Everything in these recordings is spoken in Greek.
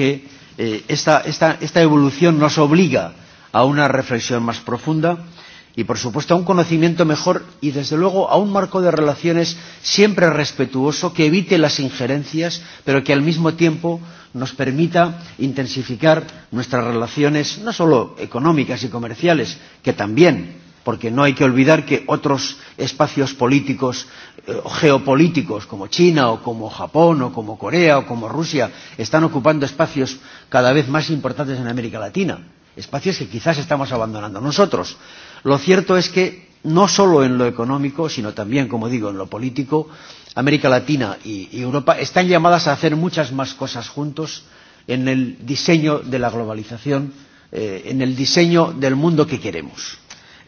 que esta, esta, esta evolución nos obliga a una reflexión más profunda y, por supuesto, a un conocimiento mejor y, desde luego, a un marco de relaciones siempre respetuoso que evite las injerencias, pero que al mismo tiempo nos permita intensificar nuestras relaciones, no solo económicas y comerciales, que también, porque no hay que olvidar que otros espacios políticos geopolíticos como China o como Japón o como Corea o como Rusia están ocupando espacios cada vez más importantes en América Latina, espacios que quizás estamos abandonando nosotros. Lo cierto es que no solo en lo económico, sino también, como digo, en lo político, América Latina y Europa están llamadas a hacer muchas más cosas juntos en el diseño de la globalización, en el diseño del mundo que queremos.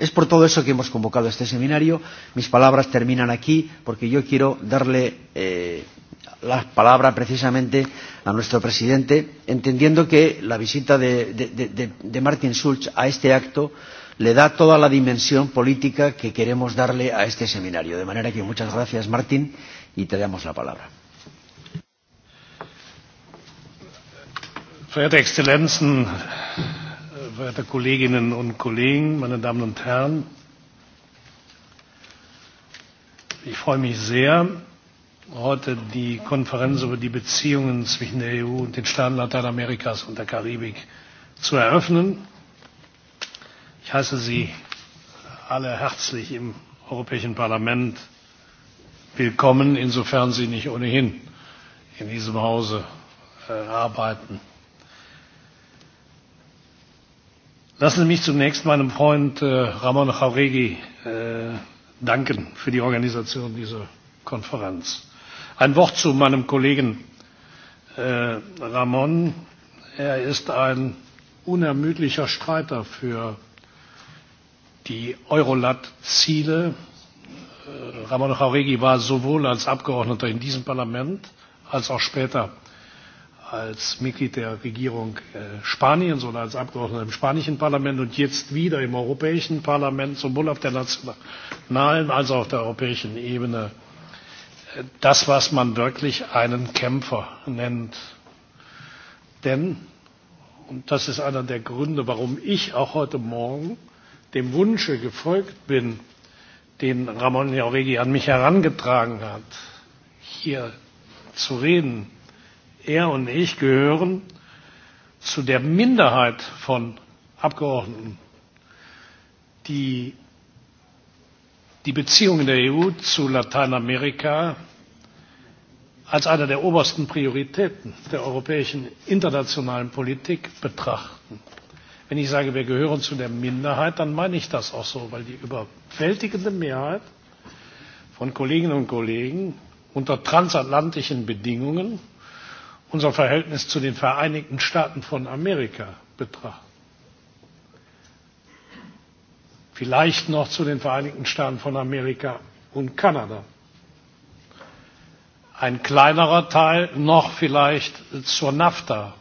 Es por todo eso que hemos convocado este seminario. Mis palabras terminan aquí porque yo quiero darle eh, la palabra precisamente a nuestro presidente, entendiendo que la visita de, de, de, Martin Schulz a este acto le da toda la dimensión política que queremos darle a este seminario. De manera que muchas gracias, Martín, y te damos la palabra. Verehrte Exzellenzen, verehrte Kolleginnen und Kollegen, meine Damen und Herren! Ich freue mich sehr, heute die Konferenz über die Beziehungen zwischen der EU und den Staaten Lateinamerikas und der Karibik zu eröffnen. Ich heiße Sie alle herzlich im Europäischen Parlament willkommen, insofern Sie nicht ohnehin in diesem Hause arbeiten. Lassen Sie mich zunächst meinem Freund Ramon Jauregui danken für die Organisation dieser Konferenz. Ein Wort zu meinem Kollegen Ramon. Er ist ein unermüdlicher Streiter für die Eurolat-Ziele. Ramon Jauregui war sowohl als Abgeordneter in diesem Parlament als auch später als Mitglied der Regierung Spaniens sondern als Abgeordneter im spanischen Parlament und jetzt wieder im Europäischen Parlament, sowohl auf der nationalen als auch auf der europäischen Ebene, das, was man wirklich einen Kämpfer nennt. Denn, und das ist einer der Gründe, warum ich auch heute Morgen dem Wunsche gefolgt bin, den Ramon Jauregui an mich herangetragen hat, hier zu reden, er und ich gehören zu der Minderheit von Abgeordneten, die die Beziehungen der EU zu Lateinamerika als eine der obersten Prioritäten der europäischen internationalen Politik betrachten. Wenn ich sage, wir gehören zu der Minderheit, dann meine ich das auch so, weil die überwältigende Mehrheit von Kolleginnen und Kollegen unter transatlantischen Bedingungen unser Verhältnis zu den Vereinigten Staaten von Amerika betrachten. Vielleicht noch zu den Vereinigten Staaten von Amerika und Kanada. Ein kleinerer Teil noch vielleicht zur NAFTA.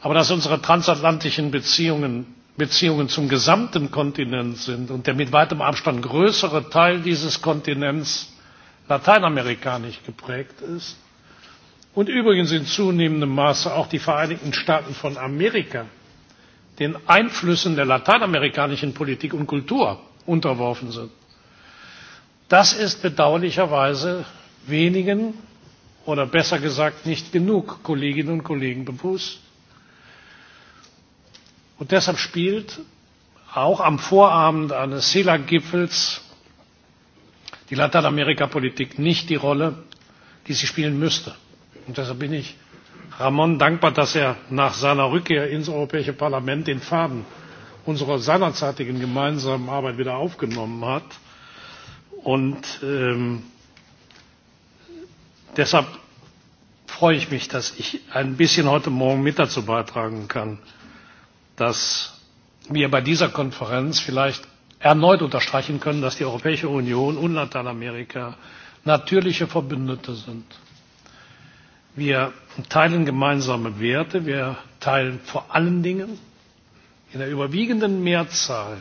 Aber dass unsere transatlantischen Beziehungen Beziehungen zum gesamten Kontinent sind und der mit weitem Abstand größere Teil dieses Kontinents lateinamerikanisch geprägt ist, und übrigens in zunehmendem maße auch die vereinigten staaten von amerika den einflüssen der lateinamerikanischen politik und kultur unterworfen sind das ist bedauerlicherweise wenigen oder besser gesagt nicht genug kolleginnen und kollegen bewusst. und deshalb spielt auch am vorabend eines celac gipfels die lateinamerika politik nicht die rolle die sie spielen müsste deshalb bin ich Ramon dankbar, dass er nach seiner Rückkehr ins Europäische Parlament den Faden unserer seinerzeitigen gemeinsamen Arbeit wieder aufgenommen hat. Und deshalb freue ich mich, dass ich ein bisschen heute Morgen mit dazu beitragen kann, dass wir bei dieser Konferenz vielleicht erneut unterstreichen können, dass die Europäische Union und Lateinamerika natürliche Verbündete sind Wir teilen gemeinsame Werte, wir teilen vor allen Dingen in der überwiegenden Mehrzahl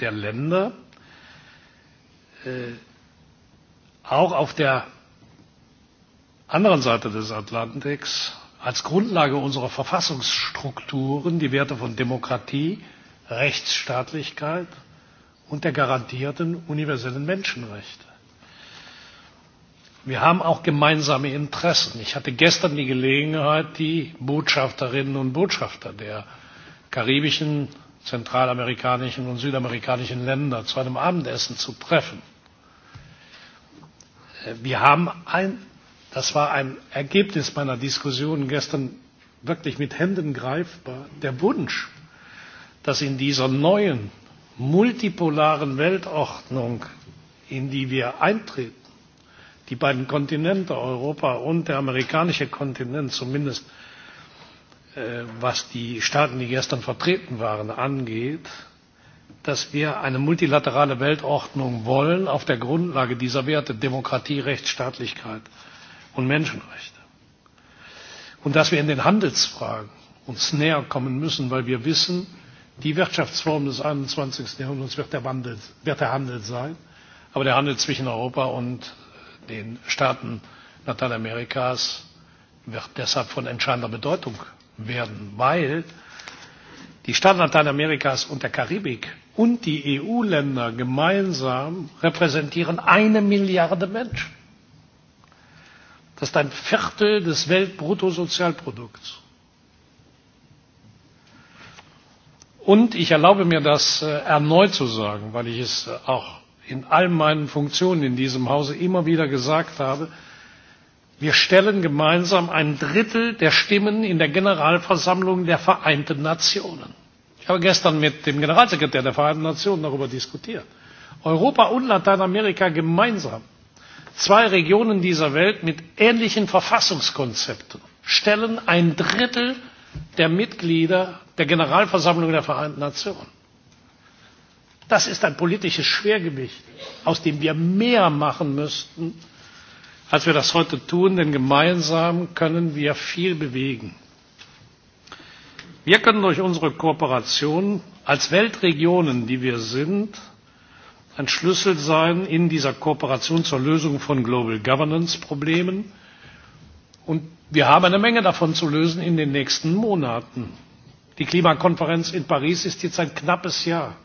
der Länder auch auf der anderen Seite des Atlantiks als Grundlage unserer Verfassungsstrukturen die Werte von Demokratie, Rechtsstaatlichkeit und der garantierten universellen Menschenrechte. Wir haben auch gemeinsame Interessen. Ich hatte gestern die Gelegenheit, die Botschafterinnen und Botschafter der karibischen, zentralamerikanischen und südamerikanischen Länder zu einem Abendessen zu treffen. Wir haben ein, das war ein Ergebnis meiner Diskussion gestern wirklich mit Händen greifbar, der Wunsch, dass in dieser neuen multipolaren Weltordnung, in die wir eintreten, die beiden Kontinente, Europa und der amerikanische Kontinent, zumindest was die Staaten, die gestern vertreten waren, angeht, dass wir eine multilaterale Weltordnung wollen auf der Grundlage dieser Werte Demokratie, Rechtsstaatlichkeit und Menschenrechte. Und dass wir uns in den Handelsfragen näher kommen müssen, weil wir wissen, die Wirtschaftsform des 21. Jahrhunderts wird der Handel sein, aber der Handel zwischen Europa und den Staaten Lateinamerikas wird deshalb von entscheidender Bedeutung werden, weil die Staaten Lateinamerikas und der Karibik und die EU-Länder gemeinsam repräsentieren eine Milliarde Menschen. Das ist ein Viertel des Weltbruttosozialprodukts. Und ich erlaube mir das erneut zu sagen, weil ich es auch in all meinen Funktionen in diesem Hause immer wieder gesagt habe, wir stellen gemeinsam ein Drittel der Stimmen in der Generalversammlung der Vereinten Nationen. Ich habe gestern mit dem Generalsekretär der Vereinten Nationen darüber diskutiert. Europa und Lateinamerika gemeinsam, zwei Regionen dieser Welt mit ähnlichen Verfassungskonzepten, stellen ein Drittel der Mitglieder der Generalversammlung der Vereinten Nationen. Das ist ein politisches Schwergewicht, aus dem wir mehr machen müssten, als wir das heute tun, denn gemeinsam können wir viel bewegen. Wir können durch unsere Kooperation als Weltregionen, die wir sind, ein Schlüssel sein in dieser Kooperation zur Lösung von Global Governance Problemen, und wir haben eine Menge davon zu lösen in den nächsten Monaten. Die Klimakonferenz in Paris ist jetzt ein knappes Jahr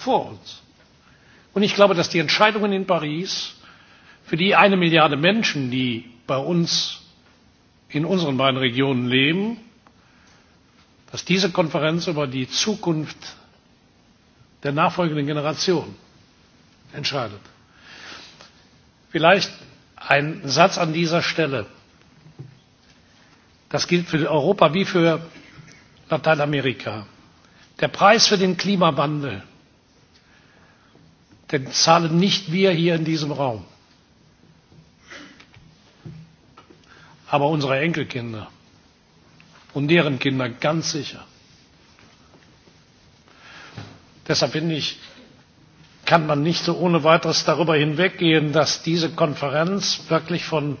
vor uns. Und ich glaube, dass die Entscheidungen in Paris für die eine Milliarde Menschen, die bei uns in unseren beiden Regionen leben, dass diese Konferenz über die Zukunft der nachfolgenden Generation entscheidet. Vielleicht ein Satz an dieser Stelle. Das gilt für Europa wie für Lateinamerika. Der Preis für den Klimawandel denn zahlen nicht wir hier in diesem Raum, aber unsere Enkelkinder und deren Kinder ganz sicher. Deshalb finde ich, kann man nicht so ohne weiteres darüber hinweggehen, dass diese Konferenz wirklich von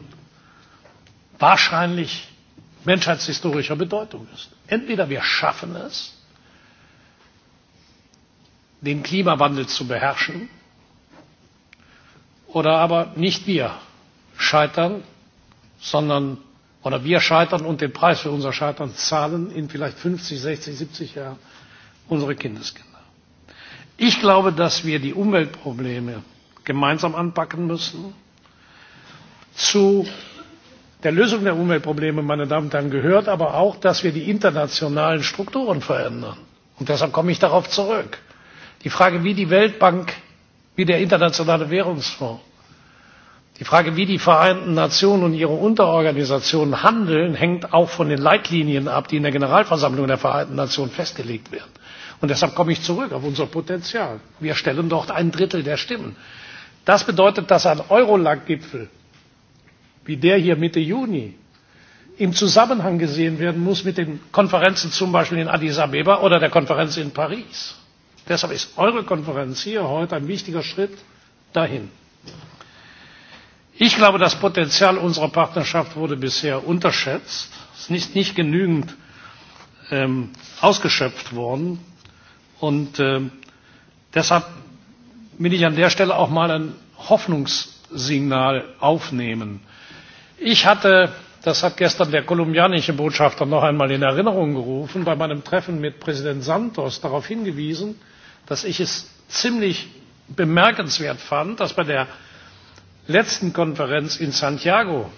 wahrscheinlich menschheitshistorischer Bedeutung ist. Entweder wir schaffen es, den Klimawandel zu beherrschen, oder aber nicht wir scheitern, sondern oder wir scheitern und den Preis für unser Scheitern zahlen in vielleicht 50, 60, 70 Jahren unsere Kindeskinder. Ich glaube, dass wir die Umweltprobleme gemeinsam anpacken müssen. Zu der Lösung der Umweltprobleme, meine Damen und Herren, gehört aber auch, dass wir die internationalen Strukturen verändern. Und deshalb komme ich darauf zurück. Die Frage, wie die Weltbank wie der Internationale Währungsfonds. Die Frage, wie die Vereinten Nationen und ihre Unterorganisationen handeln, hängt auch von den Leitlinien ab, die in der Generalversammlung der Vereinten Nationen festgelegt werden. Und deshalb komme ich zurück auf unser Potenzial. Wir stellen dort ein Drittel der Stimmen. Das bedeutet, dass ein Eurolag-Gipfel wie der hier Mitte Juni im Zusammenhang gesehen werden muss mit den Konferenzen zum Beispiel in Addis Abeba oder der Konferenz in Paris. Deshalb ist eure Konferenz hier heute ein wichtiger Schritt dahin. Ich glaube, das Potenzial unserer Partnerschaft wurde bisher unterschätzt. Es ist nicht genügend ausgeschöpft worden. Und deshalb will ich an der Stelle auch mal ein Hoffnungssignal aufnehmen. Ich hatte, das hat gestern der kolumbianische Botschafter noch einmal in Erinnerung gerufen, bei meinem Treffen mit Präsident Santos darauf hingewiesen, dass ich es ziemlich bemerkenswert fand, dass bei der letzten Konferenz in Santiago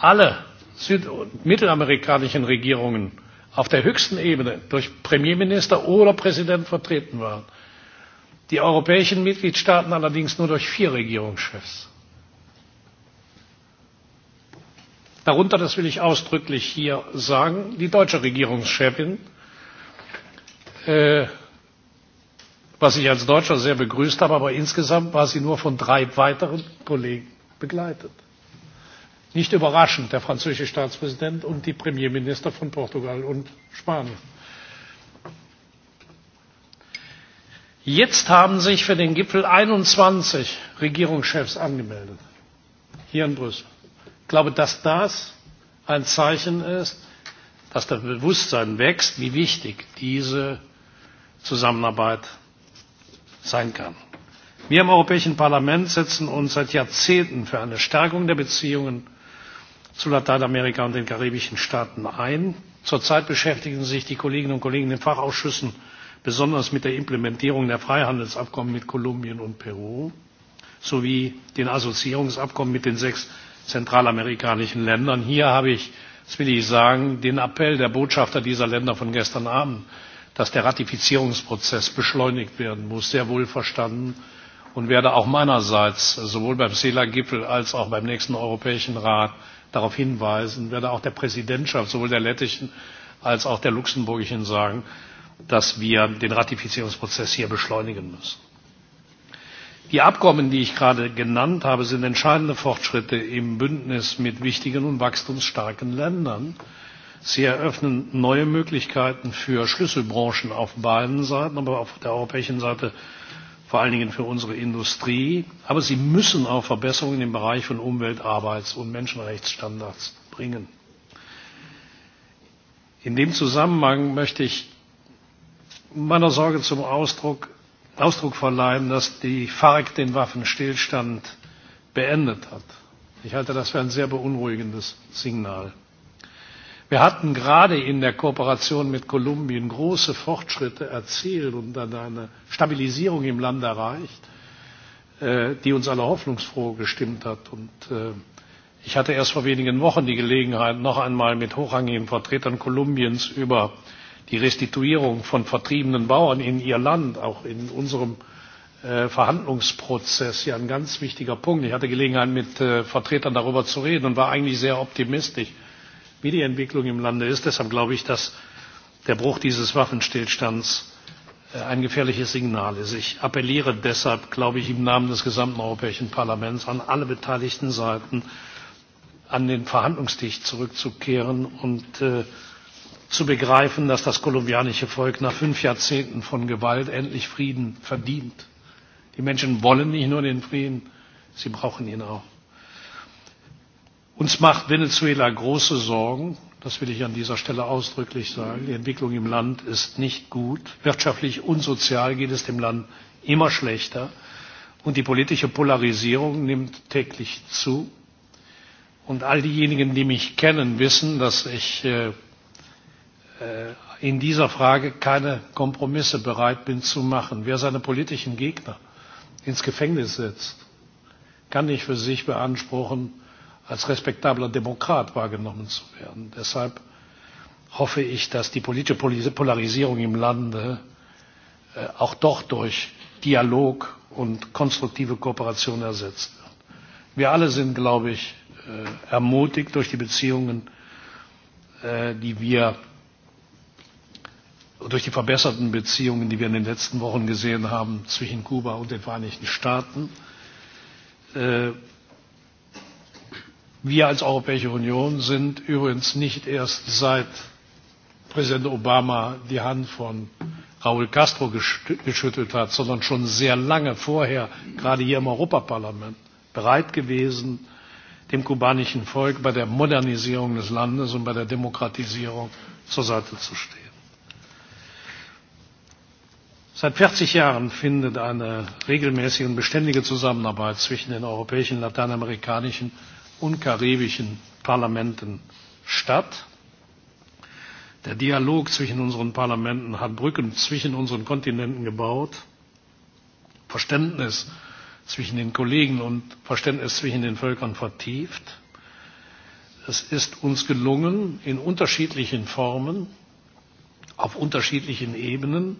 alle süd- und mittelamerikanischen Regierungen auf der höchsten Ebene durch Premierminister oder Präsident vertreten waren. Die europäischen Mitgliedstaaten allerdings nur durch vier Regierungschefs. Darunter, das will ich ausdrücklich hier sagen, die deutsche Regierungschefin, was ich als Deutscher sehr begrüßt habe, aber insgesamt war sie nur von drei weiteren Kollegen begleitet. Nicht überraschend der französische Staatspräsident und die Premierminister von Portugal und Spanien. Jetzt haben sich für den Gipfel 21 Regierungschefs angemeldet, hier in Brüssel. Ich glaube, dass das ein Zeichen ist, dass das Bewusstsein wächst, wie wichtig diese Zusammenarbeit sein kann. Wir im Europäischen Parlament setzen uns seit Jahrzehnten für eine Stärkung der Beziehungen zu Lateinamerika und den karibischen Staaten ein. Zurzeit beschäftigen sich die Kolleginnen und Kollegen in den Fachausschüssen besonders mit der Implementierung der Freihandelsabkommen mit Kolumbien und Peru sowie den Assoziierungsabkommen mit den sechs zentralamerikanischen Ländern. Hier habe ich, das will ich sagen, den Appell der Botschafter dieser Länder von gestern Abend dass der Ratifizierungsprozess beschleunigt werden muss, sehr wohl verstanden und werde auch meinerseits sowohl beim CELA-Gipfel als auch beim nächsten Europäischen Rat darauf hinweisen, werde auch der Präsidentschaft, sowohl der lettischen als auch der luxemburgischen sagen, dass wir den Ratifizierungsprozess hier beschleunigen müssen. Die Abkommen, die ich gerade genannt habe, sind entscheidende Fortschritte im Bündnis mit wichtigen und wachstumsstarken Ländern Sie eröffnen neue Möglichkeiten für Schlüsselbranchen auf beiden Seiten, aber auf der europäischen Seite vor allen Dingen für unsere Industrie. Aber sie müssen auch Verbesserungen im Bereich von Umwelt-, Arbeits- und Menschenrechtsstandards bringen. In dem Zusammenhang möchte ich meiner Sorge zum Ausdruck verleihen, dass die FARC den Waffenstillstand beendet hat. Ich halte das für ein sehr beunruhigendes Signal. Wir hatten gerade in der Kooperation mit Kolumbien große Fortschritte erzielt und dann eine Stabilisierung im Land erreicht, die uns alle hoffnungsfroh gestimmt hat. ich hatte erst vor wenigen Wochen die Gelegenheit, noch einmal mit hochrangigen Vertretern Kolumbiens über die Restituierung von vertriebenen Bauern in ihr Land, auch in unserem Verhandlungsprozess, ja ein ganz wichtiger Punkt. Ich hatte Gelegenheit, mit Vertretern darüber zu reden und war eigentlich sehr optimistisch wie die Entwicklung im Lande ist. Deshalb glaube ich, dass der Bruch dieses Waffenstillstands ein gefährliches Signal ist. Ich appelliere deshalb, glaube ich, im Namen des gesamten Europäischen Parlaments an alle beteiligten Seiten, an den Verhandlungstisch zurückzukehren und zu begreifen, dass das kolumbianische Volk nach fünf Jahrzehnten von Gewalt endlich Frieden verdient. Die Menschen wollen nicht nur den Frieden, sie brauchen ihn auch. Uns macht Venezuela große Sorgen, das will ich an dieser Stelle ausdrücklich sagen. Die Entwicklung im Land ist nicht gut. Wirtschaftlich und sozial geht es dem Land immer schlechter. Und die politische Polarisierung nimmt täglich zu. Und all diejenigen, die mich kennen, wissen, dass ich in dieser Frage keine Kompromisse bereit bin zu machen. Wer seine politischen Gegner ins Gefängnis setzt, kann nicht für sich beanspruchen, als respektabler Demokrat wahrgenommen zu werden. Deshalb hoffe ich, dass die politische Polarisierung im Lande auch doch durch Dialog und konstruktive Kooperation ersetzt wird. Wir alle sind, glaube ich, ermutigt durch die Beziehungen, die wir durch die verbesserten Beziehungen, die wir in den letzten Wochen gesehen haben zwischen Kuba und den Vereinigten Staaten. Wir als Europäische Union sind übrigens nicht erst seit Präsident Obama die Hand von Raúl Castro geschüttelt hat, sondern schon sehr lange vorher, gerade hier im Europaparlament, bereit gewesen, dem kubanischen Volk bei der Modernisierung des Landes und bei der Demokratisierung zur Seite zu stehen. Seit 40 Jahren findet eine regelmäßige und beständige Zusammenarbeit zwischen den europäischen, lateinamerikanischen und karibischen Parlamenten statt. Der Dialog zwischen unseren Parlamenten hat Brücken zwischen unseren Kontinenten gebaut, Verständnis zwischen den Kollegen und Verständnis zwischen den Völkern vertieft. Es ist uns gelungen, in unterschiedlichen Formen, auf unterschiedlichen Ebenen,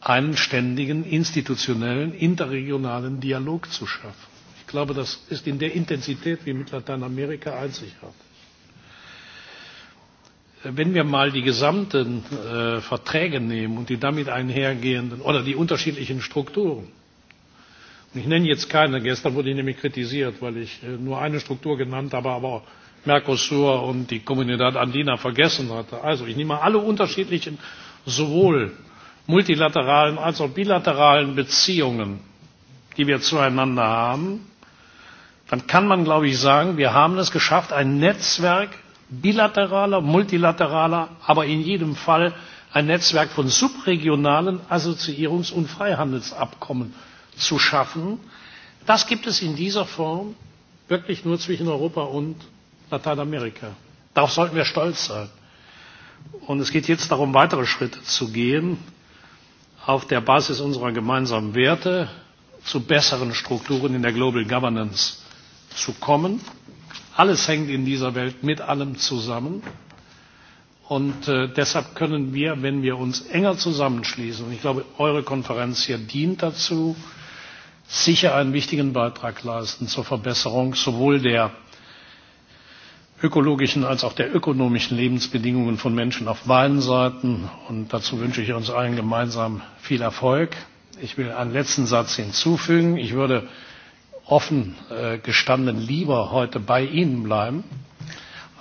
einen ständigen institutionellen interregionalen Dialog zu schaffen. Ich glaube, das ist in der Intensität wie mit Lateinamerika einzigartig. Wenn wir mal die gesamten Verträge nehmen und die damit einhergehenden oder die unterschiedlichen Strukturen, und ich nenne jetzt keine, gestern wurde ich nämlich kritisiert, weil ich nur eine Struktur genannt habe, aber Mercosur und die Comunidad Andina vergessen hatte. Also ich nehme alle unterschiedlichen, sowohl multilateralen als auch bilateralen Beziehungen, die wir zueinander haben, dann kann man, glaube ich, sagen, wir haben es geschafft, ein Netzwerk bilateraler, multilateraler, aber in jedem Fall ein Netzwerk von subregionalen Assoziierungs- und Freihandelsabkommen zu schaffen. Das gibt es in dieser Form wirklich nur zwischen Europa und Lateinamerika. Darauf sollten wir stolz sein. Und es geht jetzt darum, weitere Schritte zu gehen, auf der Basis unserer gemeinsamen Werte zu besseren Strukturen in der Global Governance zu kommen. Alles hängt in dieser Welt mit allem zusammen. Und deshalb können wir, wenn wir uns enger zusammenschließen, und ich glaube, eure Konferenz hier dient dazu, sicher einen wichtigen Beitrag leisten zur Verbesserung sowohl der ökologischen als auch der ökonomischen Lebensbedingungen von Menschen auf beiden Seiten. Und dazu wünsche ich uns allen gemeinsam viel Erfolg. Ich will einen letzten Satz hinzufügen. Ich würde offen gestanden lieber heute bei Ihnen bleiben,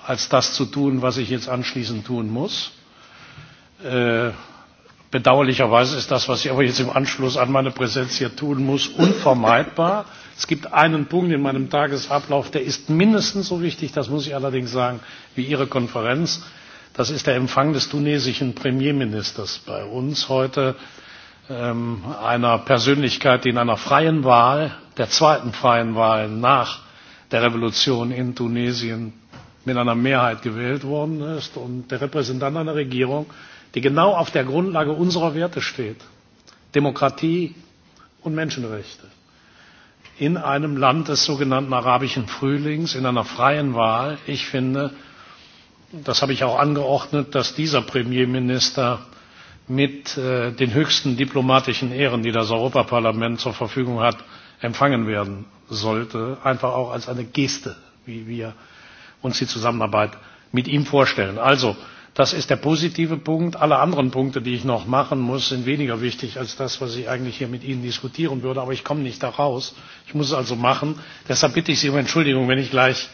als das zu tun, was ich jetzt anschließend tun muss. Bedauerlicherweise ist das, was ich aber jetzt im Anschluss an meine Präsenz hier tun muss, unvermeidbar. Es gibt einen Punkt in meinem Tagesablauf, der ist mindestens so wichtig, das muss ich allerdings sagen, wie Ihre Konferenz. Das ist der Empfang des tunesischen Premierministers bei uns heute, einer Persönlichkeit, die in einer freien Wahl der zweiten freien Wahl nach der Revolution in Tunesien mit einer Mehrheit gewählt worden ist und der Repräsentant einer Regierung, die genau auf der Grundlage unserer Werte steht, Demokratie und Menschenrechte, in einem Land des sogenannten arabischen Frühlings, in einer freien Wahl. Ich finde, das habe ich auch angeordnet, dass dieser Premierminister mit den höchsten diplomatischen Ehren, die das Europäische Parlament zur Verfügung hat, empfangen werden sollte, einfach auch als eine Geste, wie wir uns die Zusammenarbeit mit ihm vorstellen. Also, das ist der positive Punkt. Alle anderen Punkte, die ich noch machen muss, sind weniger wichtig als das, was ich eigentlich hier mit Ihnen diskutieren würde. Aber ich komme nicht daraus. Ich muss es also machen. Deshalb bitte ich Sie um Entschuldigung, wenn ich gleich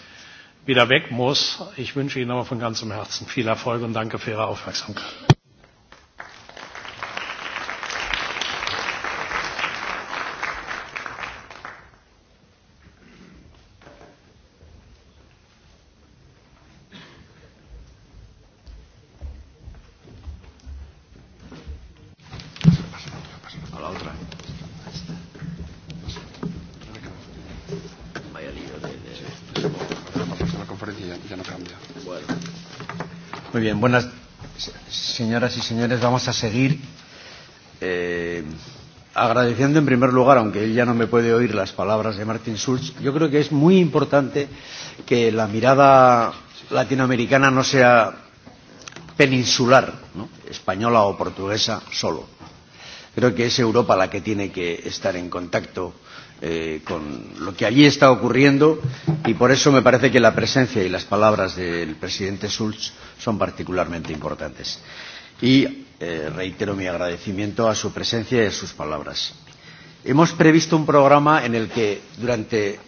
wieder weg muss. Ich wünsche Ihnen aber von ganzem Herzen viel Erfolg und danke für Ihre Aufmerksamkeit. buenas señoras y señores. Vamos a seguir eh, agradeciendo en primer lugar, aunque él ya no me puede oír las palabras de Martin Schulz, yo creo que es muy importante que la mirada latinoamericana no sea peninsular, ¿no? española o portuguesa solo. Creo que es Europa la que tiene que estar en contacto con lo que allí está ocurriendo y por eso me parece que la presencia y las palabras del presidente Schulz son particularmente importantes. Y reitero mi agradecimiento a su presencia y a sus palabras. Hemos previsto un programa en el que durante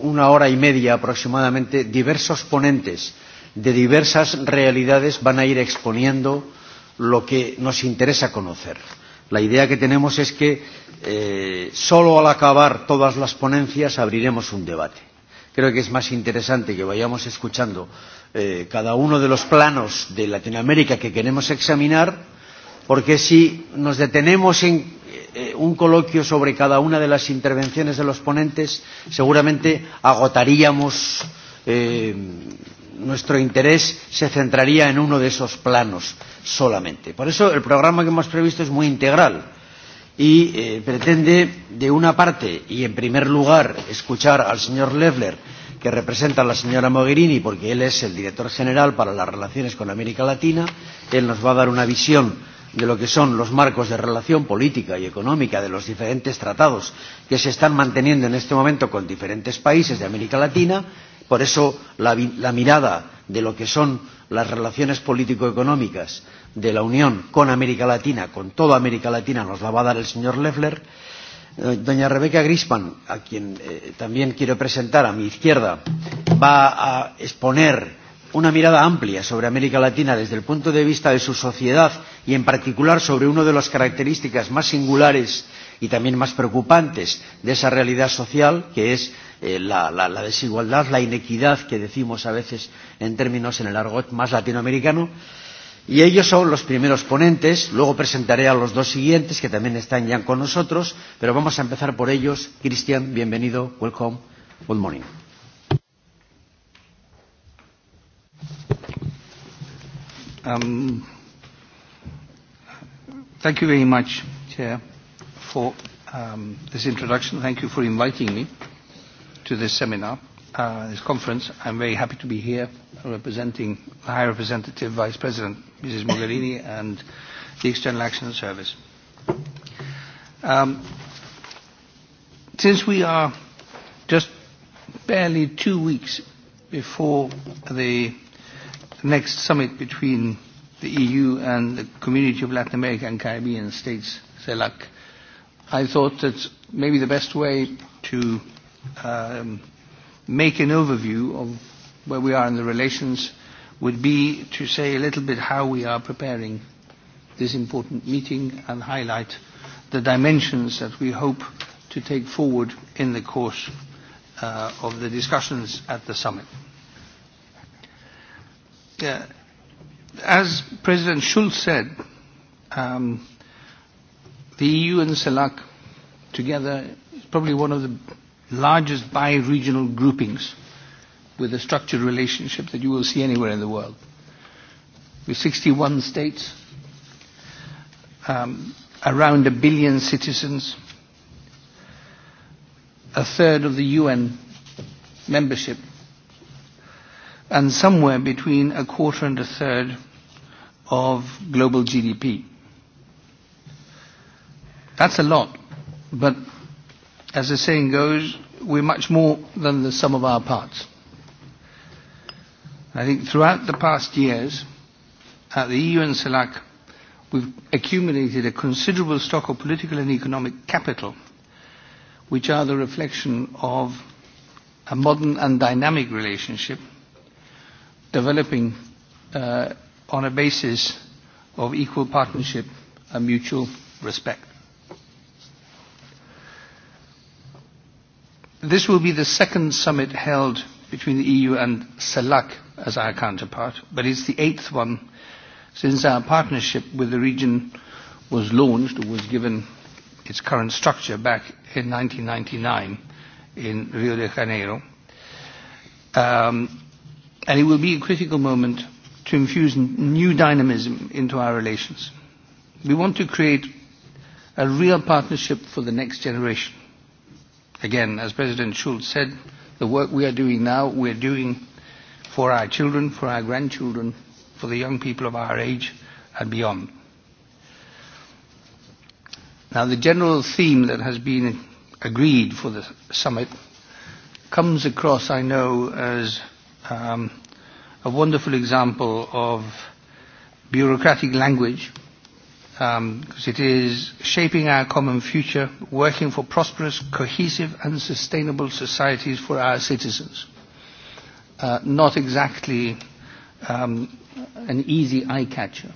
una hora y media aproximadamente diversos ponentes de diversas realidades van a ir exponiendo lo que nos interesa conocer La idea que tenemos es que eh, solo al acabar todas las ponencias abriremos un debate. Creo que es más interesante que vayamos escuchando cada uno de los planos de Latinoamérica que queremos examinar, porque si nos detenemos en un coloquio sobre cada una de las intervenciones de los ponentes, seguramente agotaríamos eh, nuestro interés se centraría en uno de esos planos solamente. Por eso el programa que hemos previsto es muy integral y pretende, de una parte y en primer lugar, escuchar al señor Levler, que representa a la señora Mogherini, porque él es el director general para las relaciones con América Latina. Él nos va a dar una visión de lo que son los marcos de relación política y económica de los diferentes tratados que se están manteniendo en este momento con diferentes países de América Latina Por eso la mirada de lo que son las relaciones político-económicas de la Unión con América Latina, con toda América Latina, nos la va a dar el señor Leffler. Doña Rebeca Grispan, a quien también quiero presentar a mi izquierda, va a exponer una mirada amplia sobre América Latina desde el punto de vista de su sociedad y en particular sobre una de las características más singulares y también más preocupantes de esa realidad social, que es la, la, la desigualdad, la inequidad que decimos a veces en términos en el argot más latinoamericano. Y ellos son los primeros ponentes. Luego presentaré a los dos siguientes que también están ya con nosotros, pero vamos a empezar por ellos. Cristian, bienvenido. Welcome. Good morning. Um, thank you very much, Chair, for um, this introduction. Thank you for inviting me to this seminar, this conference. I'm very happy to be here representing the High Representative Vice President Mrs. Mogherini and the External Action Service. Since we are just barely two weeks before the next summit between the EU and the Community of Latin America and Caribbean States, CELAC, I thought that maybe the best way to make an overview of where we are in the relations would be to say a little bit how we are preparing this important meeting and highlight the dimensions that we hope to take forward in the course of the discussions at the summit. As President Schulz said, the EU and CELAC together is probably one of the largest bi-regional groupings with a structured relationship that you will see anywhere in the world. With 61 states, um, around a billion citizens, a third of the UN membership, and somewhere between a quarter and a third of global GDP. That's a lot, but as the saying goes, we're much more than the sum of our parts. I think throughout the past years, at the EU and CELAC, we've accumulated a considerable stock of political and economic capital, which are the reflection of a modern and dynamic relationship, developing on a basis of equal partnership and mutual respect. This will be the second summit held between the EU and CELAC as our counterpart, but it's the eighth one since our partnership with the region was launched, was given its current structure back in 1999 in Rio de Janeiro. Um, and it will be a critical moment to infuse new dynamism into our relations. We want to create a real partnership for the next generation Again, as President Schulz said, the work we are doing now, we are doing for our children, for our grandchildren, for the young people of our age and beyond. Now, the general theme that has been agreed for the summit comes across, I know, as um, a wonderful example of bureaucratic language – because it is shaping our common future, working for prosperous, cohesive and sustainable societies for our citizens. Not exactly an easy eye-catcher.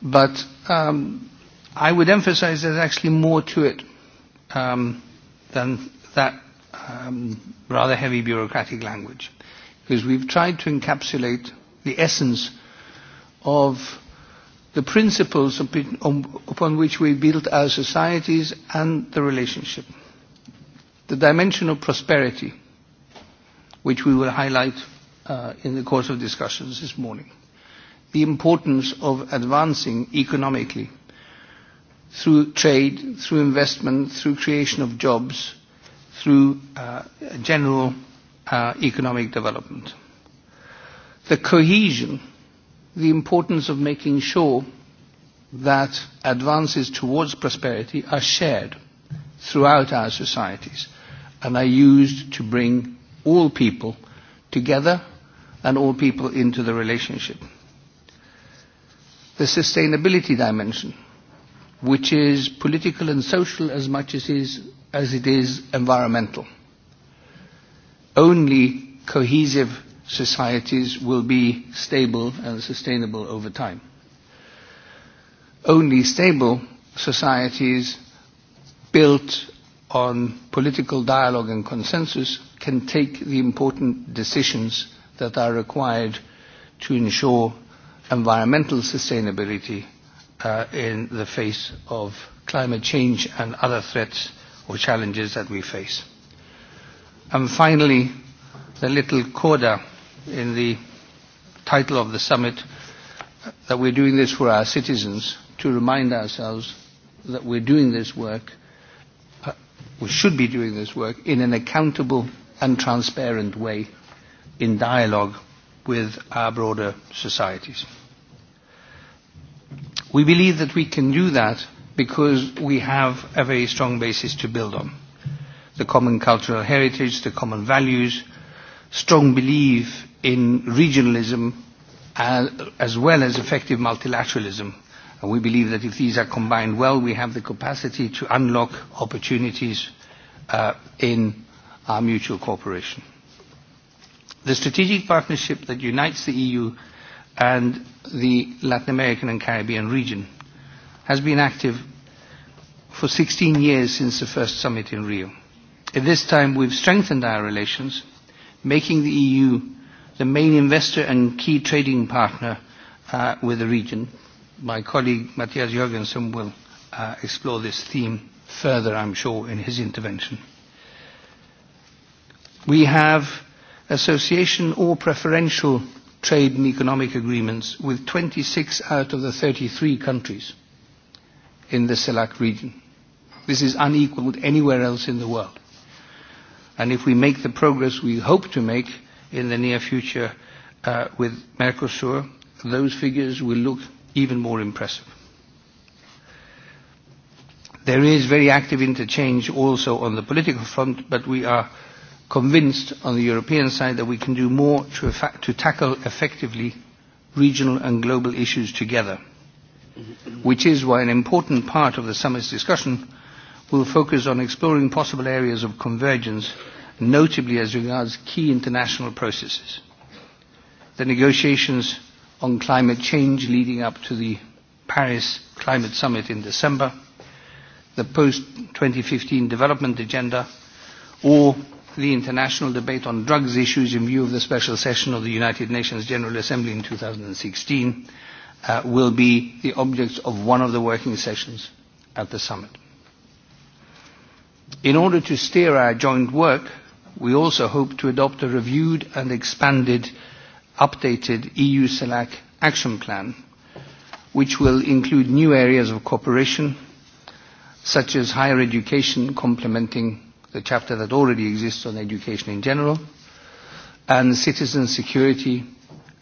But I would emphasize there's actually more to it than that rather heavy bureaucratic language. Because we've tried to encapsulate the essence of the principles upon which we built our societies and the relationship. The dimension of prosperity, which we will highlight in the course of discussions this morning. The importance of advancing economically through trade, through investment, through creation of jobs, through general economic development. The cohesion the importance of making sure that advances towards prosperity are shared throughout our societies and are used to bring all people together and all people into the relationship. The sustainability dimension, which is political and social as much as it is environmental. Only cohesive societies will be stable and sustainable over time. Only stable societies built on political dialogue and consensus can take the important decisions that are required to ensure environmental sustainability in the face of climate change and other threats or challenges that we face. And finally, the little coda in the title of the summit that we're doing this for our citizens to remind ourselves that we're doing this work, we should be doing this work in an accountable and transparent way in dialogue with our broader societies. We believe that we can do that because we have a very strong basis to build on. The common cultural heritage, the common values, strong belief in regionalism as well as effective multilateralism. And we believe that if these are combined well, we have the capacity to unlock opportunities in our mutual cooperation. The strategic partnership that unites the EU and the Latin American and Caribbean region has been active for 16 years since the first summit in Rio. At this time, we've strengthened our relations, making the EU the main investor and key trading partner with the region. My colleague Matthias Jorgensen will explore this theme further, I'm sure, in his intervention. We have association or preferential trade and economic agreements with 26 out of the 33 countries in the CELAC region. This is unequaled anywhere else in the world. And if we make the progress we hope to make, in the near future with Mercosur, those figures will look even more impressive. There is very active interchange also on the political front, but we are convinced on the European side that we can do more to tackle effectively regional and global issues together, which is why an important part of the summit's discussion will focus on exploring possible areas of convergence notably as regards key international processes. The negotiations on climate change leading up to the Paris Climate Summit in December, the post-2015 development agenda, or the international debate on drugs issues in view of the special session of the United Nations General Assembly in 2016 will be the objects of one of the working sessions at the summit. In order to steer our joint work, we also hope to adopt a reviewed and expanded, updated EU CELAC action plan, which will include new areas of cooperation, such as higher education complementing the chapter that already exists on education in general, and citizen security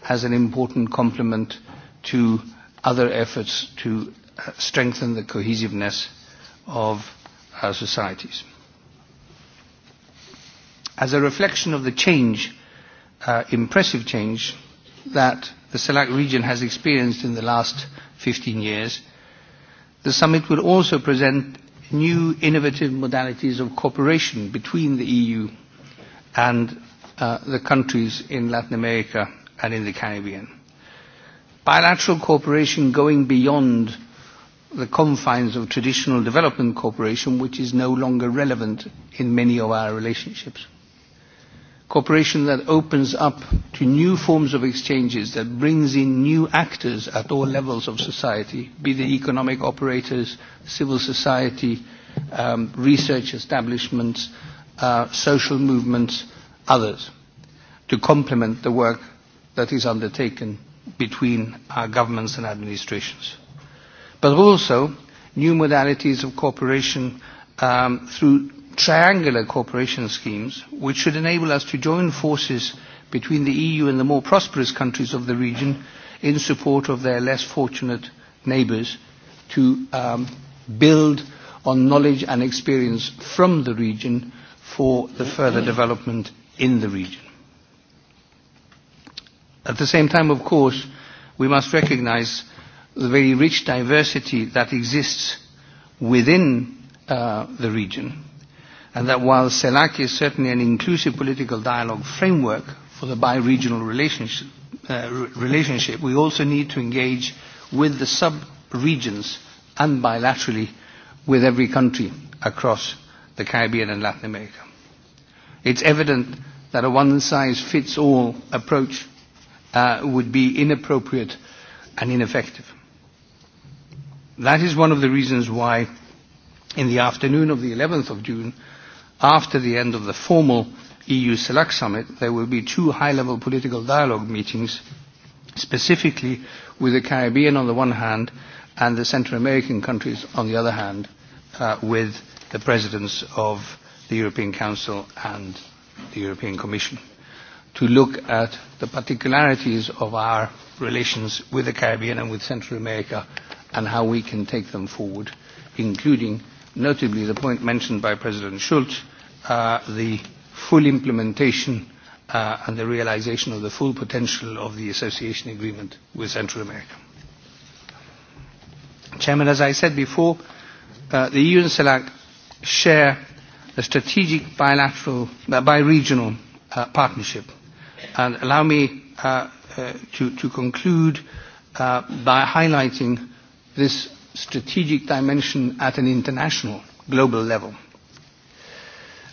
as an important complement to other efforts to strengthen the cohesiveness of our societies as a reflection of the change, impressive change, that the CELAC region has experienced in the last 15 years, the summit will also present new innovative modalities of cooperation between the EU and the countries in Latin America and in the Caribbean. Bilateral cooperation going beyond the confines of traditional development cooperation, which is no longer relevant in many of our relationships cooperation that opens up to new forms of exchanges, that brings in new actors at all levels of society, be they economic operators, civil society, research establishments, social movements, others, to complement the work that is undertaken between our governments and administrations. But also new modalities of cooperation through triangular cooperation schemes which should enable us to join forces between the EU and the more prosperous countries of the region in support of their less fortunate neighbours to build on knowledge and experience from the region for the further development in the region. At the same time, of course, we must recognise the very rich diversity that exists within the region and that while CELAC is certainly an inclusive political dialogue framework for the bi-regional relationship, we also need to engage with the sub-regions and bilaterally with every country across the Caribbean and Latin America. It's evident that a one-size-fits-all approach would be inappropriate and ineffective. That is one of the reasons why, in the afternoon of the 11th of June, after the end of the formal EU Select Summit, there will be two high-level political dialogue meetings, specifically with the Caribbean on the one hand and the Central American countries on the other hand, with the presidents of the European Council and the European Commission, to look at the particularities of our relations with the Caribbean and with Central America and how we can take them forward, including notably the point mentioned by President Schulz, the full implementation and the realization of the full potential of the association agreement with Central America. Chairman, as I said before, the EU and CELAC share a strategic bilateral, bi-regional partnership. And allow me to conclude by highlighting this strategic dimension at an international, global level.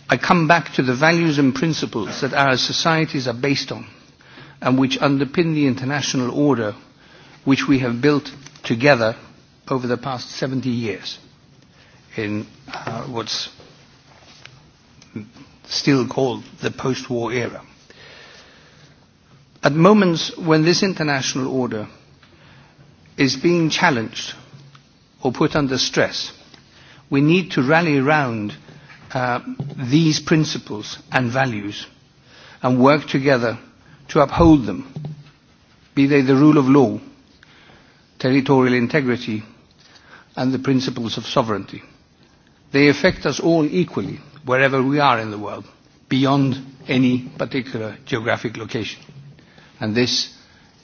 I come back to the values and principles that our societies are based on and which underpin the international order which we have built together over the past 70 years in what's still called the post-war era. At moments when this international order is being challenged or put under stress. We need to rally around these principles and values and work together to uphold them, be they the rule of law, territorial integrity and the principles of sovereignty. They affect us all equally wherever we are in the world, beyond any particular geographic location. And this,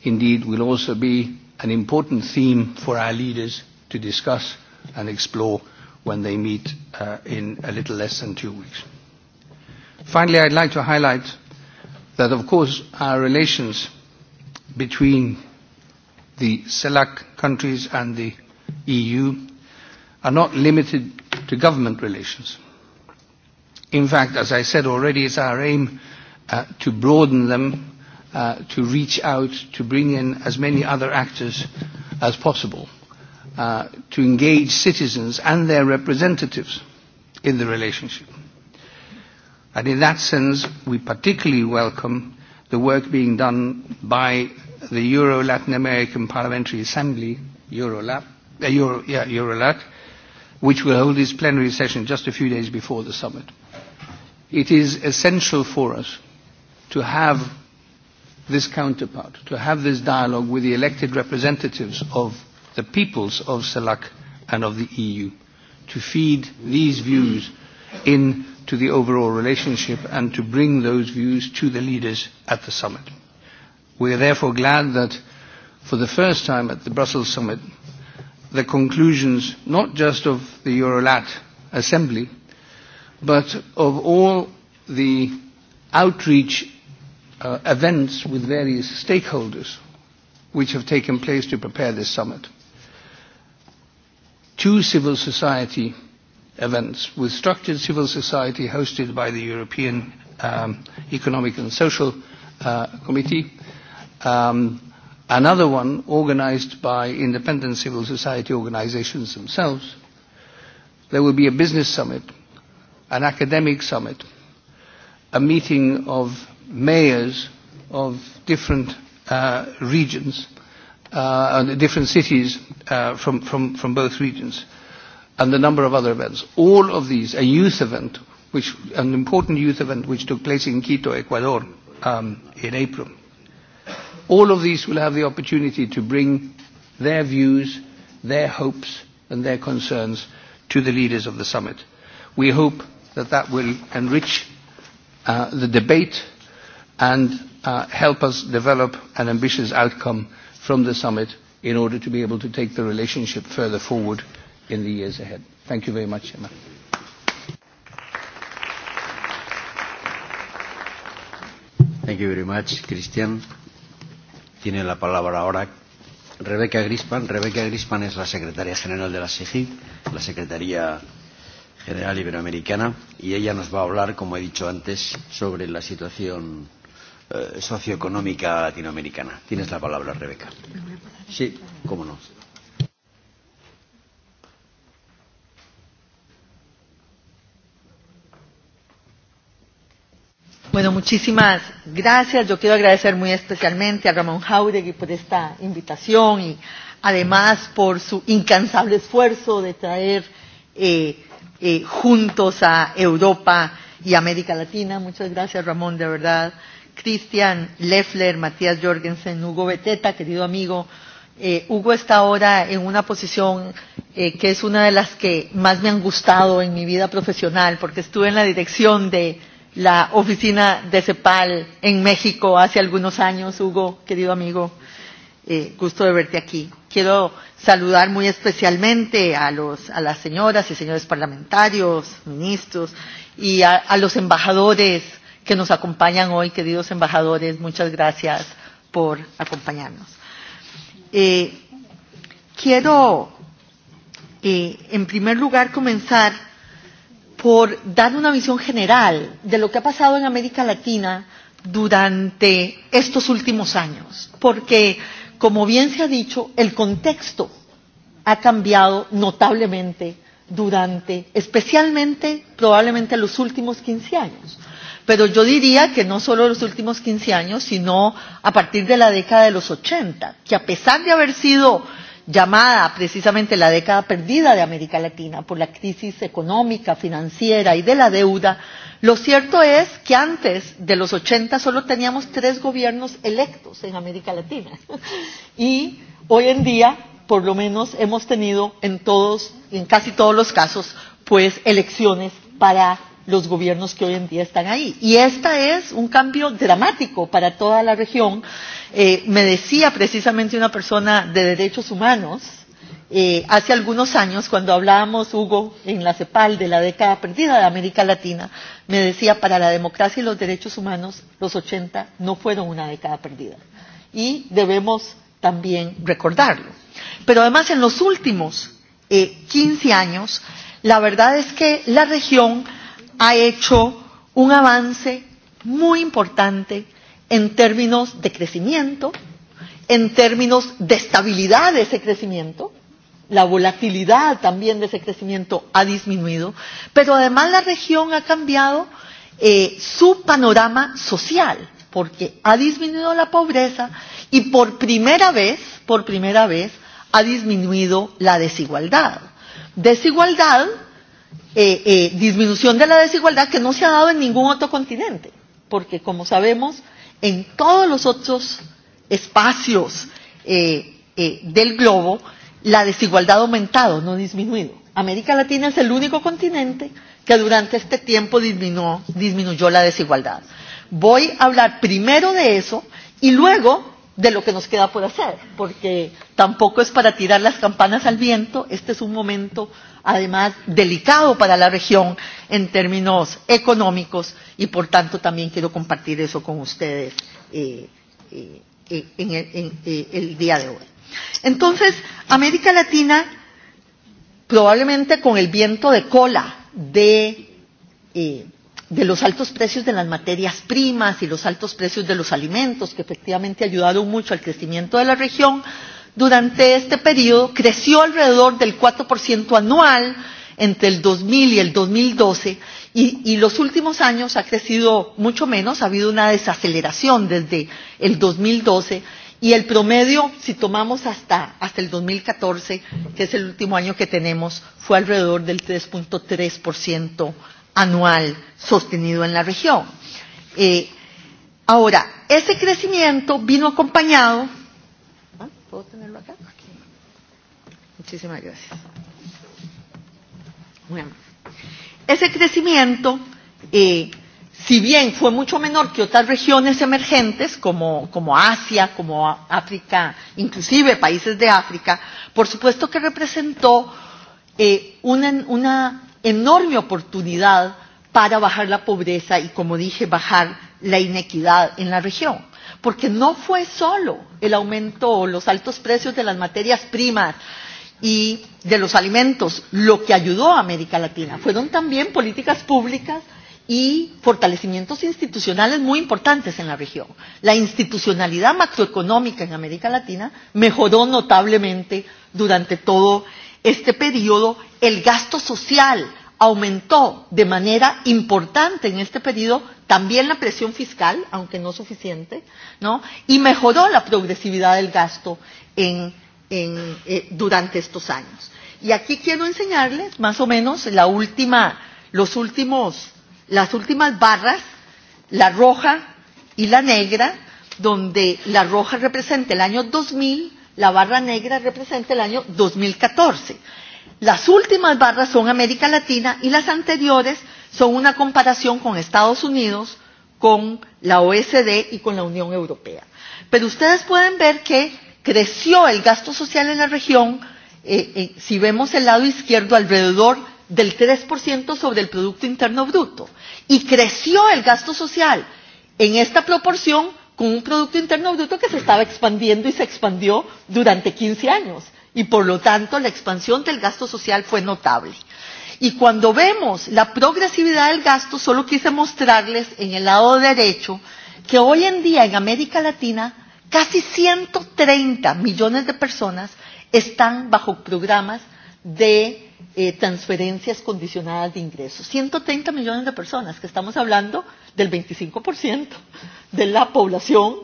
indeed, will also be an important theme for our leaders to discuss and explore when they meet in a little less than two weeks. Finally, I'd like to highlight that, of course, our relations between the CELAC countries and the EU are not limited to government relations. In fact, as I said already, is our aim to broaden them, to reach out, to bring in as many other actors as possible to engage citizens and their representatives in the relationship. And in that sense, we particularly welcome the work being done by the Euro Latin American Parliamentary Assembly, Eurolat, Eurolat, which will hold its plenary session just a few days before the summit. It is essential for us to have this counterpart, to have this dialogue with the elected representatives of the peoples of CELAC and of the EU, to feed these views into the overall relationship and to bring those views to the leaders at the summit. We are therefore glad that for the first time at the Brussels summit, the conclusions not just of the Eurolat Assembly, but of all the outreach events with various stakeholders which have taken place to prepare this summit two civil society events with structured civil society hosted by the European Economic and Social Committee, another one organized by independent civil society organizations themselves. There will be a business summit, an academic summit, a meeting of mayors of different regions and different cities from, from, from both regions, and a number of other events. All of these, a youth event, which, an important youth event which took place in Quito, Ecuador, in April. All of these will have the opportunity to bring their views, their hopes and their concerns to the leaders of the summit. We hope that that will enrich the debate and help us develop an ambitious outcome from the summit in order to be able to take the relationship further forward in the years ahead. Thank you very much, Emma. Thank you very much, Christian. Tiene la palabra ahora Rebeca Grispan. Rebeca Grispan es la secretaria general de la SEGI, la Secretaría General Iberoamericana, y ella nos va a hablar, como he dicho antes, sobre la situación socioeconómica latinoamericana. Tienes la palabra, Rebeca. Sí, cómo no. Bueno, muchísimas gracias. Yo quiero agradecer muy especialmente a Ramón Jauregui por esta invitación y además por su incansable esfuerzo de traer eh, eh, juntos a Europa y América Latina. Muchas gracias, Ramón, de verdad. Cristian Leffler, Matías Jorgensen, Hugo Beteta, querido amigo. Eh, Hugo está ahora en una posición que es una de las que más me han gustado en mi vida profesional, porque estuve en la dirección de la oficina de CEPAL en México hace algunos años. Hugo, querido amigo, gusto de verte aquí. Quiero saludar muy especialmente a, los, a las señoras y señores parlamentarios, ministros y a los embajadores que nos acompañan hoy, queridos embajadores. Muchas gracias por acompañarnos. Eh, quiero, eh, en primer lugar, comenzar por dar una visión general de lo que ha pasado en América Latina durante estos últimos años, porque, como bien se ha dicho, el contexto ha cambiado notablemente durante, especialmente, probablemente los últimos 15 años. Pero yo diría que no solo en los últimos 15 años, sino a partir de la década de los 80, que a pesar de haber sido llamada precisamente la década perdida de América Latina por la crisis económica, financiera y de la deuda, lo cierto es que antes de los 80 solo teníamos tres gobiernos electos en América Latina. Y hoy en día, por lo menos, hemos tenido en todos, en casi todos los casos, pues elecciones para los gobiernos que hoy en día están ahí. Y este es un cambio dramático para toda la región. Me decía precisamente una persona de derechos humanos hace algunos años, cuando hablábamos, Hugo, en la CEPAL de la década perdida de América Latina, me decía, para la democracia y los derechos humanos, los 80 no fueron una década perdida. Y debemos también recordarlo. Pero además, en los últimos 15 años, la verdad es que la región ha hecho un avance muy importante en términos de crecimiento, en términos de estabilidad de ese crecimiento, la volatilidad también de ese crecimiento ha disminuido, pero además la región ha cambiado eh, su panorama social, porque ha disminuido la pobreza y por primera vez, por primera vez, ha disminuido la desigualdad. Desigualdad eh, eh, disminución de la desigualdad que no se ha dado en ningún otro continente, porque como sabemos, en todos los otros espacios eh, eh, del globo, la desigualdad ha aumentado, no ha disminuido. América Latina es el único continente que durante este tiempo disminuyó, disminuyó la desigualdad. Voy a hablar primero de eso y luego de lo que nos queda por hacer, porque tampoco es para tirar las campanas al viento. Este es un momento, además, delicado para la región en términos económicos y, por tanto, también quiero compartir eso con ustedes en el día de hoy. Entonces, América Latina, probablemente con el viento de cola de de los altos precios de las materias primas y los altos precios de los alimentos, que efectivamente ayudaron mucho al crecimiento de la región, durante este periodo creció alrededor del 4% anual entre el 2000 y el 2012 y, y los últimos años ha crecido mucho menos, ha habido una desaceleración desde el 2012 y el promedio, si tomamos hasta, hasta el 2014, que es el último año que tenemos, fue alrededor del 3.3% anual sostenido en la región. Eh, ahora, ese crecimiento vino acompañado. ¿Puedo tenerlo acá? Muchísimas gracias. Bueno, ese crecimiento, eh, si bien fue mucho menor que otras regiones emergentes como, como Asia, como África, inclusive países de África, por supuesto que representó eh, una, una enorme oportunidad para bajar la pobreza y, como dije, bajar la inequidad en la región. Porque no fue solo el aumento o los altos precios de las materias primas y de los alimentos lo que ayudó a América Latina. Fueron también políticas públicas y fortalecimientos institucionales muy importantes en la región. La institucionalidad macroeconómica en América Latina mejoró notablemente durante todo este periodo el gasto social aumentó de manera importante en este periodo también la presión fiscal, aunque no suficiente, ¿no? Y mejoró la progresividad del gasto en, en, durante estos años. Y aquí quiero enseñarles más o menos la última, los últimos, las últimas barras, la roja y la negra, donde la roja representa el año 2000 La barra negra representa el año 2014. Las últimas barras son América Latina y las anteriores son una comparación con Estados Unidos, con la OSD y con la Unión Europea. Pero ustedes pueden ver que creció el gasto social en la región, si vemos el lado izquierdo, alrededor del 3% sobre el Producto Interno Bruto. Y creció el gasto social en esta proporción con un Producto Interno Bruto que se estaba expandiendo y se expandió durante 15 años. Y por lo tanto la expansión del gasto social fue notable. Y cuando vemos la progresividad del gasto, solo quise mostrarles en el lado derecho que hoy en día en América Latina casi 130 millones de personas están bajo programas de transferencias condicionadas de ingresos. 130 millones de personas, que estamos hablando del 25% de la población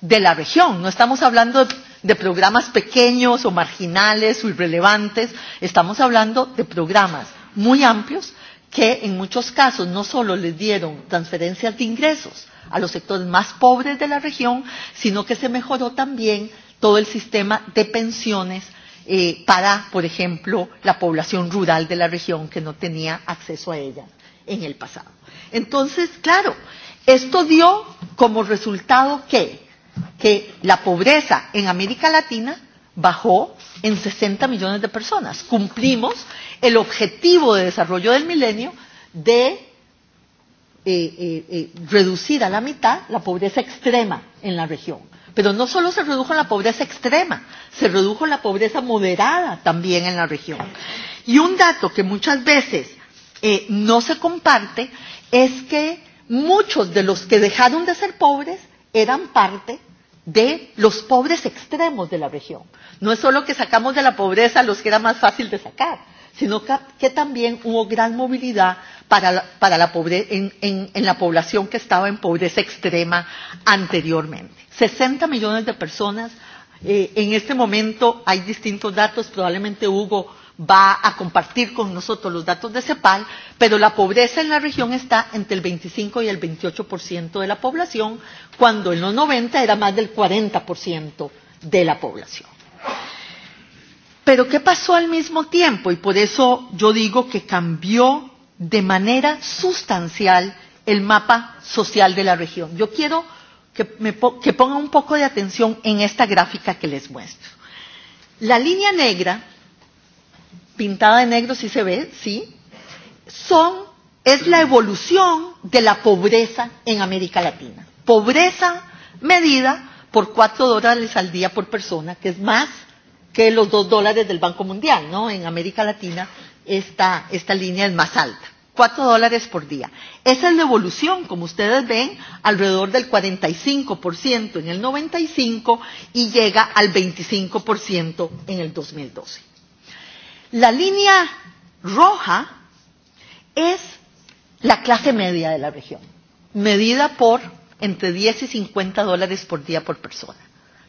de la región. No estamos hablando de programas pequeños o marginales o irrelevantes, estamos hablando de programas muy amplios que en muchos casos no solo les dieron transferencias de ingresos a los sectores más pobres de la región, sino que se mejoró también todo el sistema de pensiones para, por ejemplo, la población rural de la región que no tenía acceso a ella en el pasado. Entonces, claro, Esto dio como resultado que, que la pobreza en América Latina bajó en 60 millones de personas. Cumplimos el objetivo de desarrollo del milenio de reducir a la mitad la pobreza extrema en la región. Pero no solo se redujo la pobreza extrema, se redujo la pobreza moderada también en la región. Y un dato que muchas veces no se comparte es que muchos de los que dejaron de ser pobres eran parte de los pobres extremos de la región. No es solo que sacamos de la pobreza los que era más fácil de sacar, sino que también hubo gran movilidad para la en en la población que estaba en pobreza extrema anteriormente. 60 millones de personas en este momento hay distintos datos, probablemente hubo va a compartir con nosotros los datos de CEPAL, pero la pobreza en la región está entre el 25 y el 28% de la población, cuando en los 90 era más del 40% de la población. Pero ¿qué pasó al mismo tiempo? Y por eso yo digo que cambió de manera sustancial el mapa social de la región. Yo quiero que, me, que pongan un poco de atención en esta gráfica que les muestro. La línea negra pintada de negro, si se ve, sí, son, es la evolución de la pobreza en América Latina. Pobreza medida por cuatro dólares al día por persona, que es más que los dos dólares del Banco Mundial, ¿no? En América Latina esta, esta línea es más alta, cuatro dólares por día. Esa es la evolución, como ustedes ven, alrededor del 45% en el 95 y llega al 25% en el 2012. La línea roja es la clase media de la región, medida por entre 10 y 50 dólares por día por persona,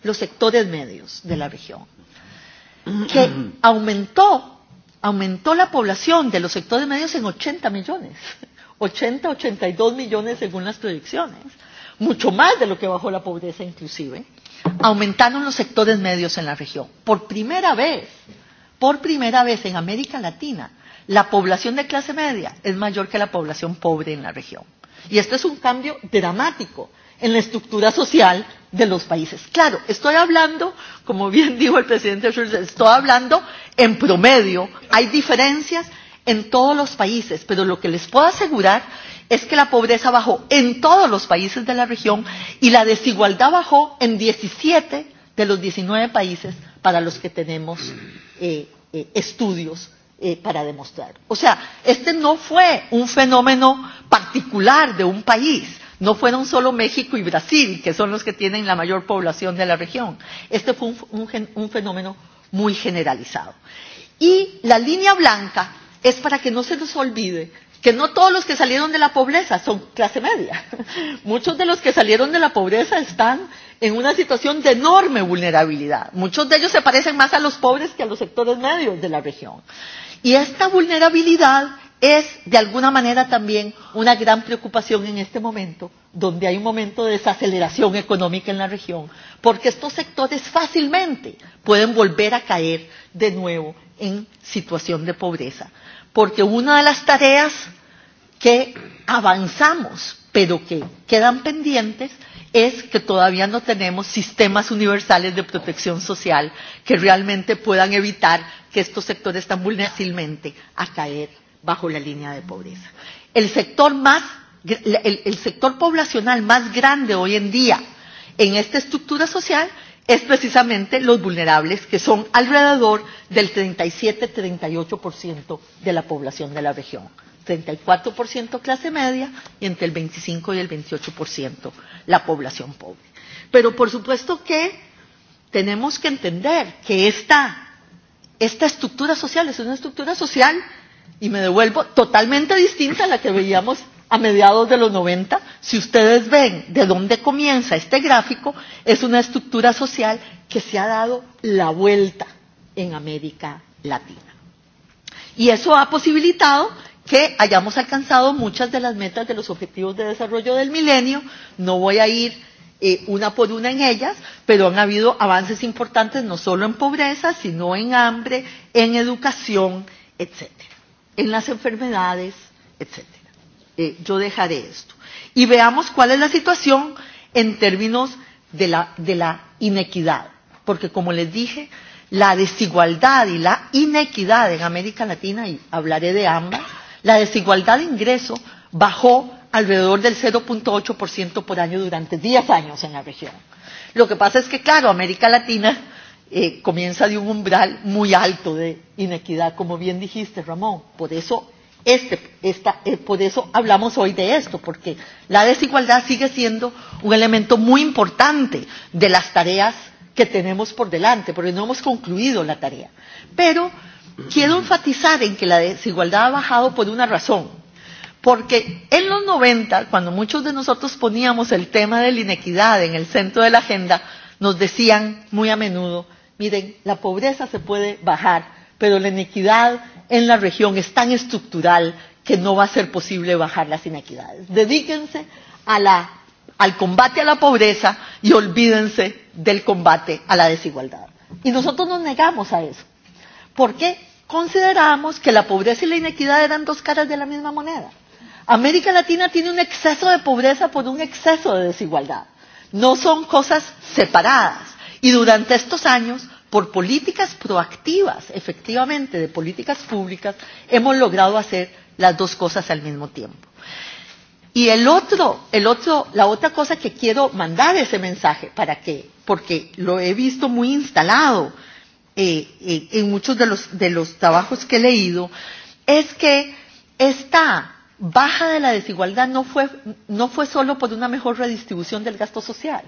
los sectores medios de la región, que aumentó, aumentó la población de los sectores medios en 80 millones, 80, 82 millones según las proyecciones, mucho más de lo que bajó la pobreza inclusive, aumentaron los sectores medios en la región. Por primera vez, por primera vez en América Latina, la población de clase media es mayor que la población pobre en la región. Y esto es un cambio dramático en la estructura social de los países. Claro, estoy hablando, como bien dijo el presidente Schulz, estoy hablando en promedio, hay diferencias en todos los países, pero lo que les puedo asegurar es que la pobreza bajó en todos los países de la región y la desigualdad bajó en 17 de los 19 países para los que tenemos eh estudios para demostrar. O sea, este no fue un fenómeno particular de un país. No fueron solo México y Brasil, que son los que tienen la mayor población de la región. Este fue un fenómeno muy generalizado. Y la línea blanca es para que no se nos olvide que no todos los que salieron de la pobreza son clase media. Muchos de los que salieron de la pobreza están en una situación de enorme vulnerabilidad. Muchos de ellos se parecen más a los pobres que a los sectores medios de la región. Y esta vulnerabilidad es, de alguna manera, también una gran preocupación en este momento, donde hay un momento de desaceleración económica en la región, porque estos sectores fácilmente pueden volver a caer de nuevo en situación de pobreza. Porque una de las tareas que avanzamos, pero que quedan pendientes, es que todavía no tenemos sistemas universales de protección social que realmente puedan evitar que estos sectores tan vulnerablemente a caer bajo la línea de pobreza. El sector más el, el sector poblacional más grande hoy en día en esta estructura social es precisamente los vulnerables, que son alrededor del 37-38% de la población de la región. 34% clase media y entre el 25 y el 28% la población pobre. Pero por supuesto que tenemos que entender que esta, esta estructura social es una estructura social, y me devuelvo, totalmente distinta a la que veíamos a mediados de los 90, si ustedes ven de dónde comienza este gráfico, es una estructura social que se ha dado la vuelta en América Latina. Y eso ha posibilitado que hayamos alcanzado muchas de las metas de los objetivos de desarrollo del milenio. No voy a ir eh, una por una en ellas, pero han habido avances importantes no solo en pobreza, sino en hambre, en educación, etcétera, en las enfermedades, etcétera. Eh, yo dejaré esto. Y veamos cuál es la situación en términos de la, de la inequidad, porque como les dije, la desigualdad y la inequidad en América Latina, y hablaré de ambas, La desigualdad de ingreso bajó alrededor del 0.8% por año durante 10 años en la región. Lo que pasa es que, claro, América Latina eh, comienza de un umbral muy alto de inequidad, como bien dijiste, Ramón. Por eso, este, esta, eh, por eso hablamos hoy de esto, porque la desigualdad sigue siendo un elemento muy importante de las tareas que tenemos por delante, porque no hemos concluido la tarea. Pero quiero enfatizar en que la desigualdad ha bajado por una razón. Porque en los 90, cuando muchos de nosotros poníamos el tema de la inequidad en el centro de la agenda, nos decían muy a menudo, miren, la pobreza se puede bajar, pero la inequidad en la región es tan estructural que no va a ser posible bajar las inequidades. Dedíquense a la, al combate a la pobreza y olvídense del combate a la desigualdad. Y nosotros nos negamos a eso. Por qué consideramos que la pobreza y la inequidad eran dos caras de la misma moneda. América Latina tiene un exceso de pobreza por un exceso de desigualdad. No son cosas separadas. Y durante estos años, por políticas proactivas, efectivamente, de políticas públicas, hemos logrado hacer las dos cosas al mismo tiempo. Y el otro, el otro, la otra cosa que quiero mandar ese mensaje, ¿para qué? Porque lo he visto muy instalado en muchos de los, de los trabajos que he leído, es que esta baja de la desigualdad no fue, no fue solo por una mejor redistribución del gasto social.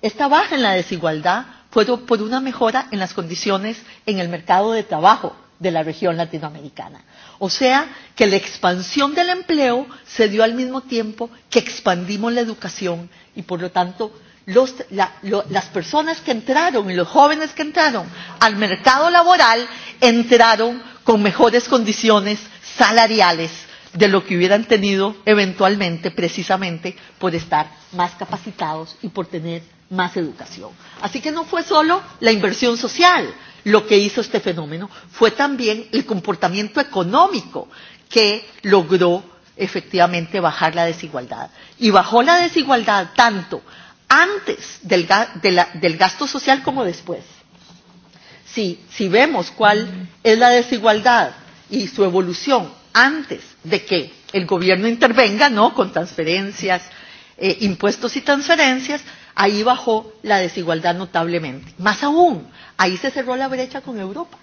Esta baja en la desigualdad fue por una mejora en las condiciones en el mercado de trabajo de la región latinoamericana. O sea, que la expansión del empleo se dio al mismo tiempo que expandimos la educación y por lo tanto los, la, las personas que entraron y los jóvenes que entraron al mercado laboral entraron con mejores condiciones salariales de lo que hubieran tenido eventualmente precisamente por estar más capacitados y por tener más educación. Así que no fue solo la inversión social lo que hizo este fenómeno, fue también el comportamiento económico que logró efectivamente bajar la desigualdad. Y bajó la desigualdad tanto antes del, de la, del gasto social como después. Si, si vemos cuál es la desigualdad y su evolución antes de que el gobierno intervenga, ¿no? Con transferencias, eh, impuestos y transferencias, ahí bajó la desigualdad notablemente. Más aún, ahí se cerró la brecha con Europa.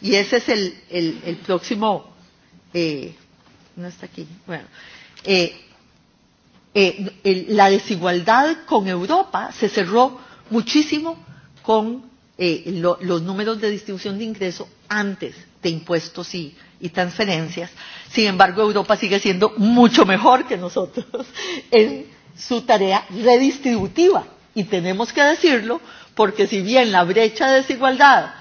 Y ese es el, el, el próximo. Eh, no está aquí. Bueno. Eh, la desigualdad con Europa se cerró muchísimo con los números de distribución de ingresos antes de impuestos y y transferencias. Sin embargo, Europa sigue siendo mucho mejor que nosotros en su tarea redistributiva. Y tenemos que decirlo porque si bien la brecha de desigualdad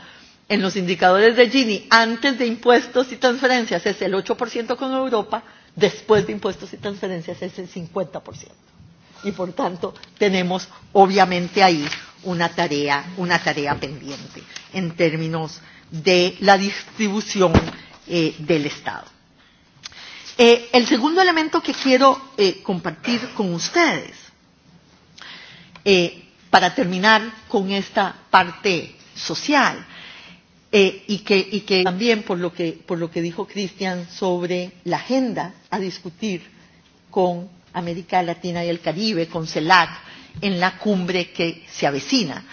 en los indicadores de Gini antes de impuestos y transferencias es el 8% con Europa, después de impuestos y transferencias es el 50%. Y por tanto tenemos obviamente ahí una tarea, una tarea pendiente en términos de la distribución del Estado. el segundo elemento que quiero compartir con ustedes, eh, para terminar con esta parte social, y que también por lo que por lo que dijo Cristian sobre la agenda a discutir con América Latina y el Caribe, con CELAC, en la cumbre que se avecina.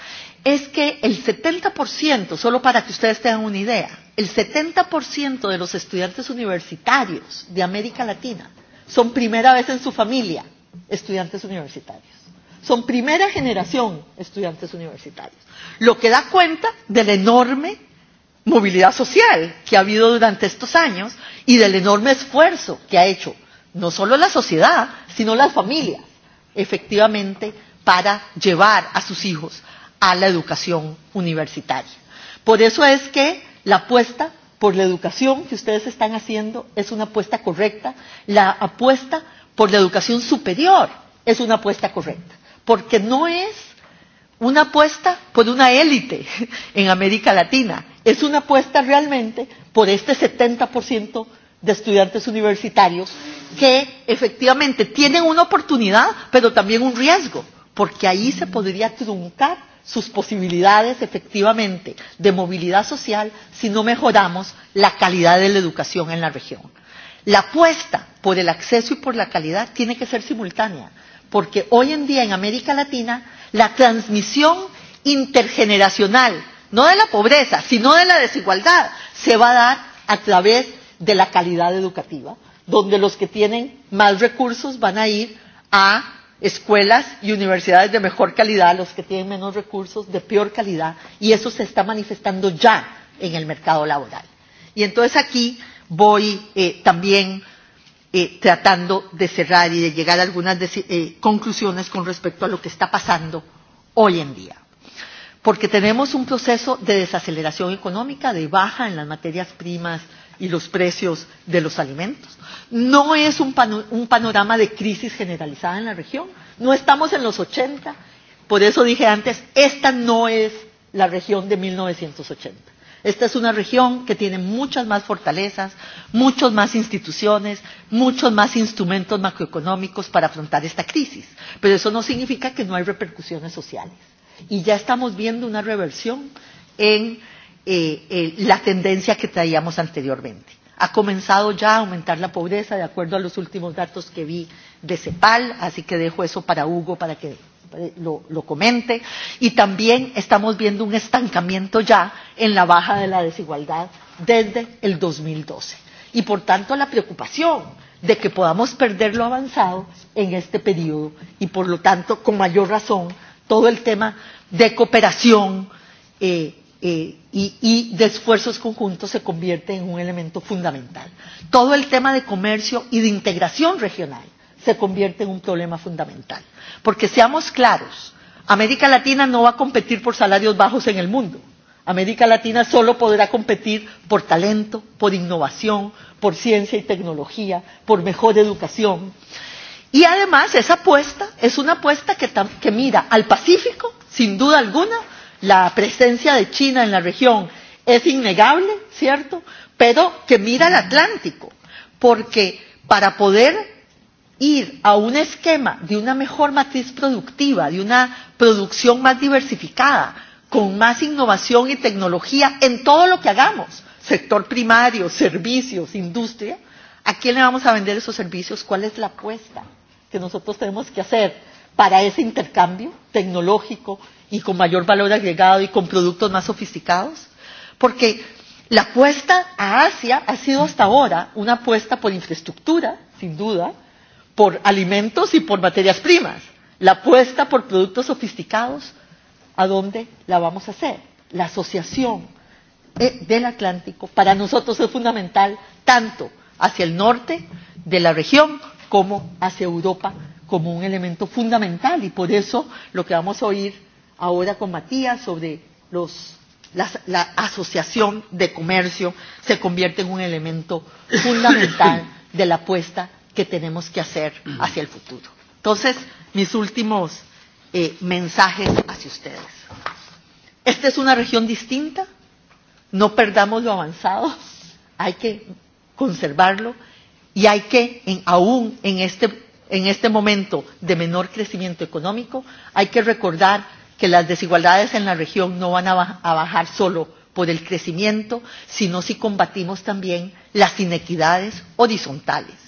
Es que el 70%, solo para que ustedes tengan una idea, el 70% de los estudiantes universitarios de América Latina son primera vez en su familia estudiantes universitarios. Son primera generación estudiantes universitarios. Lo que da cuenta del enorme movilidad social que ha habido durante estos años y del enorme esfuerzo que ha hecho no solo la sociedad, sino las familias, efectivamente, para llevar a sus hijos a la educación universitaria. Por eso es que la apuesta por la educación que ustedes están haciendo es una apuesta correcta, la apuesta por la educación superior es una apuesta correcta, porque no es una apuesta por una élite en América Latina, es una apuesta realmente por este 70% de estudiantes universitarios que efectivamente tienen una oportunidad, pero también un riesgo, porque ahí se podría truncar sus posibilidades efectivamente de movilidad social si no mejoramos la calidad de la educación en la región. La apuesta por el acceso y por la calidad tiene que ser simultánea porque hoy en día en América Latina la transmisión intergeneracional, no de la pobreza, sino de la desigualdad, se va a dar a través de la calidad educativa, donde los que tienen más recursos van a ir a escuelas y universidades de mejor calidad, los que tienen menos recursos de peor calidad, y eso se está manifestando ya en el mercado laboral. Y entonces aquí voy también tratando de cerrar y de llegar a algunas conclusiones con respecto a lo que está pasando hoy en día. Porque tenemos un proceso de desaceleración económica, de baja en las materias primas y los precios de los alimentos. No es un, un panorama de crisis generalizada en la región. No estamos en los 80. Por eso dije antes, esta no es la región de 1980 Esta es una región que tiene muchas más fortalezas, muchas más instituciones, muchos más instrumentos macroeconómicos para afrontar esta crisis. Pero eso no significa que no hay repercusiones sociales. Y ya estamos viendo una reversión en la tendencia que traíamos anteriormente. Ha comenzado ya a aumentar la pobreza, de acuerdo a los últimos datos que vi de CEPAL, así que dejo eso para Hugo para que lo, lo comente, y también estamos viendo un estancamiento ya en la baja de la desigualdad desde el 2012. Y por tanto la preocupación de que podamos perder lo avanzado en este periodo y por lo tanto con mayor razón todo el tema de cooperación eh, y, y de esfuerzos conjuntos se convierte en un elemento fundamental. Todo el tema de comercio y de integración regional se convierte en un problema fundamental. Porque seamos claros, América Latina no va a competir por salarios bajos en el mundo. América Latina solo podrá competir por talento, por innovación, por ciencia y tecnología, por mejor educación. Y además esa apuesta es una apuesta que, que mira al Pacífico, sin duda alguna, la presencia de China en la región es innegable, ¿cierto? Pero que mira al Atlántico, porque para poder ir a un esquema de una mejor matriz productiva, de una producción más diversificada, con más innovación y tecnología en todo lo que hagamos, sector primario, servicios, industria, ¿a quién le vamos a vender esos servicios? ¿Cuál es la apuesta que nosotros tenemos que hacer para ese intercambio tecnológico y con mayor valor agregado y con productos más sofisticados? Porque la apuesta a Asia ha sido hasta ahora una apuesta por infraestructura, sin duda, por alimentos y por materias primas. La apuesta por productos sofisticados, ¿a dónde la vamos a hacer? La asociación del Atlántico para nosotros es fundamental tanto hacia el norte de la región como hacia Europa como un elemento fundamental y por eso lo que vamos a oír ahora con Matías sobre los la, la asociación de comercio se convierte en un elemento fundamental de la apuesta que tenemos que hacer hacia el futuro. Entonces, mis últimos mensajes hacia ustedes. Esta es una región distinta, no perdamos lo avanzado, hay que conservarlo y hay que, aún en este, en este momento de menor crecimiento económico, hay que recordar que las desigualdades en la región no van a bajar solo por el crecimiento, sino si combatimos también las inequidades horizontales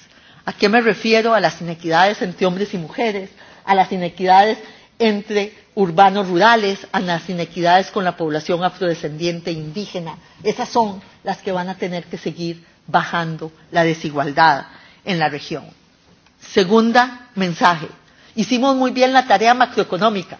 ¿A qué me refiero? A las inequidades entre hombres y mujeres, a las inequidades entre urbanos rurales, a las inequidades con la población afrodescendiente e indígena. Esas son las que van a tener que seguir bajando la desigualdad en la región. Segunda mensaje. Hicimos muy bien la tarea macroeconómica,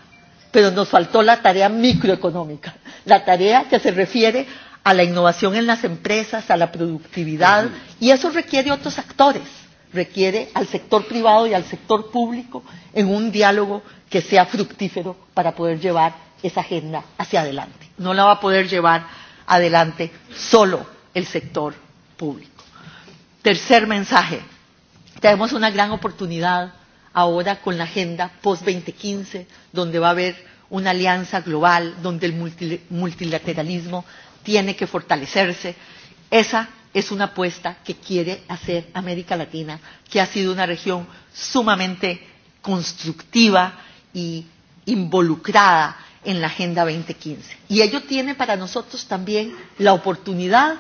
pero nos faltó la tarea microeconómica, la tarea que se refiere a la innovación en las empresas, a la productividad, y eso requiere otros actores requiere al sector privado y al sector público en un diálogo que sea fructífero para poder llevar esa agenda hacia adelante. No la va a poder llevar adelante solo el sector público. Tercer mensaje. Tenemos una gran oportunidad ahora con la agenda post-2015, donde va a haber una alianza global, donde el multilateralismo tiene que fortalecerse. Esa es una apuesta que quiere hacer América Latina, que ha sido una región sumamente constructiva y involucrada en la Agenda 2015. Y ello tiene para nosotros también la oportunidad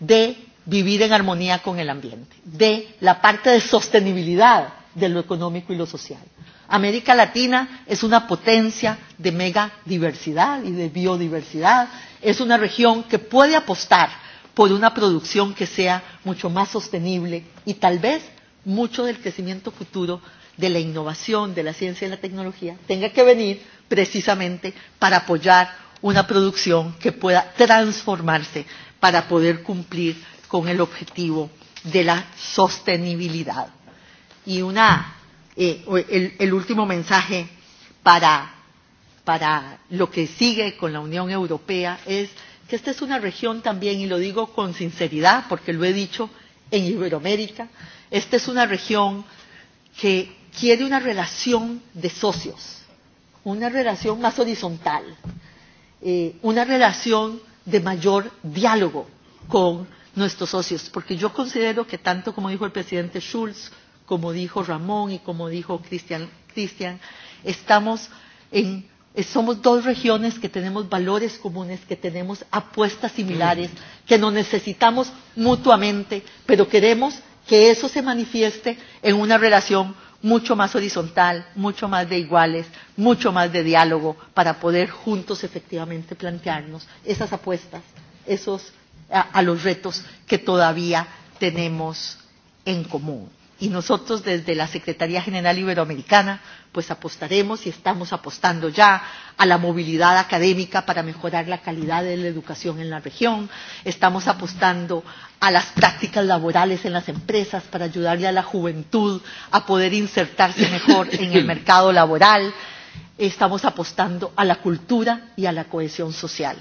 de vivir en armonía con el ambiente, de la parte de sostenibilidad de lo económico y lo social. América Latina es una potencia de megadiversidad y de biodiversidad, es una región que puede apostar por una producción que sea mucho más sostenible y tal vez mucho del crecimiento futuro de la innovación, de la ciencia y la tecnología tenga que venir precisamente para apoyar una producción que pueda transformarse para poder cumplir con el objetivo de la sostenibilidad. Y una el el último mensaje para para lo que sigue con la Unión Europea es que esta es una región también, y lo digo con sinceridad porque lo he dicho en Iberoamérica, esta es una región que quiere una relación de socios, una relación más horizontal, eh, una relación de mayor diálogo con nuestros socios, porque yo considero que tanto como dijo el presidente Schulz, como dijo Ramón y como dijo Cristian, Cristian estamos en Somos dos regiones que tenemos valores comunes, que tenemos apuestas similares, que nos necesitamos mutuamente, pero queremos que eso se manifieste en una relación mucho más horizontal, mucho más de iguales, mucho más de diálogo, para poder juntos efectivamente plantearnos esas apuestas, esos a los retos que todavía tenemos en común y nosotros desde la Secretaría General Iberoamericana pues apostaremos y estamos apostando ya a la movilidad académica para mejorar la calidad de la educación en la región, estamos apostando a las prácticas laborales en las empresas para ayudarle a la juventud a poder insertarse mejor en el mercado laboral, estamos apostando a la cultura y a la cohesión social.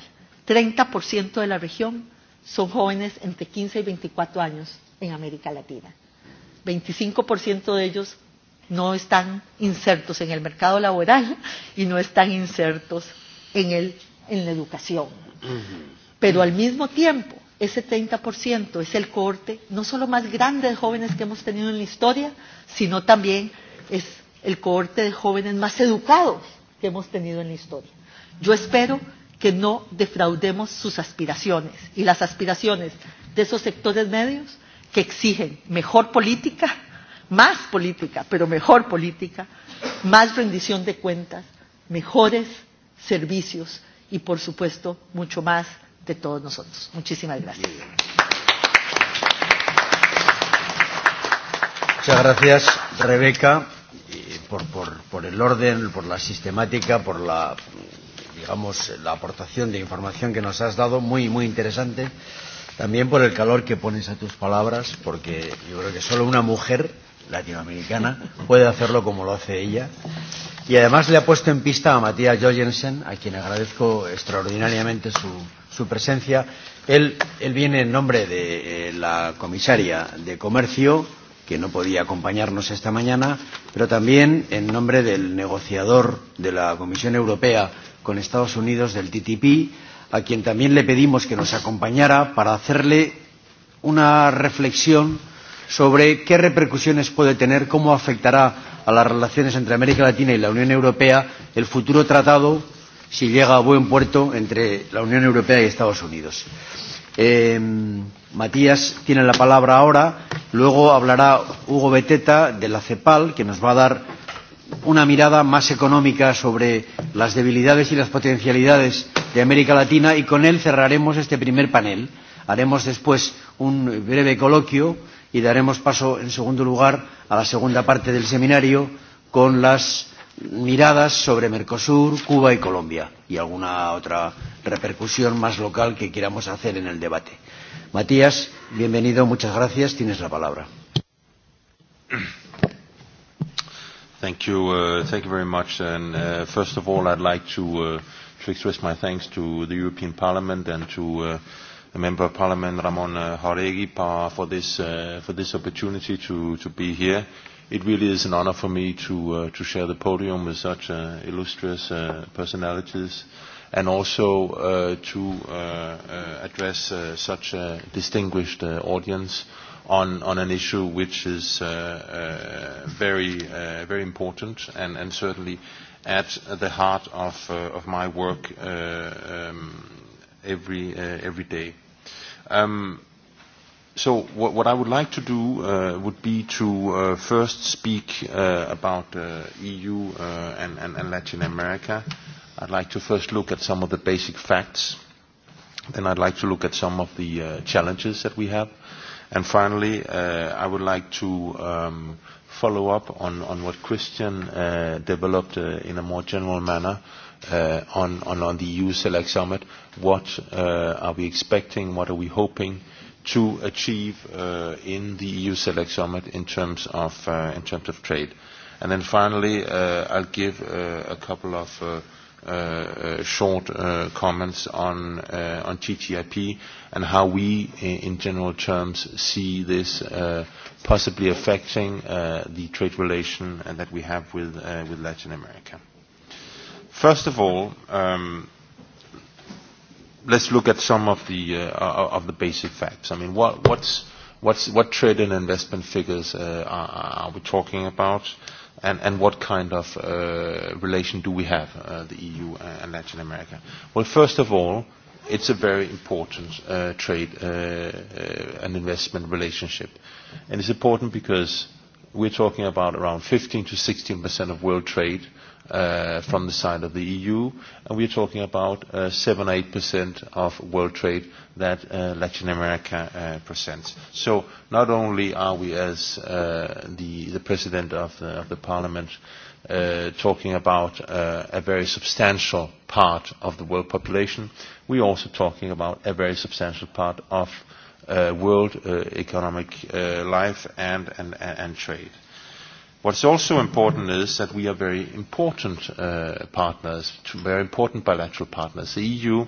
30% de la región son jóvenes entre 15 y 24 años en América Latina 25% de ellos no están insertos en el mercado laboral y no están insertos en, el, en la educación. Pero al mismo tiempo, ese 30% es el cohorte no solo más grande de jóvenes que hemos tenido en la historia, sino también es el cohorte de jóvenes más educados que hemos tenido en la historia. Yo espero que no defraudemos sus aspiraciones y las aspiraciones de esos sectores medios que exigen mejor política, más política, pero mejor política, más rendición de cuentas, mejores servicios y, por supuesto, mucho más de todos nosotros. Muchísimas gracias. Muchas gracias, Rebeca, por, por, por el orden, por la sistemática, por la, digamos, la aportación de información que nos has dado, muy, muy interesante también por el calor que pones a tus palabras, porque yo creo que solo una mujer latinoamericana puede hacerlo como lo hace ella. Y además le ha puesto en pista a Matías Jorgensen, a quien agradezco extraordinariamente su, su presencia. Él, él viene en nombre de la comisaria de Comercio, que no podía acompañarnos esta mañana, pero también en nombre del negociador de la Comisión Europea con Estados Unidos del TTP, a quien también le pedimos que nos acompañara para hacerle una reflexión sobre qué repercusiones puede tener, cómo afectará a las relaciones entre América Latina y la Unión Europea el futuro tratado, si llega a buen puerto, entre la Unión Europea y Estados Unidos. Eh, Matías tiene la palabra ahora, luego hablará Hugo Beteta de la CEPAL, que nos va a dar una mirada más económica sobre las debilidades y las potencialidades de América Latina y con él cerraremos este primer panel. Haremos después un breve coloquio y daremos paso, en segundo lugar, a la segunda parte del seminario con las miradas sobre Mercosur, Cuba y Colombia y alguna otra repercusión más local que queramos hacer en el debate. Matías, bienvenido, muchas gracias, tienes la palabra. Thank you. Thank you very much. And first of all, I'd like to express my thanks to the European Parliament and to the Member of Parliament, Ramon Jauregui, for this for this opportunity to to be here. It really is an honor for me to to share the podium with such illustrious personalities and also to address such a distinguished audience on an issue which is very very important and and certainly at the heart of of my work every every day so what what i would like to do would be to first speak about eu and and latin america i'd like to first look at some of the basic facts then i'd like to look at some of the challenges that we have And finally, I would like to follow up on on what Christian developed in a more general manner on on the EU Select Summit. What are we expecting? What are we hoping to achieve in the EU Select Summit in terms of in terms of trade? And then finally, I'll give a couple of short comments on on TTIP and how we, in general terms, see this possibly affecting the trade relation that we have with Latin America. First of all, let's look at some of the of the basic facts. I mean, what what's what's what trade and investment figures are we talking about, and and what kind of relation do we have the EU and Latin America? Well, first of all, it's a very important trade and investment relationship. And it's important because we're talking about around 15 to 16% of world trade from the side of the EU, and we're talking about 7 or 8% of world trade that Latin America presents. So not only are we, as the President of the Parliament, talking about a very substantial part of the world population, We are also talking about a very substantial part of world economic life and, and, and trade. What's also important is that we are very important partners, very important bilateral partners. The EU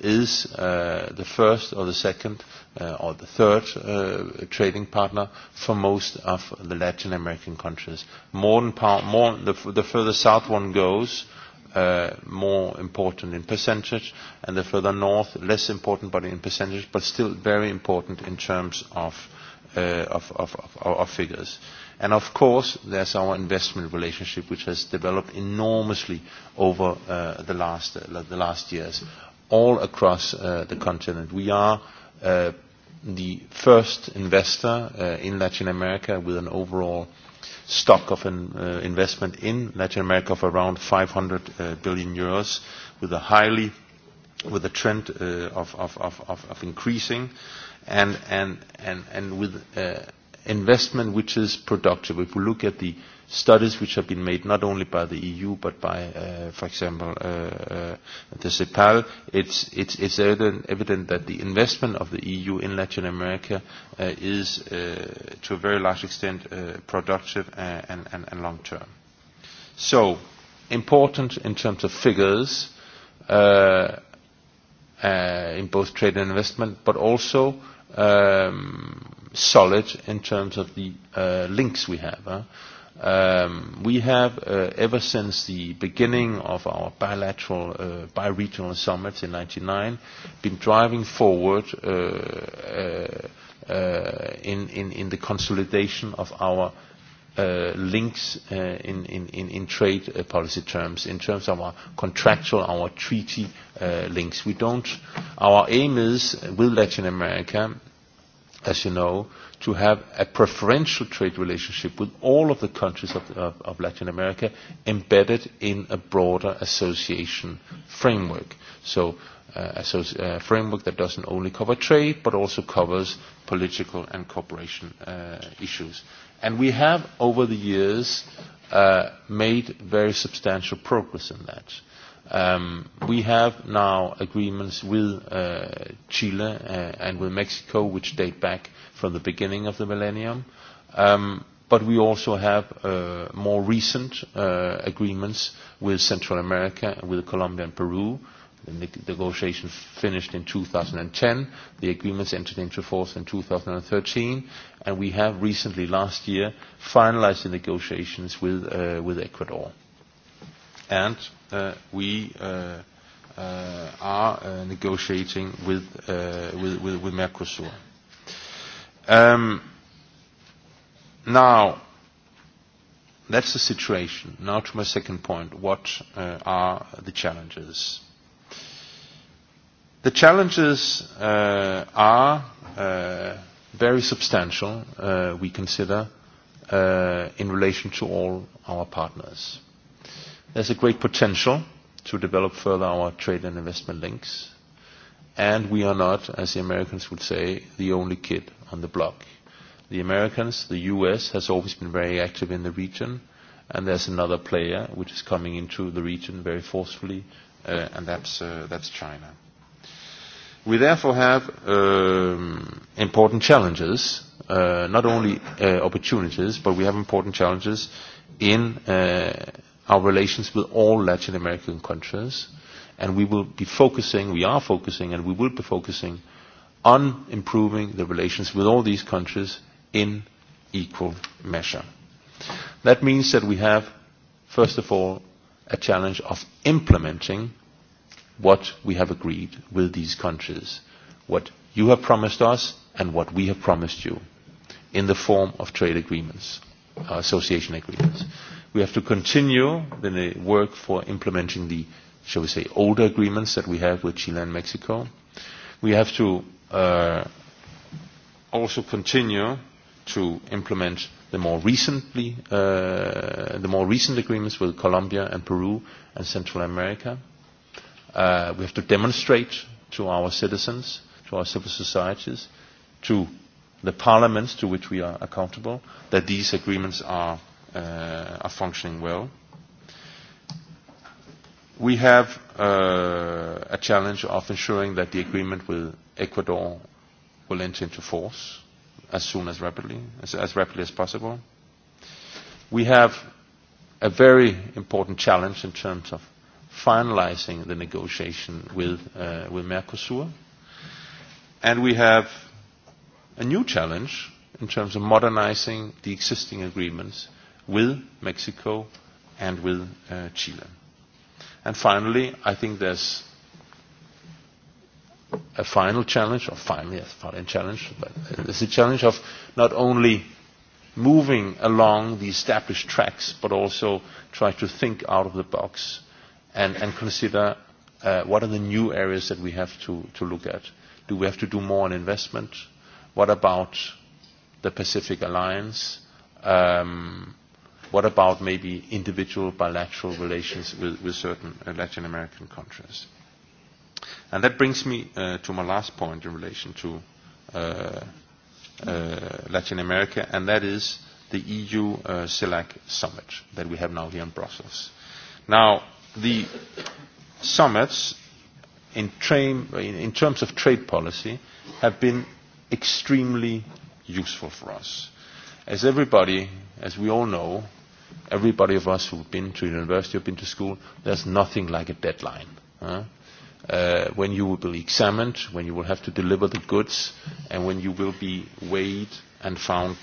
is the first or the second or the third trading partner for most of the Latin American countries. More than, more, the, the further south one goes, more important in percentage, and the further north, less important but in percentage, but still very important in terms of our figures. And of course, there's our investment relationship, which has developed enormously over the last years, all across the continent. We are the first investor in Latin America with an overall stock of an investment in Latin America of around 500 billion euros with a highly with a trend of of of increasing and and and and with investment which is productive if we look at the studies which have been made not only by the EU but by, for example, the CEPAL, it's, it's, it's evident that the investment of the EU in Latin America is to a very large extent productive and, and, and long-term. So, important in terms of figures in both trade and investment, but also solid in terms of the links we have. We have, ever since the beginning of our bilateral bi-regional summits in 1999, been driving forward in the consolidation of our links in trade policy terms, in terms of our contractual, our treaty links. We don't. Our aim is, with Latin America, as you know, to have a preferential trade relationship with all of the countries of Latin America embedded in a broader association framework. So a framework that doesn't only cover trade but also covers political and cooperation issues. And we have over the years made very substantial progress in that. We have now agreements with Chile and with Mexico, which date back from the beginning of the millennium. But we also have more recent agreements with Central America, with Colombia and Peru. The negotiations finished in 2010. The agreements entered into force in 2013. And we have recently, last year, finalized the negotiations with Ecuador. And we are negotiating with Mercosur. Now, that's the situation. Now to my second point. What are the challenges? The challenges are very substantial, we consider, in relation to all our partners. There's a great potential to develop further our trade and investment links. And we are not, as the Americans would say, the only kid on the block. The Americans, the U.S., has always been very active in the region, and there's another player which is coming into the region very forcefully, and that's that's China. We therefore have important challenges, not only opportunities, but we have important challenges in our relations with all Latin American countries, and we will be focusing, we are focusing, and we will be focusing on improving the relations with all these countries in equal measure. That means that we have, first of all, a challenge of implementing what we have agreed with these countries, what you have promised us and what we have promised you in the form of trade agreements, association agreements. We have to continue the work for implementing the, shall we say, older agreements that we have with Chile and Mexico. We have to also continue to implement the more recently the more recent agreements with Colombia and Peru and Central America. We have to demonstrate to our citizens, to our civil societies, to the parliaments to which we are accountable, that these agreements are are functioning well. We have a challenge of ensuring that the agreement with Ecuador will enter into force as soon as rapidly, as rapidly as possible. We have a very important challenge in terms of finalizing the negotiation with with Mercosur. And we have a new challenge in terms of modernizing the existing agreements with Mexico and with Chile. And finally, I think there's a final challenge, or finally a final challenge, but there's a challenge of not only moving along the established tracks, but also try to think out of the box and, and consider what are the new areas that we have to, to look at. Do we have to do more on investment? What about the Pacific Alliance? What about maybe individual bilateral relations with certain Latin American countries? And that brings me to my last point in relation to Latin America, and that is the EU-CELAC summit that we have now here in Brussels. Now, the summits in terms of trade policy have been extremely useful for us. As everybody, as we all know, Everybody of us who've been to university or been to school, there's nothing like a deadline. When you will be examined, when you will have to deliver the goods, and when you will be weighed and found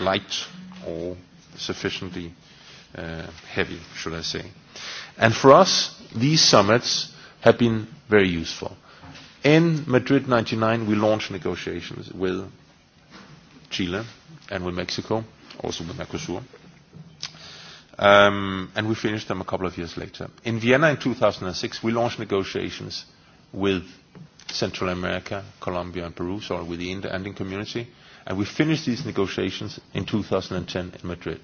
light or sufficiently heavy, should I say. And for us, these summits have been very useful. In Madrid 99, we launched negotiations with Chile and with Mexico, also with Mercosur and we finished them a couple of years later. In Vienna in 2006, we launched negotiations with Central America, Colombia and Peru, so with the Andean community, and we finished these negotiations in 2010 in Madrid.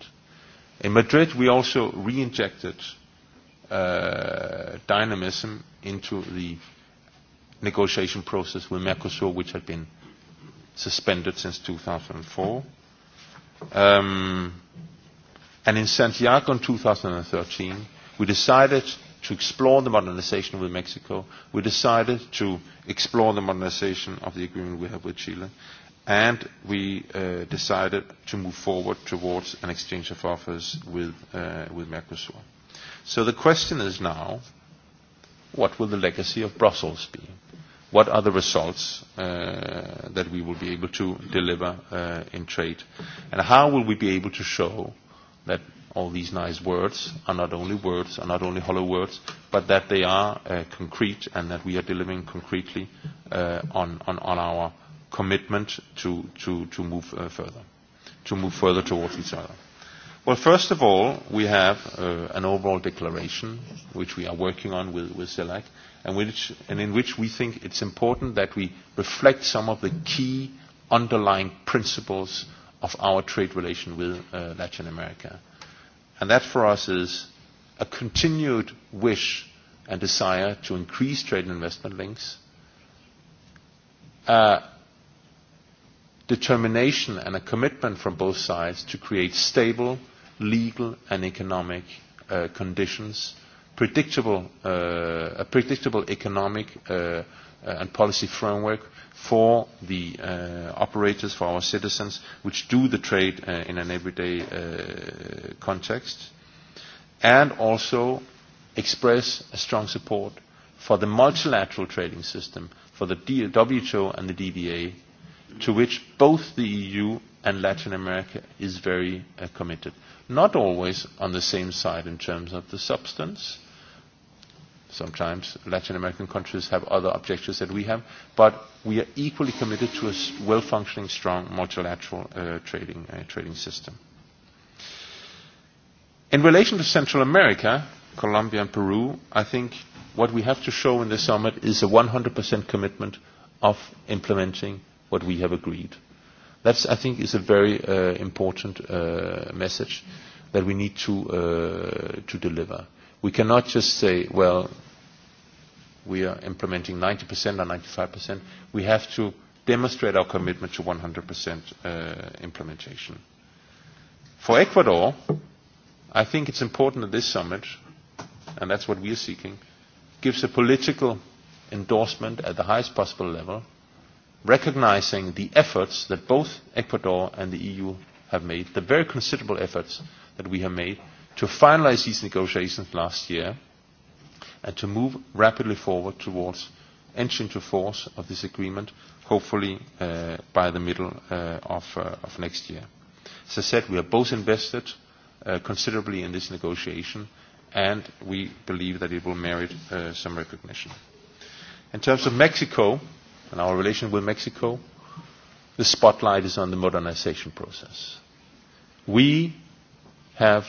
In Madrid, we also re-injected dynamism into the negotiation process with Mercosur, which had been suspended since 2004. And in Santiago in 2013, we decided to explore the modernization with Mexico. We decided to explore the modernization of the agreement we have with Chile. And we decided to move forward towards an exchange of offers with Mercosur. So the question is now, what will the legacy of Brussels be? What are the results that we will be able to deliver in trade? And how will we be able to show that all these nice words are not only words, are not only hollow words, but that they are concrete and that we are delivering concretely on our commitment to move further, to move further towards each other. Well, first of all, we have an overall declaration which we are working on with CELAC and in which we think it's important that we reflect some of the key underlying principles of our trade relation with Latin America. And that for us is a continued wish and desire to increase trade and investment links, determination and a commitment from both sides to create stable legal and economic conditions, predictable economic and policy framework for the operators, for our citizens, which do the trade in an everyday context, and also express a strong support for the multilateral trading system, for the WTO and the DBA to which both the EU and Latin America is very committed. Not always on the same side in terms of the substance, Sometimes Latin American countries have other objectives that we have, but we are equally committed to a well-functioning, strong multilateral trading trading system. In relation to Central America, Colombia and Peru, I think what we have to show in the summit is a 100% commitment of implementing what we have agreed. That, I think, is a very important message that we need to to deliver. We cannot just say, well, we are implementing 90% or 95%. We have to demonstrate our commitment to 100% implementation. For Ecuador, I think it's important that this summit, and that's what we are seeking, gives a political endorsement at the highest possible level, recognizing the efforts that both Ecuador and the EU have made, the very considerable efforts that we have made to finalize these negotiations last year and to move rapidly forward towards entry into force of this agreement, hopefully by the middle of next year. As I said, we are both invested considerably in this negotiation, and we believe that it will merit some recognition. In terms of Mexico and our relation with Mexico, the spotlight is on the modernization process. We have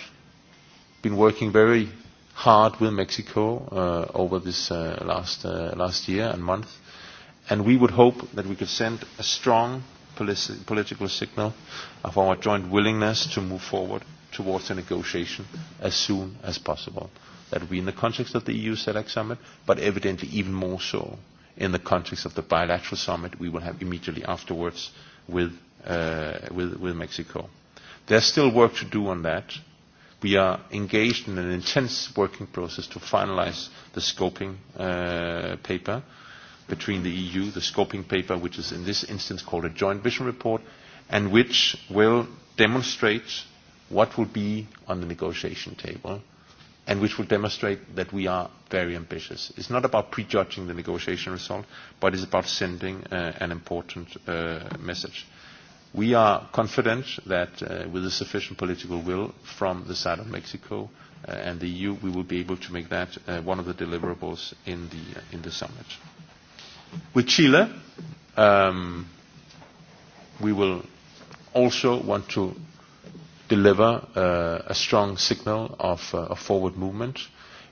been working very hard with Mexico over this last last year and month, and we would hope that we could send a strong political signal of our joint willingness to move forward towards a negotiation as soon as possible. That will be in the context of the EU SELEC summit, but evidently even more so in the context of the bilateral summit we will have immediately afterwards with with Mexico. There's still work to do on that. We are engaged in an intense working process to finalise the scoping paper between the EU, the scoping paper, which is in this instance called a joint vision report, and which will demonstrate what will be on the negotiation table, and which will demonstrate that we are very ambitious. It's not about prejudging the negotiation result, but it's about sending an important message. We are confident that with a sufficient political will from the side of Mexico and the EU, we will be able to make that one of the deliverables in the in the summit. With Chile, we will also want to deliver a strong signal of forward movement.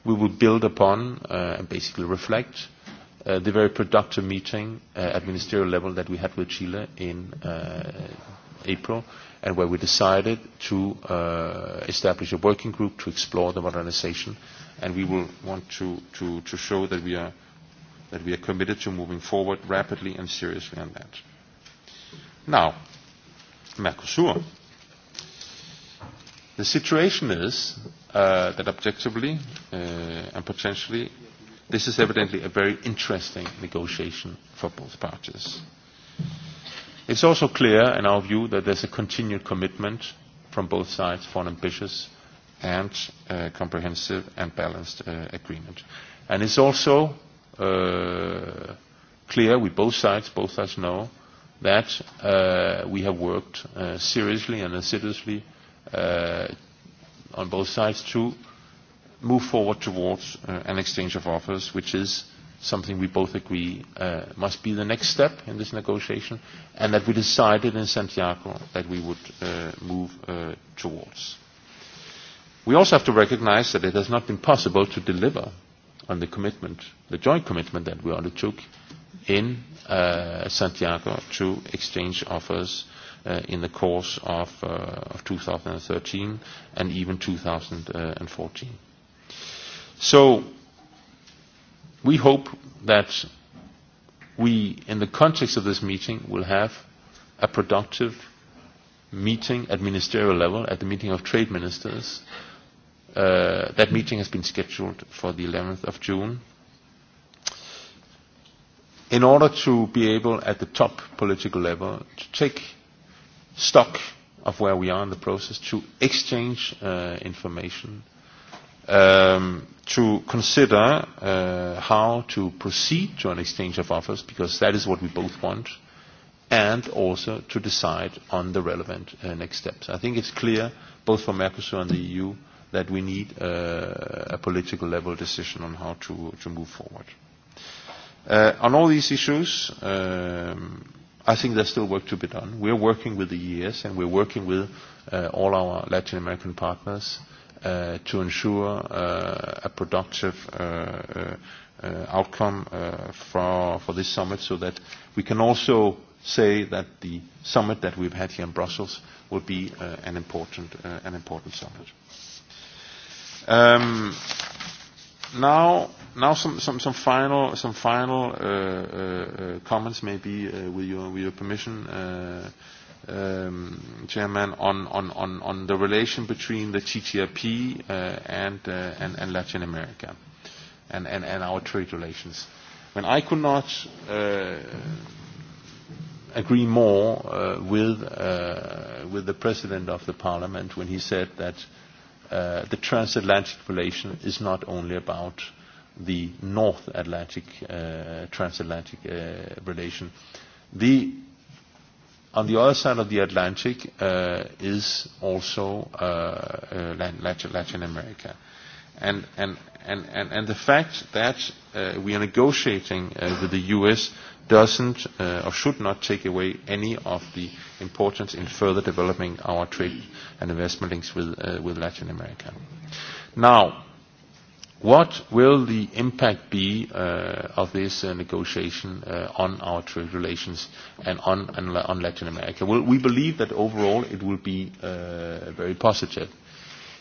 We will build upon and basically reflect the very productive meeting at ministerial level that we had with Chile in April, and where we decided to establish a working group to explore the modernization, and we will want to to to show that we are that we are committed to moving forward rapidly and seriously on that. Now, Mercosur. The situation is that objectively and potentially This is evidently a very interesting negotiation for both parties. It's also clear, in our view, that there's a continued commitment from both sides for an ambitious and comprehensive and balanced agreement. And it's also clear, we both sides, both sides know, that we have worked seriously and assiduously on both sides to move forward towards an exchange of offers, which is something we both agree must be the next step in this negotiation, and that we decided in Santiago that we would move towards. We also have to recognize that it has not been possible to deliver on the commitment, the joint commitment that we undertook in Santiago to exchange offers in the course of 2013 and even 2014. So we hope that we, in the context of this meeting, will have a productive meeting at ministerial level, at the meeting of trade ministers. That meeting has been scheduled for the 11th of June. In order to be able, at the top political level, to take stock of where we are in the process, to exchange information to consider how to proceed to an exchange of offers, because that is what we both want, and also to decide on the relevant next steps. I think it's clear, both for Mercosur and the EU, that we need a political level decision on how to move forward. On all these issues, I think there's still work to be done. We're working with the ES and we're working with all our Latin American partners to ensure a productive outcome for for this summit so that we can also say that the summit that we've had here in Brussels will be an important an important summit. Um now now some some some final some final comments maybe with your with your permission Chairman, on on on on the relation between the TTIP and and Latin America, and and our trade relations. When I could not agree more with with the President of the Parliament when he said that the transatlantic relation is not only about the North Atlantic transatlantic relation. The On the other side of the Atlantic is also Latin America. And the fact that we are negotiating with the U.S. doesn't or should not take away any of the importance in further developing our trade and investment links with Latin America. Now, What will the impact be of this negotiation on our trade relations and on Latin America? Well, we believe that overall it will be very positive.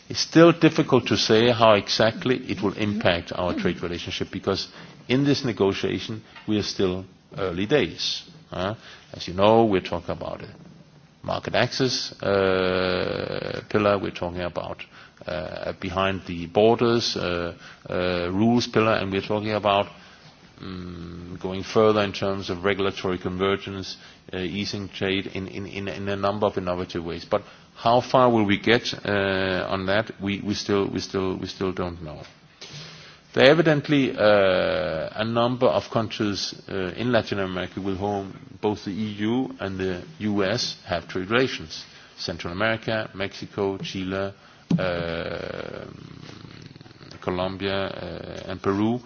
It's still difficult to say how exactly it will impact our trade relationship because in this negotiation we are still early days. As you know, we're talking about market access pillar, we're talking about behind the borders rules pillar, and we're talking about going further in terms of regulatory convergence, easing trade in a number of innovative ways. But how far will we get on that? We still don't know. There are evidently a number of countries in Latin America with whom both the EU and the US have trade relations. Central America, Mexico, Chile Colombia and Peru,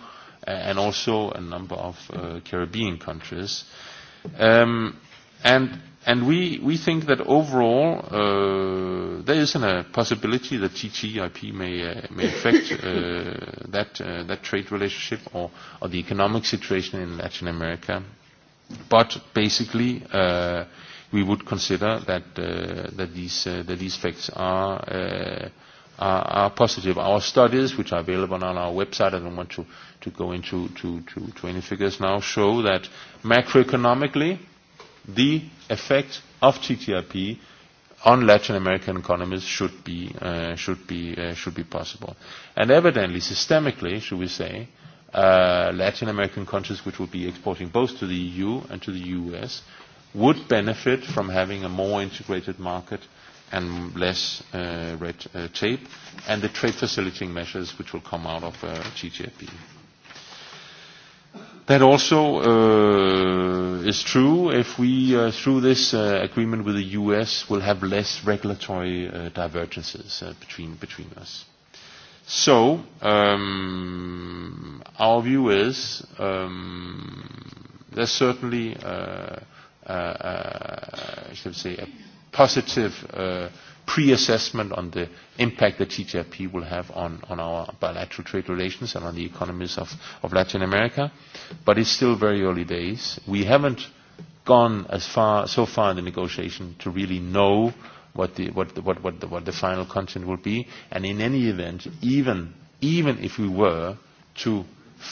and also a number of Caribbean countries. And And we, we think that overall uh, there isn't a possibility that TTIP may, uh, may affect uh, that, uh, that trade relationship or, or the economic situation in Latin America. But basically, we would consider that that these that these facts are are positive. Our studies, which are available on our website, I don't want to to go into to to to any figures now, show that macroeconomically, the effect of TTIP on Latin American economies should be should be should be possible. And evidently, systemically, should we say, Latin American countries, which will be exporting both to the EU and to the US, would benefit from having a more integrated market and less red tape, and the trade facilitating measures which will come out of TTIP. That also is true if we, through this agreement with the U.S., will have less regulatory divergences between us. So our view is there's certainly should say, a positive pre-assessment on the impact that TTIP will have on our bilateral trade relations and on the economies of Latin America. But it's still very early days. We haven't gone as far so far in the negotiation to really know what the what what what what the final content will be. And in any event, even even if we were to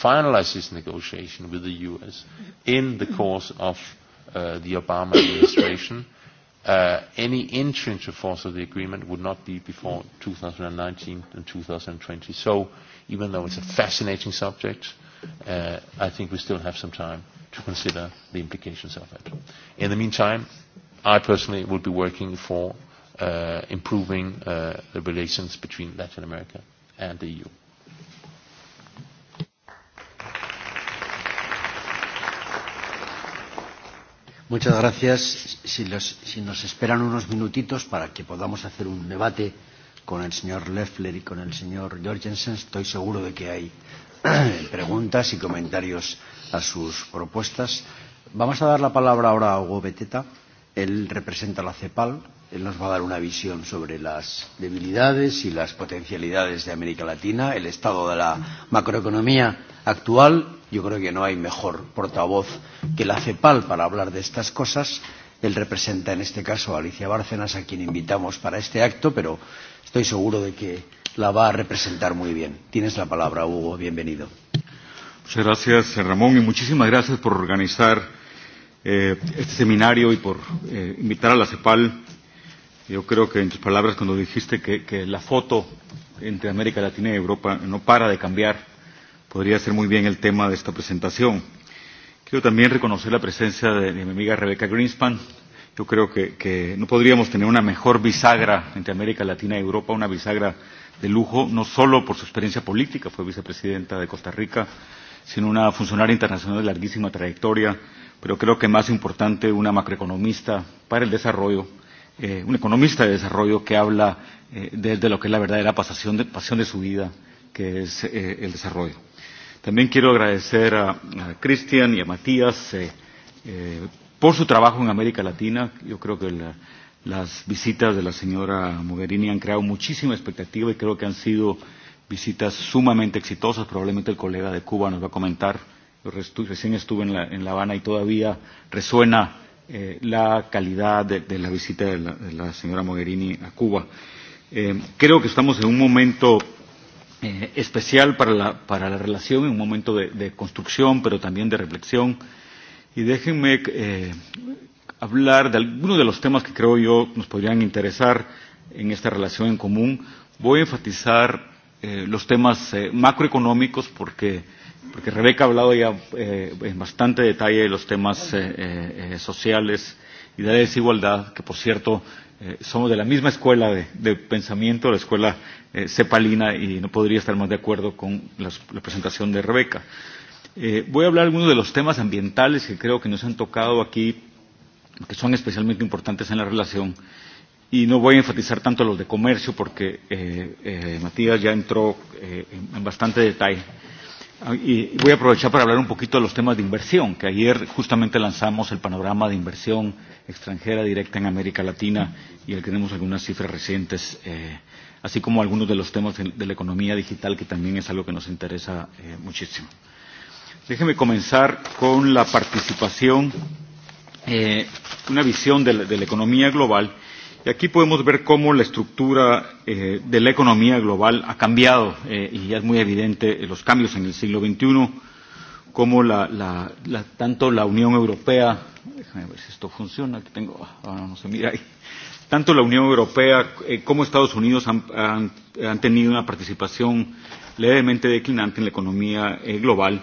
finalize this negotiation with the US in the course of the Obama administration. Any entry into force of the agreement would not be before 2019 and 2020. So even though it's a fascinating subject, I think we still have some time to consider the implications of it. In the meantime, I personally will be working for improving the relations between Latin America and the EU. Muchas gracias. Si, los, si nos esperan unos minutitos para que podamos hacer un debate con el señor Leffler y con el señor Jorgensen, estoy seguro de que hay preguntas y comentarios a sus propuestas. Vamos a dar la palabra ahora a Hugo Beteta. Él representa la CEPAL. Él nos va a dar una visión sobre las debilidades y las potencialidades de América Latina, el estado de la macroeconomía actual yo creo que no hay mejor portavoz que la CEPAL para hablar de estas cosas. Él representa en este caso a Alicia Bárcenas, a quien invitamos para este acto, pero estoy seguro de que la va a representar muy bien. Tienes la palabra, Hugo. Bienvenido. Muchas gracias, Ramón, y muchísimas gracias por organizar este seminario y por invitar a la CEPAL. Yo creo que en tus palabras cuando dijiste que, que la foto entre América Latina y Europa no para de cambiar, podría ser muy bien el tema de esta presentación. Quiero también reconocer la presencia de mi amiga Rebeca Greenspan. Yo creo que no podríamos tener una mejor bisagra entre América Latina y Europa, una bisagra de lujo, no solo por su experiencia política, fue vicepresidenta de Costa Rica, sino una funcionaria internacional de larguísima trayectoria, pero creo que más importante una macroeconomista para el desarrollo, eh, un economista de desarrollo que habla desde lo que es la verdadera pasión de, pasión de su vida, que es el desarrollo. También quiero agradecer a Cristian y a Matías por su trabajo en América Latina. Yo creo que las visitas de la señora Mogherini han creado muchísima expectativa y creo que han sido visitas sumamente exitosas. Probablemente el colega de Cuba nos va a comentar. yo Recién estuve en La, Habana y todavía resuena la calidad de, la visita de la, de la señora Mogherini a Cuba. Eh, creo que estamos en un momento especial para la, para la relación en un momento de, de construcción, pero también de reflexión. Y déjenme eh, hablar de algunos de los temas que creo yo nos podrían interesar en esta relación en común. Voy a enfatizar eh, los temas macroeconómicos porque, porque Rebeca ha hablado ya eh, en bastante detalle de los temas eh, eh, sociales y de la desigualdad, que por cierto somos de la misma escuela de, de pensamiento, la escuela cepalina, y no podría estar más de acuerdo con la, presentación de Rebeca. Eh, voy a hablar de algunos de los temas ambientales que creo que nos han tocado aquí, que son especialmente importantes en la relación, y no voy a enfatizar tanto los de comercio porque eh, eh, Matías ya entró en bastante detalle. Y voy a aprovechar para hablar un poquito de los temas de inversión, que ayer justamente lanzamos el panorama de inversión extranjera directa en América Latina y que tenemos algunas cifras recientes, así como algunos de los temas de la economía digital, que también es algo que nos interesa muchísimo. Déjeme comenzar con la participación, una visión de la economía global Y aquí podemos ver cómo la estructura de la economía global ha cambiado y ya es muy evidente los cambios en el siglo XXI, cómo la, la, tanto la Unión Europea, déjame ver si esto funciona, que tengo, ahora no se mira ahí, tanto la Unión Europea como Estados Unidos han, han tenido una participación levemente declinante en la economía global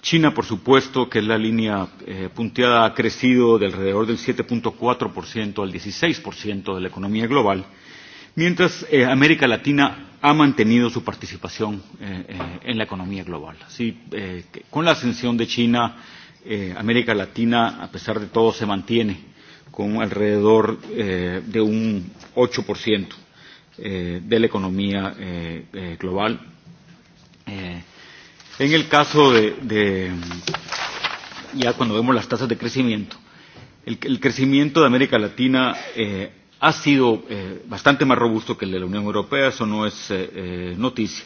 China, por supuesto, que es la línea punteada, ha crecido de alrededor del 7.4% al 16% de la economía global, mientras América Latina ha mantenido su participación en la economía global. Así, con la ascensión de China, América Latina, a pesar de todo, se mantiene con alrededor de un 8% de la economía global. En el caso de, de ya cuando vemos las tasas de crecimiento, el, crecimiento de América Latina ha sido bastante más robusto que el de la Unión Europea, eso no es noticia.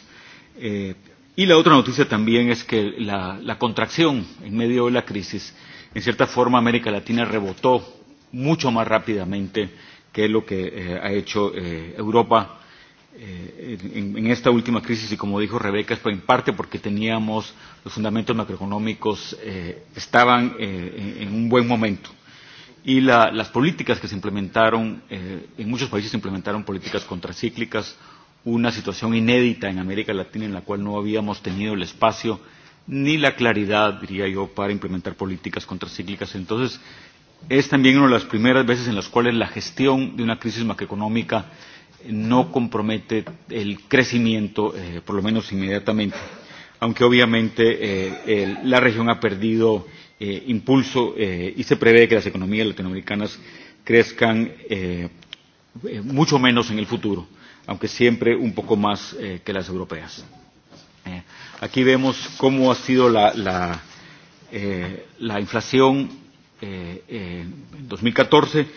y la otra noticia también es que la, la contracción en medio de la crisis, en cierta forma América Latina rebotó mucho más rápidamente que lo que ha hecho Europa en esta última crisis y como dijo Rebeca en parte porque teníamos los fundamentos macroeconómicos estaban en un buen momento y la las políticas que se implementaron en muchos países se implementaron políticas contracíclicas una situación inédita en América Latina en la cual no habíamos tenido el espacio ni la claridad diría yo para implementar políticas contracíclicas entonces es también una de las primeras veces en las cuales la gestión de una crisis macroeconómica no compromete el crecimiento, por lo menos inmediatamente, aunque obviamente la región ha perdido impulso y se prevé que las economías latinoamericanas crezcan mucho menos en el futuro, aunque siempre un poco más que las europeas. Aquí vemos cómo ha sido la inflación en 2014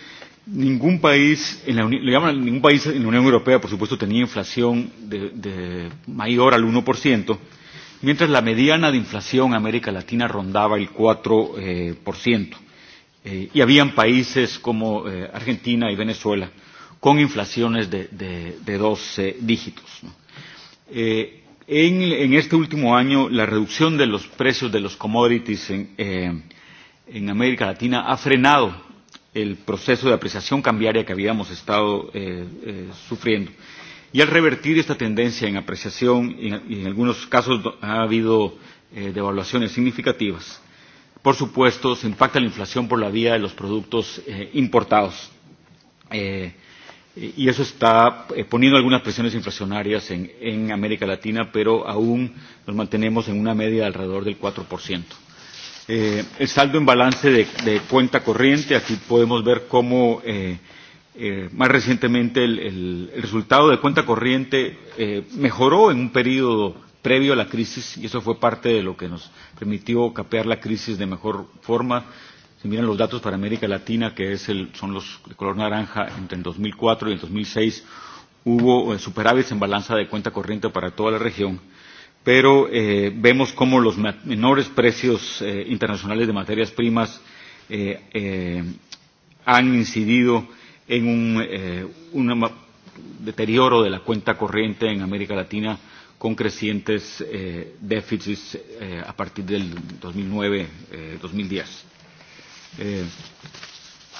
Ningún país, en la, lo llaman, ningún país en la Unión Europea, por supuesto, tenía inflación de, de mayor al 1%, mientras la mediana de inflación en América Latina rondaba el 4%. Eh, y habían países como Argentina y Venezuela con inflaciones de, de, de dígitos. en, en este último año, la reducción de los precios de los commodities en, en América Latina ha frenado el proceso de apreciación cambiaria que habíamos estado sufriendo. Y al revertir esta tendencia en apreciación, y en algunos casos ha habido devaluaciones significativas, por supuesto, se impacta la inflación por la vía de los productos importados. Y eso está poniendo algunas presiones inflacionarias en América Latina, pero aún nos mantenemos en una media de alrededor del 4% el saldo en balance de cuenta corriente, aquí podemos ver cómo más recientemente el resultado de cuenta corriente mejoró en un periodo previo a la crisis y eso fue parte de lo que nos permitió capear la crisis de mejor forma. Si miran los datos para América Latina, que es el, son los de color naranja, entre el 2004 y el 2006 hubo superávit en balanza de cuenta corriente para toda la región pero vemos cómo los menores precios internacionales de materias primas han incidido en un deterioro de la cuenta corriente en América Latina con crecientes déficits a partir del 2009-2010.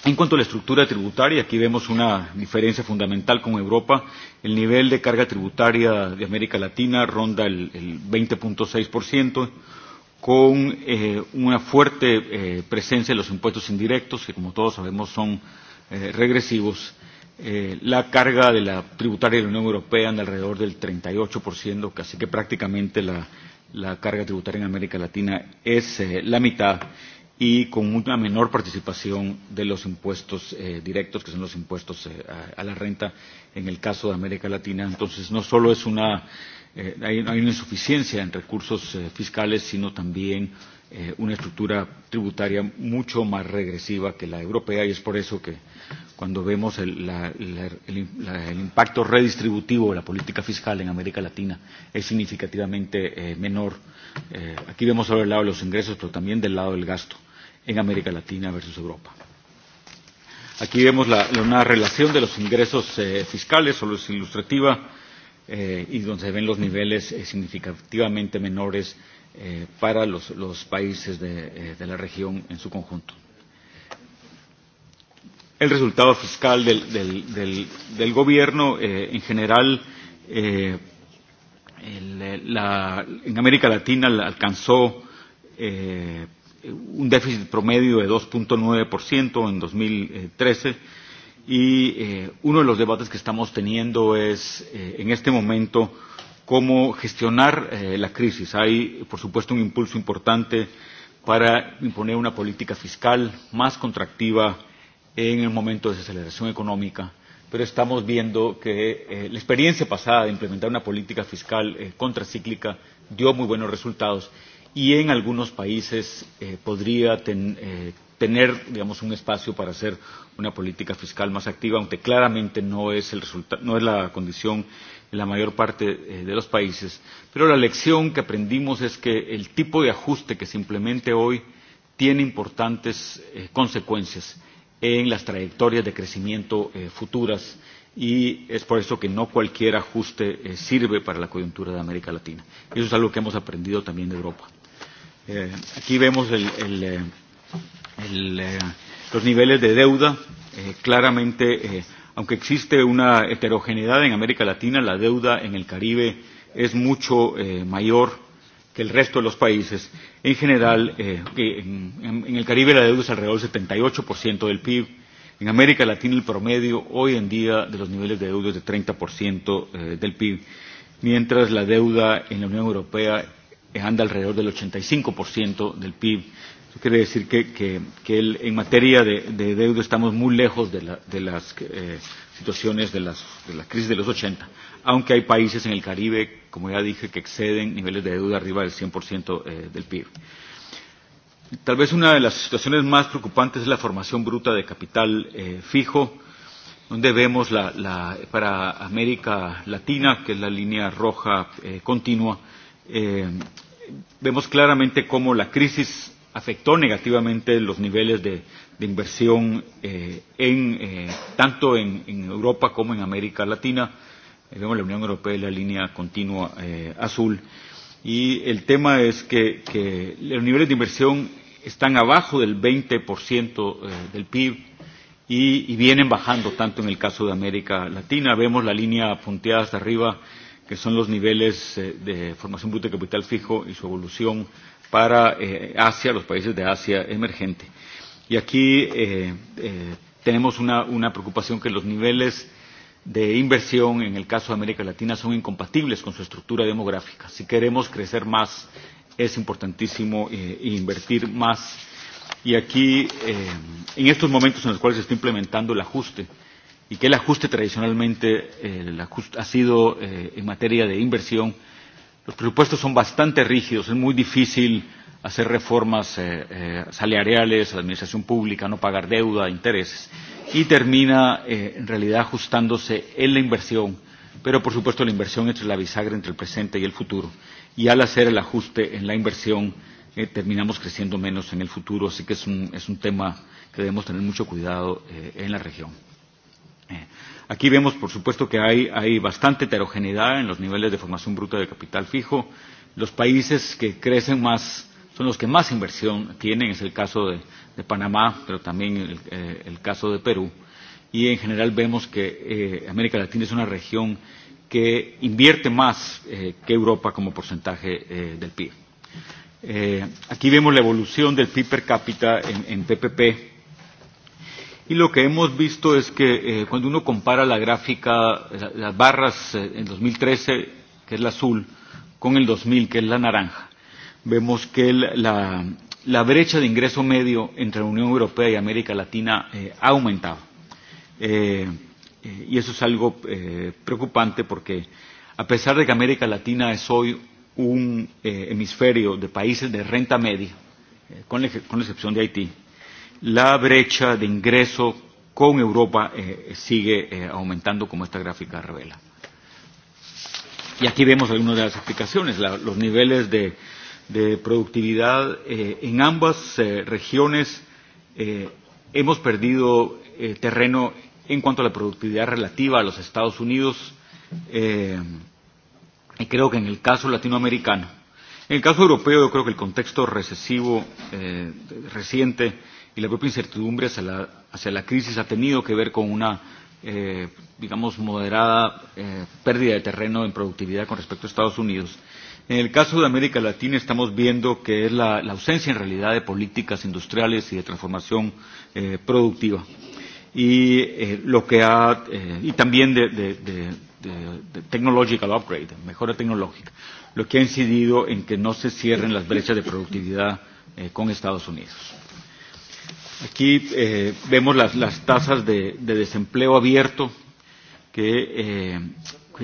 En cuanto a la estructura tributaria, aquí vemos una diferencia fundamental con Europa. El nivel de carga tributaria de América Latina ronda el 20.6%, con una fuerte presencia de los impuestos indirectos, que como todos sabemos son regresivos. La carga de la tributaria de la Unión Europea anda alrededor del 38%, casi que prácticamente la carga tributaria en América Latina es la mitad y con una menor participación de los impuestos directos, que son los impuestos a la renta en el caso de América Latina. Entonces, no solo es una, hay una insuficiencia en recursos fiscales, sino también una estructura tributaria mucho más regresiva que la europea y es por eso que cuando vemos el, la, el, impacto redistributivo de la política fiscal en América Latina es significativamente menor. aquí vemos sobre el lado de los ingresos, pero también del lado del gasto en América Latina versus Europa. Aquí vemos la, una relación de los ingresos fiscales, solo es ilustrativa, y donde se ven los niveles significativamente menores para los, los países de, de la región en su conjunto. El resultado fiscal del, del, del, gobierno, en general, eh, la, en América Latina alcanzó un déficit promedio de 2.9% en 2013 y uno de los debates que estamos teniendo es en este momento cómo gestionar la crisis. Hay, por supuesto, un impulso importante para imponer una política fiscal más contractiva en el momento de desaceleración económica, pero estamos viendo que la experiencia pasada de implementar una política fiscal contracíclica dio muy buenos resultados y en algunos países podría tener digamos un espacio para hacer una política fiscal más activa aunque claramente no es el no es la condición en la mayor parte de los países pero la lección que aprendimos es que el tipo de ajuste que se implemente hoy tiene importantes consecuencias en las trayectorias de crecimiento futuras y es por eso que no cualquier ajuste sirve para la coyuntura de América Latina. Eso es algo que hemos aprendido también de Europa. Eh, aquí vemos el, el, el, los niveles de deuda. Eh, claramente, eh, aunque existe una heterogeneidad en América Latina, la deuda en el Caribe es mucho eh, mayor que el resto de los países. En general, eh, en, en el Caribe la deuda es alrededor del 78% del PIB. En América Latina el promedio hoy en día de los niveles de deuda es de 30% del PIB, mientras la deuda en la Unión Europea anda alrededor del 85% del PIB. Eso quiere decir que, que, que el, en materia de, de deuda estamos muy lejos de, la, de las eh, situaciones de, las, de la crisis de los 80, aunque hay países en el Caribe, como ya dije, que exceden niveles de deuda arriba del 100% eh, del PIB. Tal vez una de las situaciones más preocupantes es la formación bruta de capital eh, fijo, donde vemos la, la, para América Latina, que es la línea roja eh, continua, vemos claramente cómo la crisis afectó negativamente los niveles de inversión en tanto en Europa como en América Latina. Vemos la Unión Europea en la línea continua azul. Y el tema es que que los niveles de inversión están abajo del 20% del PIB y vienen bajando tanto en el caso de América Latina. Vemos la línea punteada hasta arriba que son los niveles de formación bruta de capital fijo y su evolución para Asia, los países de Asia emergente. Y aquí tenemos una preocupación que los niveles de inversión en el caso de América Latina son incompatibles con su estructura demográfica. Si queremos crecer más, es importantísimo invertir más. Y aquí, en estos momentos en los cuales se está implementando el ajuste y que el ajuste tradicionalmente el ajuste ha sido en materia de inversión. Los presupuestos son bastante rígidos, es muy difícil hacer reformas salariales, la administración pública, no pagar deuda, intereses, y termina en realidad ajustándose en la inversión, pero por supuesto la inversión es la bisagra entre el presente y el futuro, y al hacer el ajuste en la inversión terminamos creciendo menos en el futuro, así que es un, es un tema que debemos tener mucho cuidado en la región. Aquí vemos, por supuesto, que hay, hay bastante heterogeneidad en los niveles de formación bruta de capital fijo. Los países que crecen más son los que más inversión tienen, es el caso de, de Panamá, pero también el, el caso de Perú. Y en general vemos que América Latina es una región que invierte más que Europa como porcentaje del PIB. Eh, aquí vemos la evolución del PIB per cápita en, en PPP Y lo que hemos visto es que eh, cuando uno compara la gráfica, las barras en 2013, que es la azul, con el 2000, que es la naranja, vemos que la, la brecha de ingreso medio entre la Unión Europea y América Latina ha aumentado. Eh, y eso es algo preocupante porque a pesar de que América Latina es hoy un hemisferio de países de renta media, con, con la excepción de Haití, la brecha de ingreso con Europa sigue aumentando como esta gráfica revela. Y aquí vemos algunas de las explicaciones, los niveles de de productividad en ambas regiones hemos perdido terreno en cuanto a la productividad relativa a los Estados Unidos eh y creo que en el caso latinoamericano en el caso europeo yo creo que el contexto recesivo reciente y la propia incertidumbre hacia la, hacia la crisis ha tenido que ver con una, eh, digamos, moderada eh, pérdida de terreno en productividad con respecto a Estados Unidos. En el caso de América Latina estamos viendo que es la, la ausencia en realidad de políticas industriales y de transformación productiva. Y, lo que ha, y también de, de, de, technological upgrade, mejora tecnológica, lo que ha incidido en que no se cierren las brechas de productividad eh, con Estados Unidos. Aquí eh, vemos las, las tasas de, de desempleo abierto, que eh,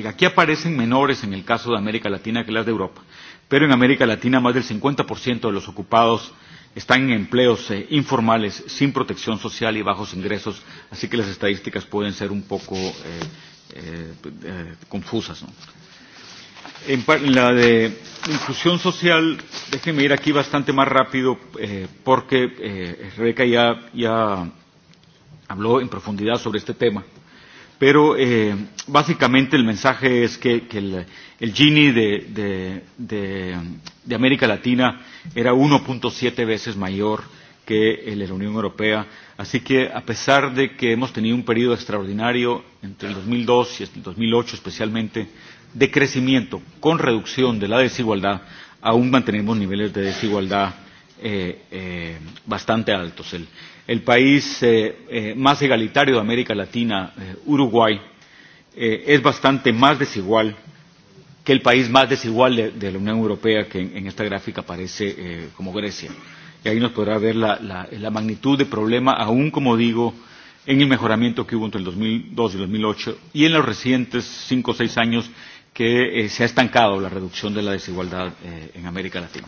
aquí aparecen menores en el caso de América Latina que las de Europa, pero en América Latina más del 50% de los ocupados están en empleos informales, sin protección social y bajos ingresos, así que las estadísticas pueden ser un poco eh, eh, confusas. ¿no? En la de inclusión social, déjenme ir aquí bastante más rápido porque Rebeca ya, ya habló en profundidad sobre este tema. Pero básicamente el mensaje es que, que el, el Gini de, de, de, de América Latina era 1.7 veces mayor que el de la Unión Europea. Así que a pesar de que hemos tenido un periodo extraordinario entre el 2002 y el 2008 especialmente, de crecimiento con reducción de la desigualdad, aún mantenemos niveles de desigualdad bastante altos. El país más egalitario de América Latina, Uruguay, es bastante más desigual que el país más desigual de la Unión Europea, que en esta gráfica aparece como Grecia. Y ahí nos podrá ver la magnitud de problema, aún como digo, en el mejoramiento que hubo entre el 2002 y el 2008 y en los recientes cinco o seis años que se ha estancado la reducción de la desigualdad en América Latina.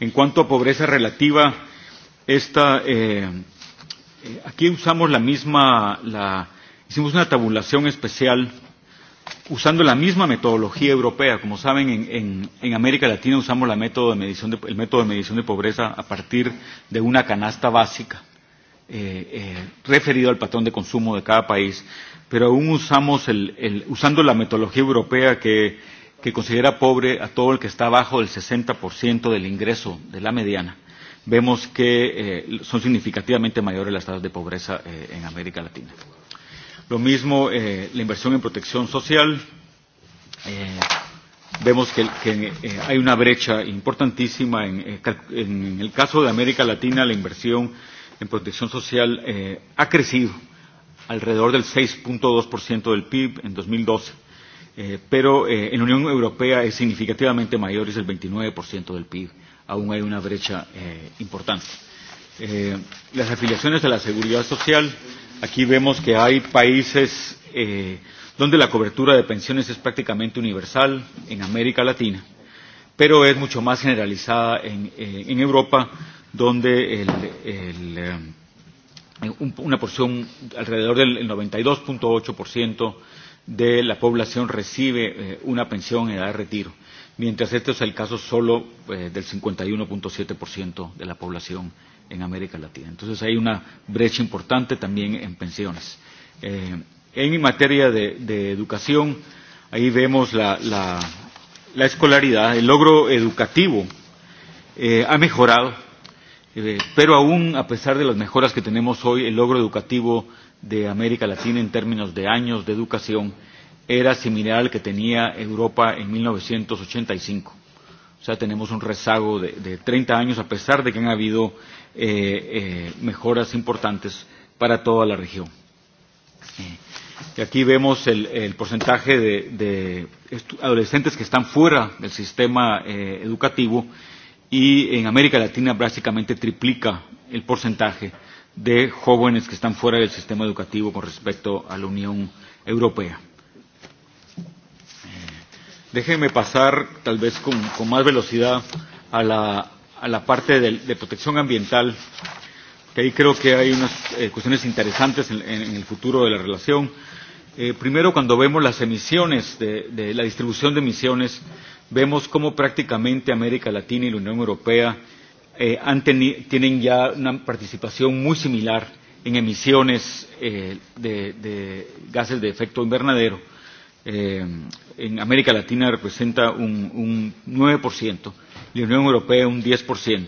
En cuanto a pobreza relativa, esta, eh, aquí usamos la misma, la, hicimos una tabulación especial usando la misma metodología europea. Como saben, en, en, América Latina usamos la método de medición el método de medición de pobreza a partir de una canasta básica eh, eh, referido al patrón de consumo de cada país pero aún usamos el, usando la metodología europea que, que considera pobre a todo el que está abajo del 60% del ingreso de la mediana, vemos que son significativamente mayores las tasas de pobreza en América Latina. Lo mismo la inversión en protección social. Eh, vemos que, que hay una brecha importantísima. En, en el caso de América Latina, la inversión en protección social ha crecido alrededor del 6.2% del PIB en 2012, pero en la Unión Europea es significativamente mayor, es el 29% del PIB. Aún hay una brecha importante. Las afiliaciones a la seguridad social, aquí vemos que hay países donde la cobertura de pensiones es prácticamente universal en América Latina, pero es mucho más generalizada en Europa, donde el una porción alrededor del 92.8% de la población recibe una pensión en edad de retiro, mientras este es el caso solo del 51.7% de la población en América Latina. Entonces hay una brecha importante también en pensiones. Eh, en materia de, de educación, ahí vemos la, la, la escolaridad, el logro educativo eh, ha mejorado pero aún a pesar de las mejoras que tenemos hoy, el logro educativo de América Latina en términos de años de educación era similar al que tenía Europa en 1985. O sea, tenemos un rezago de, de 30 años a pesar de que han habido eh, mejoras importantes para toda la región. Y aquí vemos el, el porcentaje de, de adolescentes que están fuera del sistema educativo y en América Latina prácticamente triplica el porcentaje de jóvenes que están fuera del sistema educativo con respecto a la Unión Europea. Déjenme pasar tal vez con, con más velocidad a la, a la parte de, de protección ambiental, que ahí creo que hay unas cuestiones interesantes en, en, el futuro de la relación. primero, cuando vemos las emisiones, de la distribución de emisiones vemos cómo prácticamente América Latina y la Unión Europea han tienen ya una participación muy similar en emisiones de gases de efecto invernadero. En América Latina representa un 9% la Unión Europea un 10%.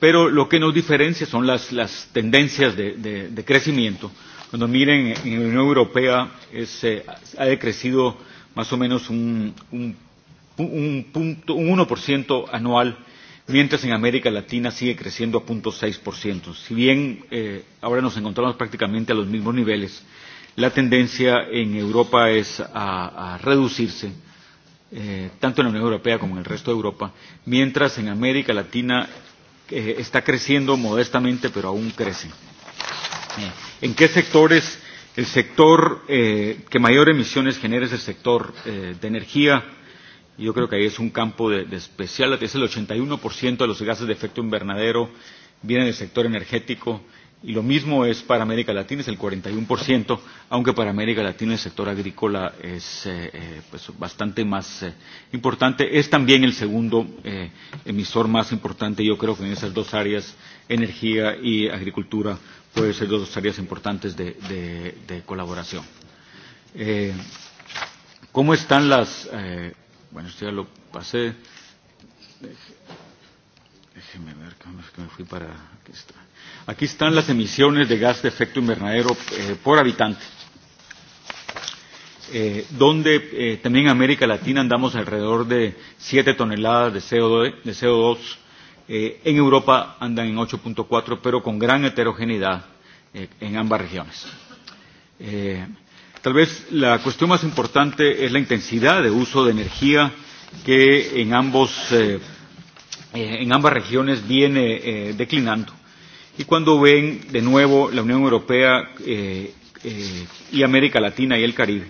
Pero lo que nos diferencia son las tendencias de crecimiento. Cuando miren, en la Unión Europea ha decrecido más o menos un un, punto, un 1% anual, mientras en América Latina sigue creciendo a 0.6%. Si bien ahora nos encontramos prácticamente a los mismos niveles, la tendencia en Europa es a, a reducirse, eh, tanto en la Unión Europea como en el resto de Europa, mientras en América Latina está creciendo modestamente, pero aún crece. ¿En qué sectores? El sector eh, que mayor emisiones genera es el sector eh, de energía, Yo creo que ahí es un campo de, de especial atención. El 81% de los gases de efecto invernadero vienen del sector energético y lo mismo es para América Latina, es el 41%, aunque para América Latina el sector agrícola es pues bastante más importante. Es también el segundo emisor más importante, yo creo que en esas dos áreas, energía y agricultura, pueden ser dos áreas importantes de, de, de colaboración. Eh, ¿Cómo están las... Bueno, esto ya lo pasé. Déjeme ver que me fui para. Aquí, está. Aquí están las emisiones de gas de efecto invernadero por habitante. Eh, donde también en América Latina andamos alrededor de 7 toneladas de CO2, en Europa andan en 8.4, pero con gran heterogeneidad en ambas regiones. Eh, Tal vez la cuestión más importante es la intensidad de uso de energía que en, ambos, en ambas regiones viene declinando. Y cuando ven de nuevo la Unión Europea y América Latina y el Caribe,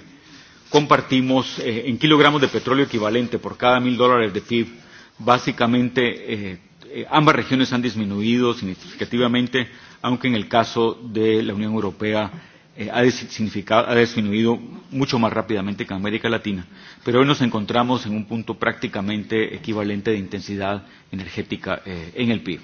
compartimos en kilogramos de petróleo equivalente por cada mil dólares de PIB, básicamente ambas regiones han disminuido significativamente, aunque en el caso de la Unión Europea ha disminuido mucho más rápidamente que en América Latina, pero hoy nos encontramos en un punto prácticamente equivalente de intensidad energética en el PIB.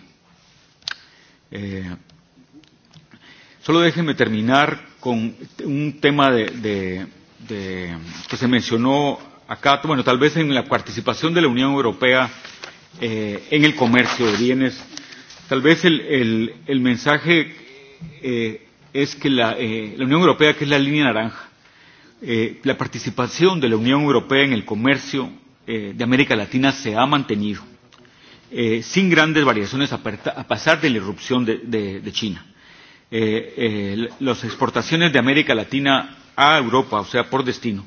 Solo déjenme terminar con un tema de que se mencionó acá, bueno, tal vez en la participación de la Unión Europea en el comercio de bienes. Tal vez el mensaje es que la, eh, la Unión Europea, que es la línea naranja, eh, la participación de la Unión Europea en el comercio eh, de América Latina se ha mantenido, eh, sin grandes variaciones a, pesar de la irrupción de, de, de China. Eh, eh, las exportaciones de América Latina a Europa, o sea, por destino,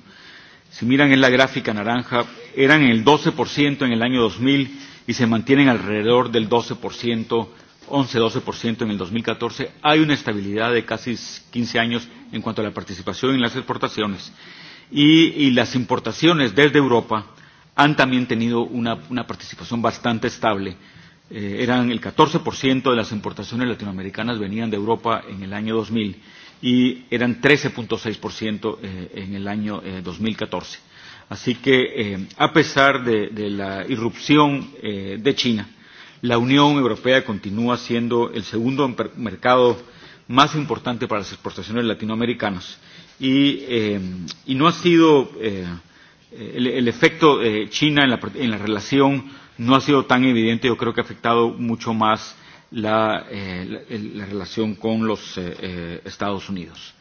si miran en la gráfica naranja, eran el 12% en el año 2000 y se mantienen alrededor del 12% 11-12% en el 2014. Hay una estabilidad de casi 15 años en cuanto a la participación en las exportaciones. Y, y las importaciones desde Europa han también tenido una, una participación bastante estable. eran el 14% de las importaciones latinoamericanas venían de Europa en el año 2000 y eran 13.6% en el año 2014. Así que, a pesar de, la irrupción de China, la Unión Europea continúa siendo el segundo mercado más importante para las exportaciones latinoamericanas y y no ha sido el efecto China en la en la relación no ha sido tan evidente, yo creo que ha afectado mucho más la la relación con los Estados Unidos.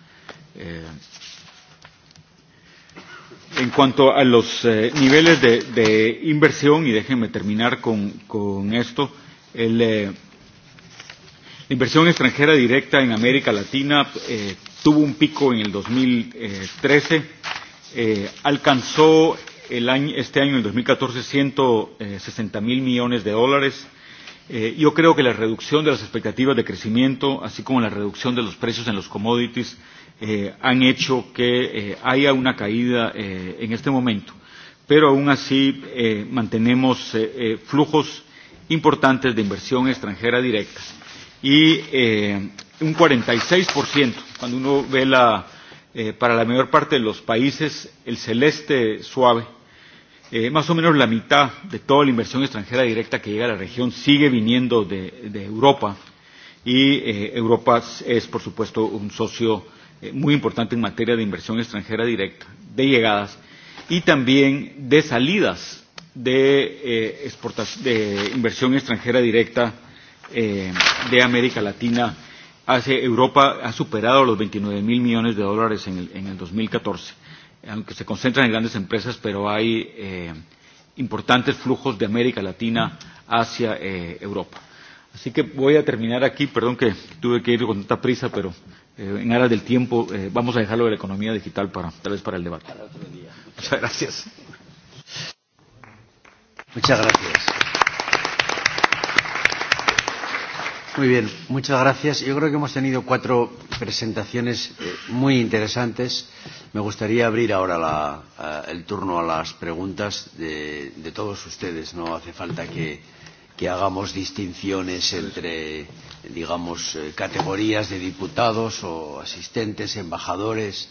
En cuanto a los niveles de inversión, y déjenme terminar con esto, la inversión extranjera directa en América Latina tuvo un pico en el 2013, alcanzó este año, en 2014, 160 mil millones de dólares. Yo creo que la reducción de las expectativas de crecimiento, así como la reducción de los precios en los commodities, han hecho que haya una caída en este momento. Pero aún así mantenemos flujos importantes de inversión extranjera directa. Y un 46%, cuando uno ve la, para la mayor parte de los países el celeste suave, más o menos la mitad de toda la inversión extranjera directa que llega a la región sigue viniendo de, de Europa y Europa es, por supuesto, un socio muy importante en materia de inversión extranjera directa, de llegadas y también de salidas de de inversión extranjera directa de América Latina hacia Europa ha superado los 29 mil millones de dólares en el, en el 2014, aunque se concentran en grandes empresas, pero hay importantes flujos de América Latina hacia Europa. Así que voy a terminar aquí, perdón que tuve que ir con tanta prisa, pero en aras del tiempo, vamos a dejarlo de la economía digital para, tal vez para el debate. Muchas gracias. Muchas gracias. Muy bien, muchas gracias. Yo creo que hemos tenido cuatro presentaciones muy interesantes. Me gustaría abrir ahora la, el turno a las preguntas de, de todos ustedes. No hace falta que que hagamos distinciones entre, digamos, categorías de diputados o asistentes, embajadores,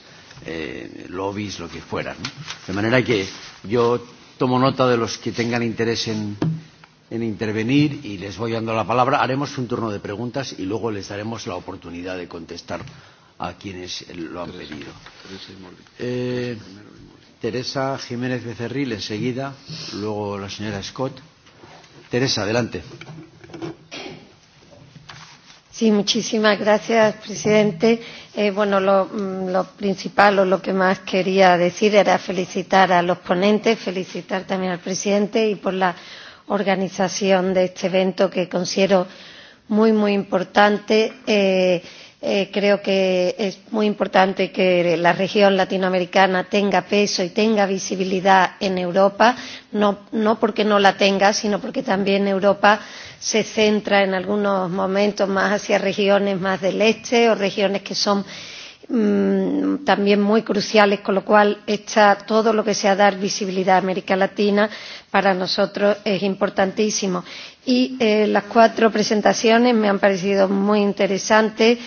lobbies, lo que fuera. ¿no? De manera que yo tomo nota de los que tengan interés en, intervenir y les voy dando la palabra. Haremos un turno de preguntas y luego les daremos la oportunidad de contestar a quienes lo han pedido. Teresa Jiménez Becerril enseguida, luego la señora Scott Teresa, adelante. Sí, muchísimas gracias, presidente. Bueno, lo principal o lo que más quería decir era felicitar a los ponentes, felicitar también al presidente y por la organización de este evento que considero muy, muy importante Creo que es muy importante que la región latinoamericana tenga peso y tenga visibilidad en Europa, no porque no la tenga, sino porque también Europa se centra en algunos momentos más hacia regiones más del este o regiones que son también muy cruciales, con lo cual está todo lo que sea dar visibilidad a América Latina para nosotros es importantísimo. Y las cuatro presentaciones me han parecido muy interesantes,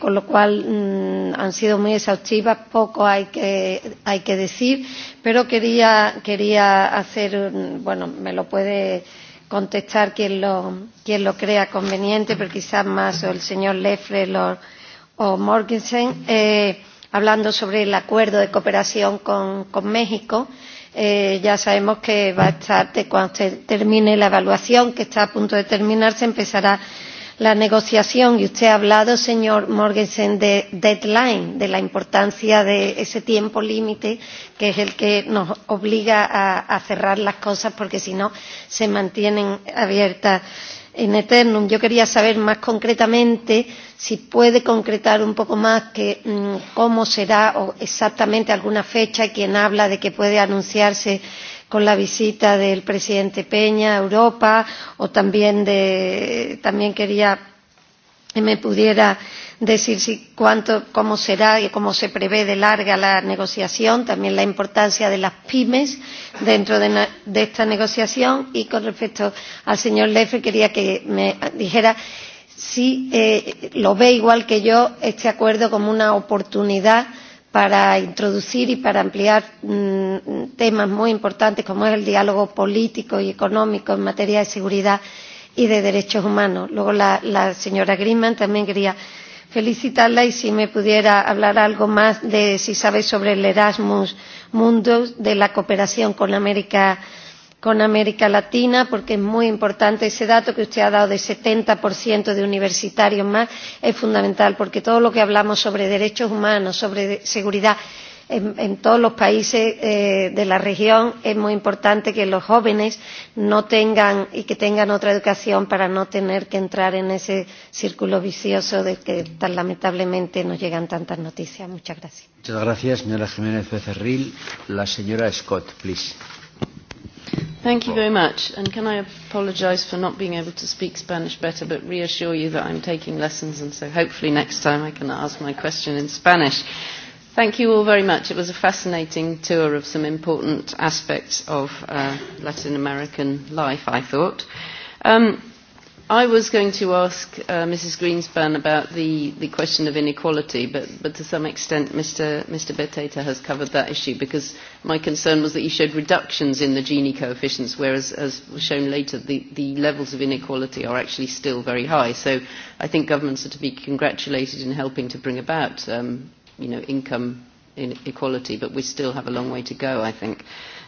con lo cual han sido muy exhaustivas, poco hay que hay que decir, pero quería quería hacer bueno me lo puede contestar quien lo quien lo crea conveniente, pero quizás más o el señor Lefre lo o Morgensen, hablando sobre el acuerdo de cooperación con México. Ya sabemos que va a estar, cuando se termine la evaluación, que está a punto de terminarse, empezará la negociación. Y usted ha hablado, señor Morgensen, de deadline, de la importancia de ese tiempo límite, que es el que nos obliga a cerrar las cosas, porque si no, se mantienen abiertas en Eternum. Yo quería saber más concretamente si puede concretar un poco más que, cómo será o exactamente alguna fecha quien habla de que puede anunciarse con la visita del presidente Peña a Europa o también de también quería que me pudiera decir si cuánto, cómo será y cómo se prevé de larga la negociación, también la importancia de las pymes dentro de, de esta negociación. Y con respecto al señor Lefe quería que me dijera si lo ve igual que yo este acuerdo como una oportunidad para introducir y para ampliar temas muy importantes como es el diálogo político y económico en materia de seguridad y de derechos humanos. Luego la señora Grimman también quería felicitarla y si me pudiera hablar algo más de si sabe sobre el Erasmus Mundus, de la cooperación con América, con América Latina, porque es muy importante ese dato que usted ha dado de 70% de universitarios más, es fundamental, porque todo lo que hablamos sobre derechos humanos, sobre seguridad, en todos los países de la región es muy importante que los jóvenes no tengan y que tengan otra educación para no tener que entrar en ese círculo vicioso del que tan lamentablemente nos llegan tantas noticias. Muchas gracias. Muchas gracias, señora Jiménez Becerril. La señora Scott, please. Thank you very much. And can I apologize for not being able to speak Spanish better, but reassure you that I'm taking lessons, and so hopefully next time I can ask my question in Spanish. Thank you all very much. It was a fascinating tour of some important aspects of Latin American life, I thought. I was going to ask Mrs. Greenspan about the the question of inequality, but but to some extent Mr. Mr. Beteta has covered that issue because my concern was that you showed reductions in the Gini coefficients, whereas, as was shown later, the the levels of inequality are actually still very high. So I think governments are to be congratulated in helping to bring about you know, income inequality, but we still have a long way to go, I think.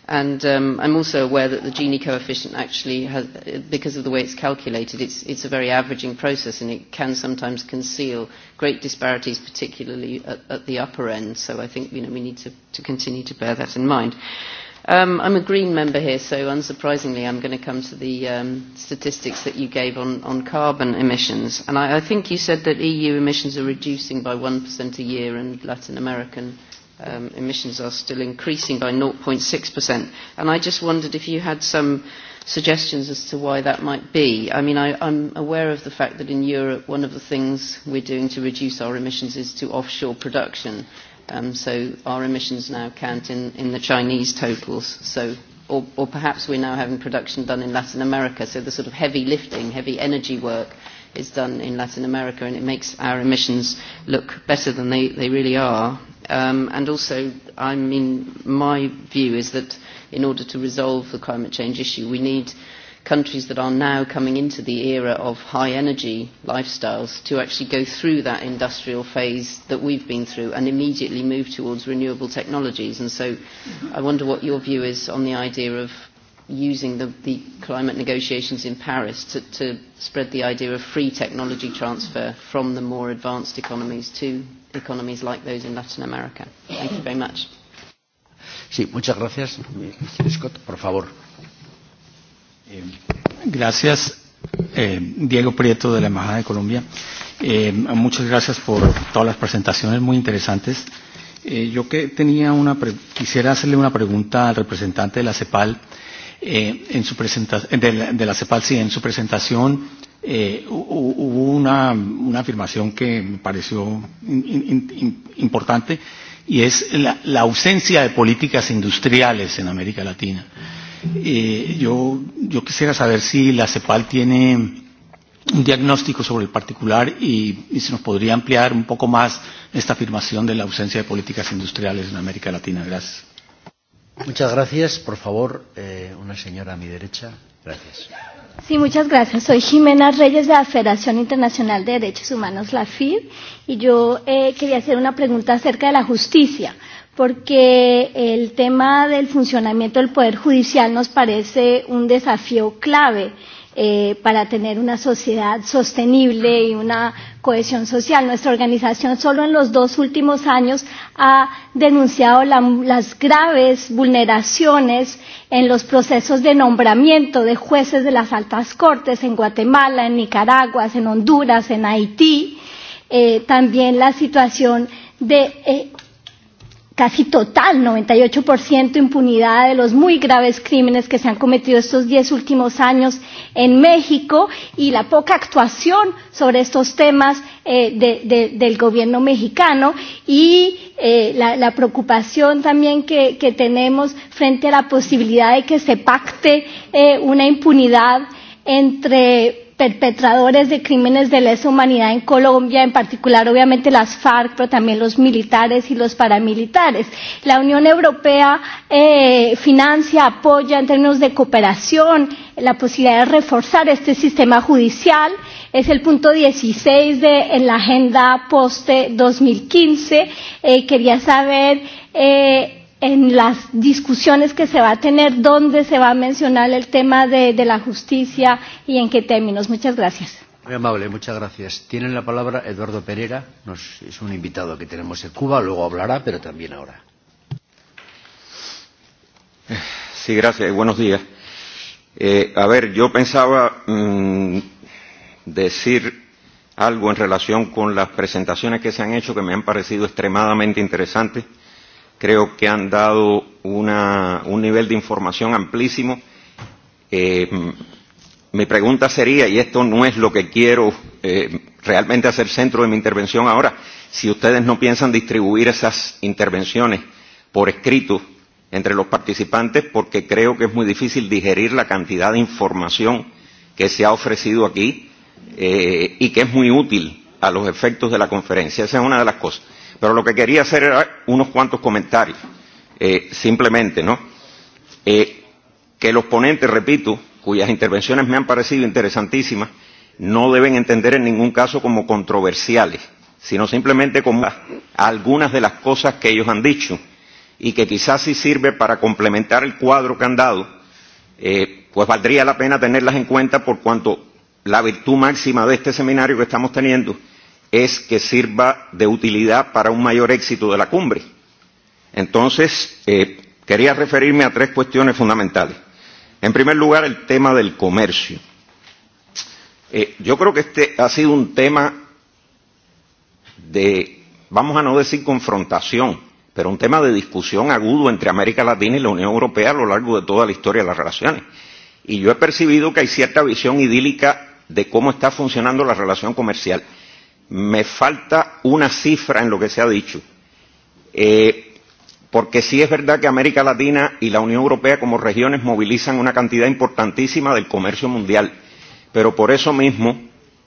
And I'm also aware that the Gini coefficient actually, has, because of the way it's calculated, it's, it's a very averaging process and it can sometimes conceal great disparities, particularly at, the upper end. So I think we need to, to continue to bear that in mind. I'm a Green member here, so unsurprisingly I'm going to come to the statistics that you gave on carbon emissions. And I think you said that EU emissions are reducing by 1% a year and Latin American emissions are still increasing by 0.6%. And I just wondered if you had some suggestions as to why that might be. I mean, I, I'm aware of the fact that in Europe, one of the things we're doing to reduce our emissions is to offshore production so our emissions now count in, in the Chinese totals. So, or, or perhaps we're now having production done in Latin America, so the sort of heavy lifting, heavy energy work is done in Latin America, and it makes our emissions look better than they, they really are. Um, and also, I mean, my view is that in order to resolve the climate change issue, we need countries that are now coming into the era of high energy lifestyles to actually go through that industrial phase that we've been through and immediately move towards renewable technologies. And so I wonder what your view is on the idea of using the, the climate negotiations in Paris to, to spread the idea of free technology transfer from the more advanced economies to economies like those in Latin America. Thank you very much. Sí, muchas gracias. Scott, por favor. Gracias, Diego Prieto de la Embajada de Colombia. Muchas gracias por todas las presentaciones muy interesantes. Yo que tenía una quisiera hacerle una pregunta al representante de la CEPAL en su presentación de la CEPAL sí en su presentación hubo una una afirmación que me pareció importante y es la ausencia de políticas industriales en América Latina. Eh, yo, yo quisiera saber si la CEPAL tiene un diagnóstico sobre el particular y, y si nos podría ampliar un poco más esta afirmación de la ausencia de políticas industriales en América Latina. Gracias. Muchas gracias. Por favor, eh, una señora a mi derecha. Gracias. Sí, muchas gracias. Soy Jimena Reyes de la Federación Internacional de Derechos Humanos, la FID, y yo eh, quería hacer una pregunta acerca de la justicia porque el tema del funcionamiento del Poder Judicial nos parece un desafío clave para tener una sociedad sostenible y una cohesión social. Nuestra organización solo en los dos últimos años ha denunciado las graves vulneraciones en los procesos de nombramiento de jueces de las altas cortes en Guatemala, en Nicaragua, en Honduras, en Haití. También la situación de casi total, 98% impunidad de los muy graves crímenes que se han cometido estos diez últimos años en México y la poca actuación sobre estos temas del gobierno mexicano y la preocupación también que tenemos frente a la posibilidad de que se pacte una impunidad entre perpetradores de crímenes de lesa humanidad en Colombia, en particular obviamente las FARC, pero también los militares y los paramilitares. La Unión Europea eh, financia, apoya en términos de cooperación la posibilidad de reforzar este sistema judicial. Es el punto 16 de en la agenda poste 2015. Eh, Quería saber Eh, en las discusiones que se va a tener dónde se va a mencionar el tema de, de la justicia y en qué términos. Muchas gracias. Muy amable, muchas gracias. Tiene la palabra Eduardo Pereira, nos, es un invitado que tenemos en Cuba, luego hablará, pero también ahora. Sí, gracias. Buenos días. Eh, a ver, yo pensaba mmm, decir algo en relación con las presentaciones que se han hecho que me han parecido extremadamente interesantes creo que han dado una, un nivel de información amplísimo. Eh, mi pregunta sería, y esto no es lo que quiero realmente hacer centro de mi intervención ahora, si ustedes no piensan distribuir esas intervenciones por escrito entre los participantes, porque creo que es muy difícil digerir la cantidad de información que se ha ofrecido aquí eh, y que es muy útil a los efectos de la conferencia. Esa es una de las cosas. Pero lo que quería hacer era unos cuantos comentarios, eh, simplemente, ¿no? Eh, que los ponentes, repito, cuyas intervenciones me han parecido interesantísimas, no deben entender en ningún caso como controversiales, sino simplemente como algunas de las cosas que ellos han dicho y que quizás si sirve para complementar el cuadro que han dado, eh, pues valdría la pena tenerlas en cuenta por cuanto la virtud máxima de este seminario que estamos teniendo es que sirva de utilidad para un mayor éxito de la cumbre. Entonces, eh, quería referirme a tres cuestiones fundamentales. En primer lugar, el tema del comercio. yo creo que este ha sido un tema de, vamos a no decir confrontación, pero un tema de discusión agudo entre América Latina y la Unión Europea a lo largo de toda la historia de las relaciones. Y yo he percibido que hay cierta visión idílica de cómo está funcionando la relación comercial me falta una cifra en lo que se ha dicho. Eh, porque sí es verdad que América Latina y la Unión Europea como regiones movilizan una cantidad importantísima del comercio mundial. Pero por eso mismo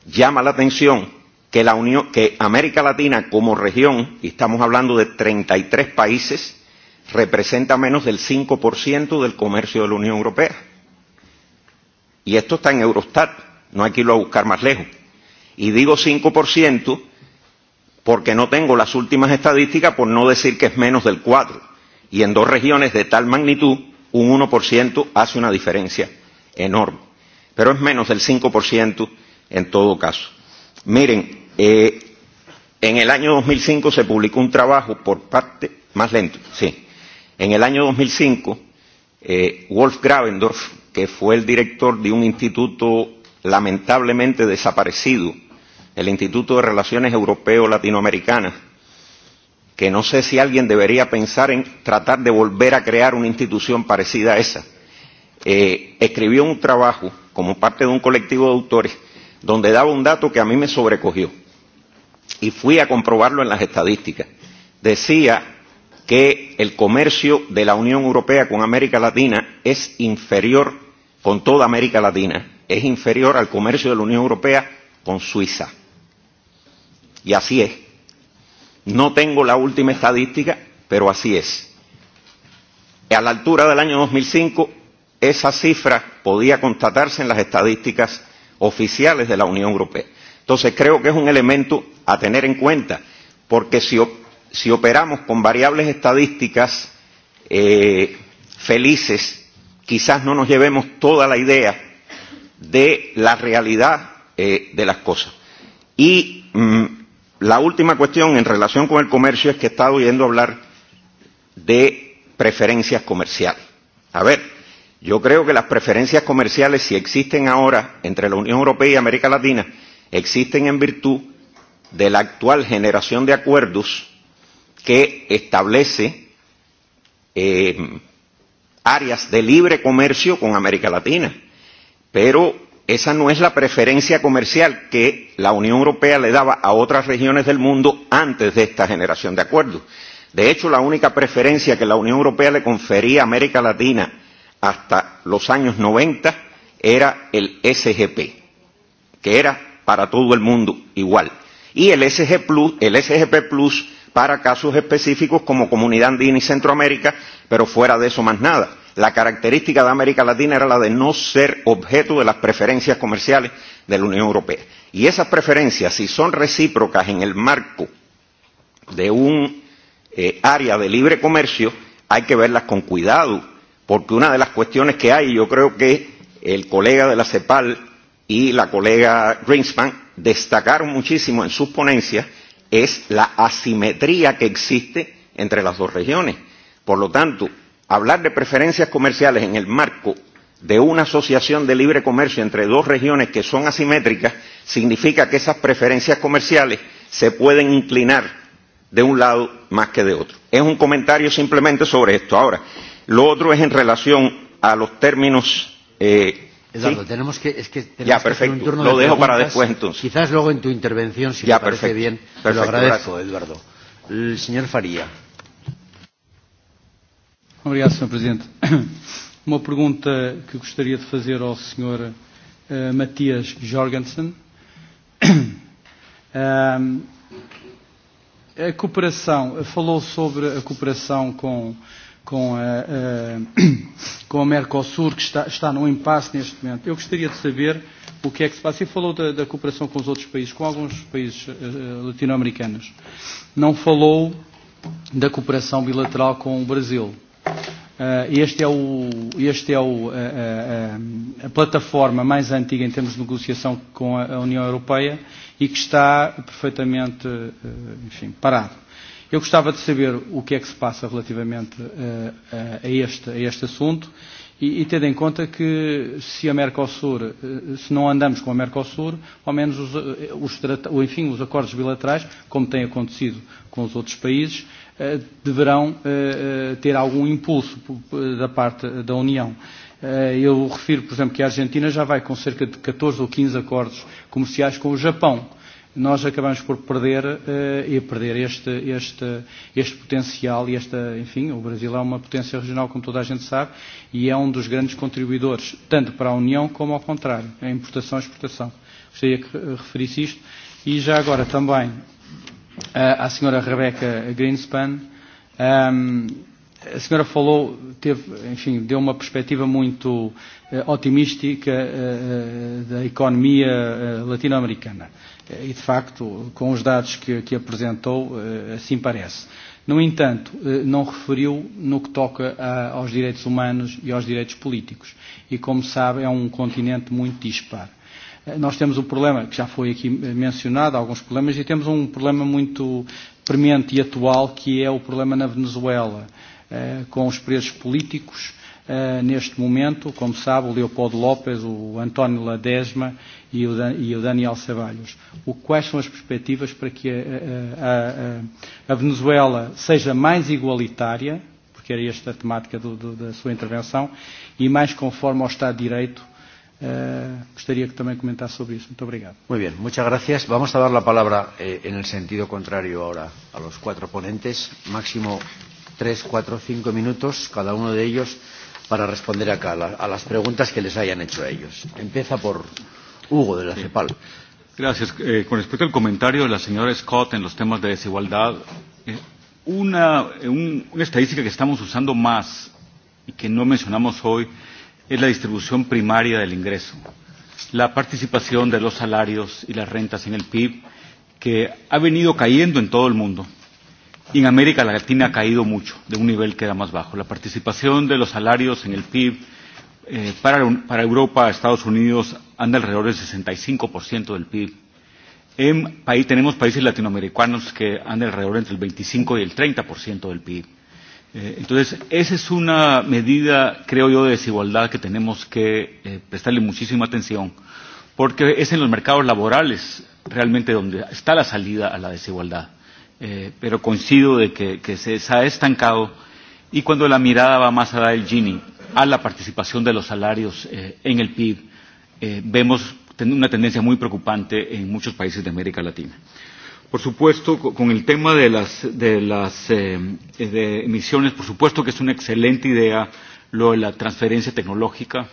llama la atención que, la Unión, que América Latina como región, y estamos hablando de 33 países, representa menos del 5% del comercio de la Unión Europea. Y esto está en Eurostat, no hay que irlo a buscar más lejos. Y digo 5% porque no tengo las últimas estadísticas por no decir que es menos del 4. Y en dos regiones de tal magnitud, un 1% hace una diferencia enorme. Pero es menos del 5% en todo caso. Miren, en el año 2005 se publicó un trabajo por parte, más lento, sí. En el año 2005, eh, Wolf Gravendorf, que fue el director de un instituto lamentablemente desaparecido el Instituto de Relaciones Europeo-Latinoamericanas, que no sé si alguien debería pensar en tratar de volver a crear una institución parecida a esa, escribió un trabajo como parte de un colectivo de autores donde daba un dato que a mí me sobrecogió y fui a comprobarlo en las estadísticas. Decía que el comercio de la Unión Europea con América Latina es inferior, con toda América Latina, es inferior al comercio de la Unión Europea con Suiza. Y así es. No tengo la última estadística, pero así es. A la altura del año 2005, esa cifra podía constatarse en las estadísticas oficiales de la Unión Europea. Entonces, creo que es un elemento a tener en cuenta, porque si, operamos con variables estadísticas eh, felices, quizás no nos llevemos toda la idea de la realidad de las cosas. Y La última cuestión en relación con el comercio es que he estado oyendo hablar de preferencias comerciales. A ver, yo creo que las preferencias comerciales, si existen ahora entre la Unión Europea y América Latina, existen en virtud de la actual generación de acuerdos que establece áreas de libre comercio con América Latina. Pero esa no es la preferencia comercial que la Unión Europea le daba a otras regiones del mundo antes de esta generación de acuerdos. De hecho, la única preferencia que la Unión Europea le confería a América Latina hasta los años 90 era el SGP, que era para todo el mundo igual. Y el SG el SGP Plus para casos específicos como Comunidad Andina y Centroamérica, pero fuera de eso más nada. La característica de América Latina era la de no ser objeto de las preferencias comerciales de la Unión Europea. Y esas preferencias, si son recíprocas en el marco de un área de libre comercio, hay que verlas con cuidado, porque una de las cuestiones que hay, yo creo que el colega de la CEPAL y la colega Greenspan destacaron muchísimo en sus ponencias, es la asimetría que existe entre las dos regiones. Por lo tanto, hablar de preferencias comerciales en el marco de una asociación de libre comercio entre dos regiones que son asimétricas significa que esas preferencias comerciales se pueden inclinar de un lado más que de otro. Es un comentario simplemente sobre esto. Ahora, lo otro es en relación a los términos. Eh, Eduardo, tenemos que, es que tenemos que hacer un turno lo dejo para después entonces. Quizás luego en tu intervención, si te parece bien, te lo agradezco, Eduardo. El señor Faría. Obrigado, Sr. Presidente. Uma pergunta que gostaria de fazer ao Sr. Matias Jorgensen. A cooperação, falou sobre a cooperação com, com, a, com a Mercosur, que está, está num impasse neste momento. Eu gostaria de saber o que é que se passa. E falou da, da cooperação com os outros países, com alguns países latino-americanos. Não falou da cooperação bilateral com o Brasil Este é o, este é o, a, a, plataforma mais antiga em termos de negociação com a União Europeia e que está perfeitamente enfim, parado. Eu gostava de saber o que é que se passa relativamente a, a, este, a este assunto e, e tendo em conta que se a Mercosur, se não andamos com a Mercosur, ao menos os, os, enfim, os acordos bilaterais, como tem acontecido com os outros países, deverão ter algum impulso da parte da União. Eu refiro, por exemplo, que a Argentina já vai com cerca de 14 ou 15 acordos comerciais com o Japão. Nós acabamos por perder e perder este, este, este potencial e esta, enfim, o Brasil é uma potência regional, como toda a gente sabe, e é um dos grandes contribuidores, tanto para a União como ao contrário, a importação e exportação. Gostaria que referisse isto. E já agora também, à senhora Rebecca Greenspan. A senhora falou, teve, enfim, deu uma perspectiva muito otimística da economia latino-americana. E, de facto, com os dados que, que apresentou, assim parece. No entanto, não referiu no que toca aos direitos humanos e aos direitos políticos. E, como sabe, é um continente muito disparo nós temos um problema que já foi aqui mencionado, alguns problemas, e temos um problema muito premente e atual que é o problema na Venezuela, com os presos políticos neste momento, como sabe, o Leopoldo López, o António Ladesma e o Daniel Ceballos. O quais são as perspectivas para que a Venezuela seja mais igualitária, porque era esta a temática da sua intervenção, e mais conforme ao Estado de Direito gustaría que también comentara sobre eso. Muchas gracias. Muy bien, muchas gracias. Vamos a dar la palabra en el sentido contrario ahora a los cuatro ponentes. Máximo tres, cuatro, cinco minutos cada uno de ellos para responder acá a las preguntas que les hayan hecho a ellos. Empieza por Hugo de la CEPAL. Gracias. Con respecto al comentario de la señora Scott en los temas de desigualdad, una estadística que estamos usando más y que no mencionamos hoy es la distribución primaria del ingreso, la participación de los salarios y las rentas en el PIB, que ha venido cayendo en todo el mundo. Y en América Latina ha caído mucho, de un nivel que era más bajo. La participación de los salarios en el PIB para Europa, Estados Unidos, anda alrededor del 65% del PIB. En, tenemos países latinoamericanos que andan alrededor entre el 25 y el 30% del PIB Entonces, esa es una medida, creo yo, de desigualdad que tenemos que prestarle muchísima atención, porque es en los mercados laborales realmente donde está la salida a la desigualdad. Pero coincido de que se ha estancado y cuando la mirada va más allá del Gini, a la participación de los salarios en el PIB, vemos una tendencia muy preocupante en muchos países de América Latina. Por supuesto, con el tema de las, de las emisiones, por supuesto que es una excelente idea lo de la transferencia tecnológica.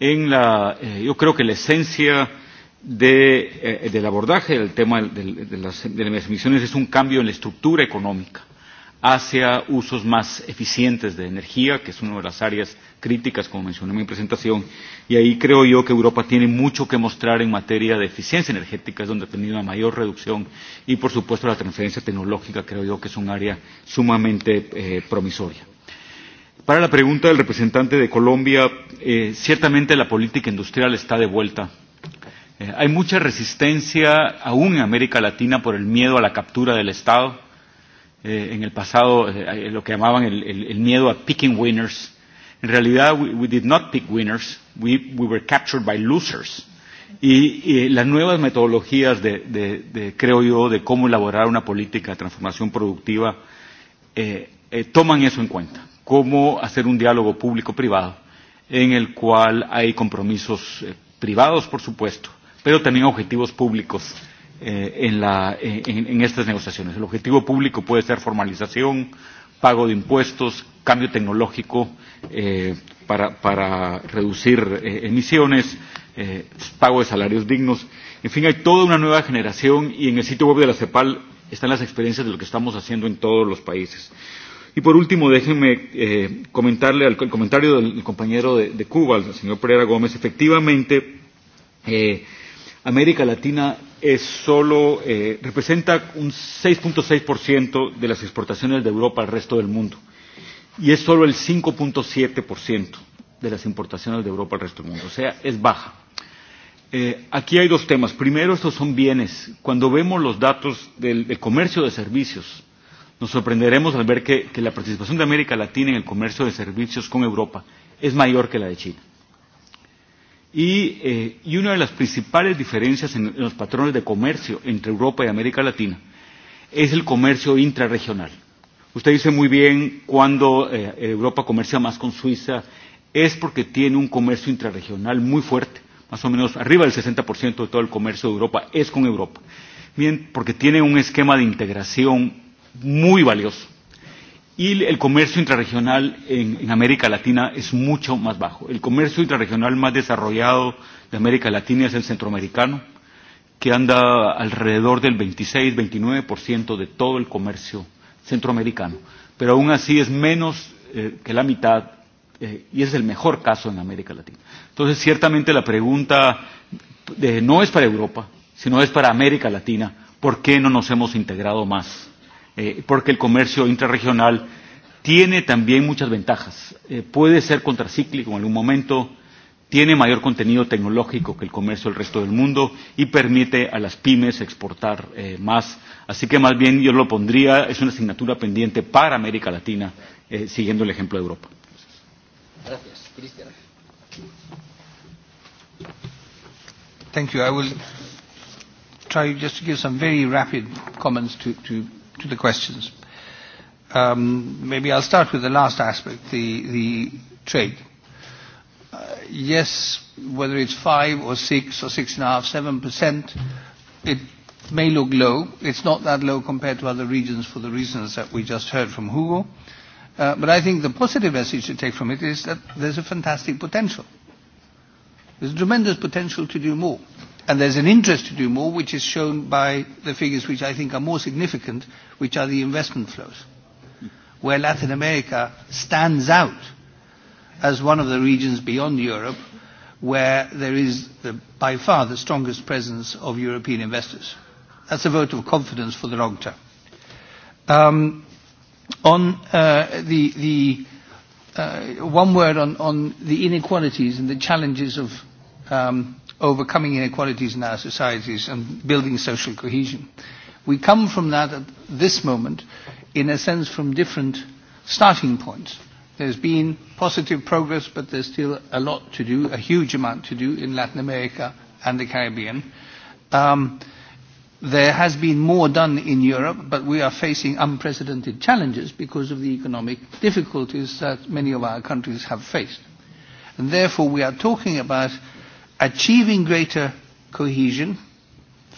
En la, yo creo que la esencia de, del abordaje del tema de, las, de las emisiones es un cambio en la estructura económica hacia usos más eficientes de energía, que es una de las áreas críticas, como mencioné en mi presentación, y ahí creo yo que Europa tiene mucho que mostrar en materia de eficiencia energética, es donde ha tenido una mayor reducción, y por supuesto la transferencia tecnológica creo yo que es un área sumamente promisoria. Para la pregunta del representante de Colombia, ciertamente la política industrial está de vuelta. Hay mucha resistencia, aún en América Latina, por el miedo a la captura del Estado en el pasado lo que llamaban el miedo a picking winners. En realidad, we did not pick winners, we were captured by losers. Y las nuevas metodologías de, creo yo, de cómo elaborar una política de transformación productiva toman eso en cuenta. Cómo hacer un diálogo público-privado en el cual hay compromisos privados, por supuesto, pero también objetivos públicos en, la, en, en estas negociaciones. El objetivo público puede ser formalización, pago de impuestos, cambio tecnológico eh, para, para reducir emisiones, eh, pago de salarios dignos. En fin, hay toda una nueva generación y en el sitio web de la CEPAL están las experiencias de lo que estamos haciendo en todos los países. Y por último, déjenme eh, comentarle al, el comentario del compañero de, de Cuba, el señor Pereira Gómez. Efectivamente, eh, América Latina es solo representa un 6.6% de las exportaciones de Europa al resto del mundo y es solo el 5.7% de las importaciones de Europa al resto del mundo, o sea, es baja. aquí hay dos temas. Primero, estos son bienes. Cuando vemos los datos del, comercio de servicios, nos sorprenderemos al ver que la participación de América Latina en el comercio de servicios con Europa es mayor que la de China. Y, y una de las principales diferencias en, los patrones de comercio entre Europa y América Latina es el comercio intrarregional. Usted dice muy bien cuando Europa comercia más con Suiza es porque tiene un comercio intrarregional muy fuerte, más o menos arriba del 60% de todo el comercio de Europa es con Europa. Bien, porque tiene un esquema de integración muy valioso y el comercio intrarregional en, América Latina es mucho más bajo. El comercio intrarregional más desarrollado de América Latina es el centroamericano, que anda alrededor del 26-29% de todo el comercio centroamericano. Pero aún así es menos que la mitad y es el mejor caso en América Latina. Entonces, ciertamente la pregunta no es para Europa, sino es para América Latina. ¿Por qué no nos hemos integrado más? porque el comercio intrarregional tiene también muchas ventajas. Puede ser contracíclico en algún momento, tiene mayor contenido tecnológico que el comercio del resto del mundo y permite a las pymes exportar más. Así que más bien yo lo pondría, es una asignatura pendiente para América Latina, siguiendo el ejemplo de Europa. Gracias. Cristian. Thank you. I will try just to give some very rapid comments to, to to the questions. Um, maybe I'll start with the last aspect, the, the trade. yes, whether it's five or six or six and a half, seven percent, it may look low. It's not that low compared to other regions for the reasons that we just heard from Hugo. But I think the positive message to take from it is that there's a fantastic potential. There's tremendous potential to do more. And there's an interest to do more, which is shown by the figures which I think are more significant, which are the investment flows, where Latin America stands out as one of the regions beyond Europe where there is by far the strongest presence of European investors. That's a vote of confidence for the long term. On the the one word on the inequalities and the challenges of overcoming inequalities in our societies and building social cohesion. We come from that at this moment, in a sense, from different starting points. There's been positive progress, but there's still a lot to do, a huge amount to do in Latin America and the Caribbean. There has been more done in Europe, but we are facing unprecedented challenges because of the economic difficulties that many of our countries have faced. And therefore we are talking about achieving greater cohesion,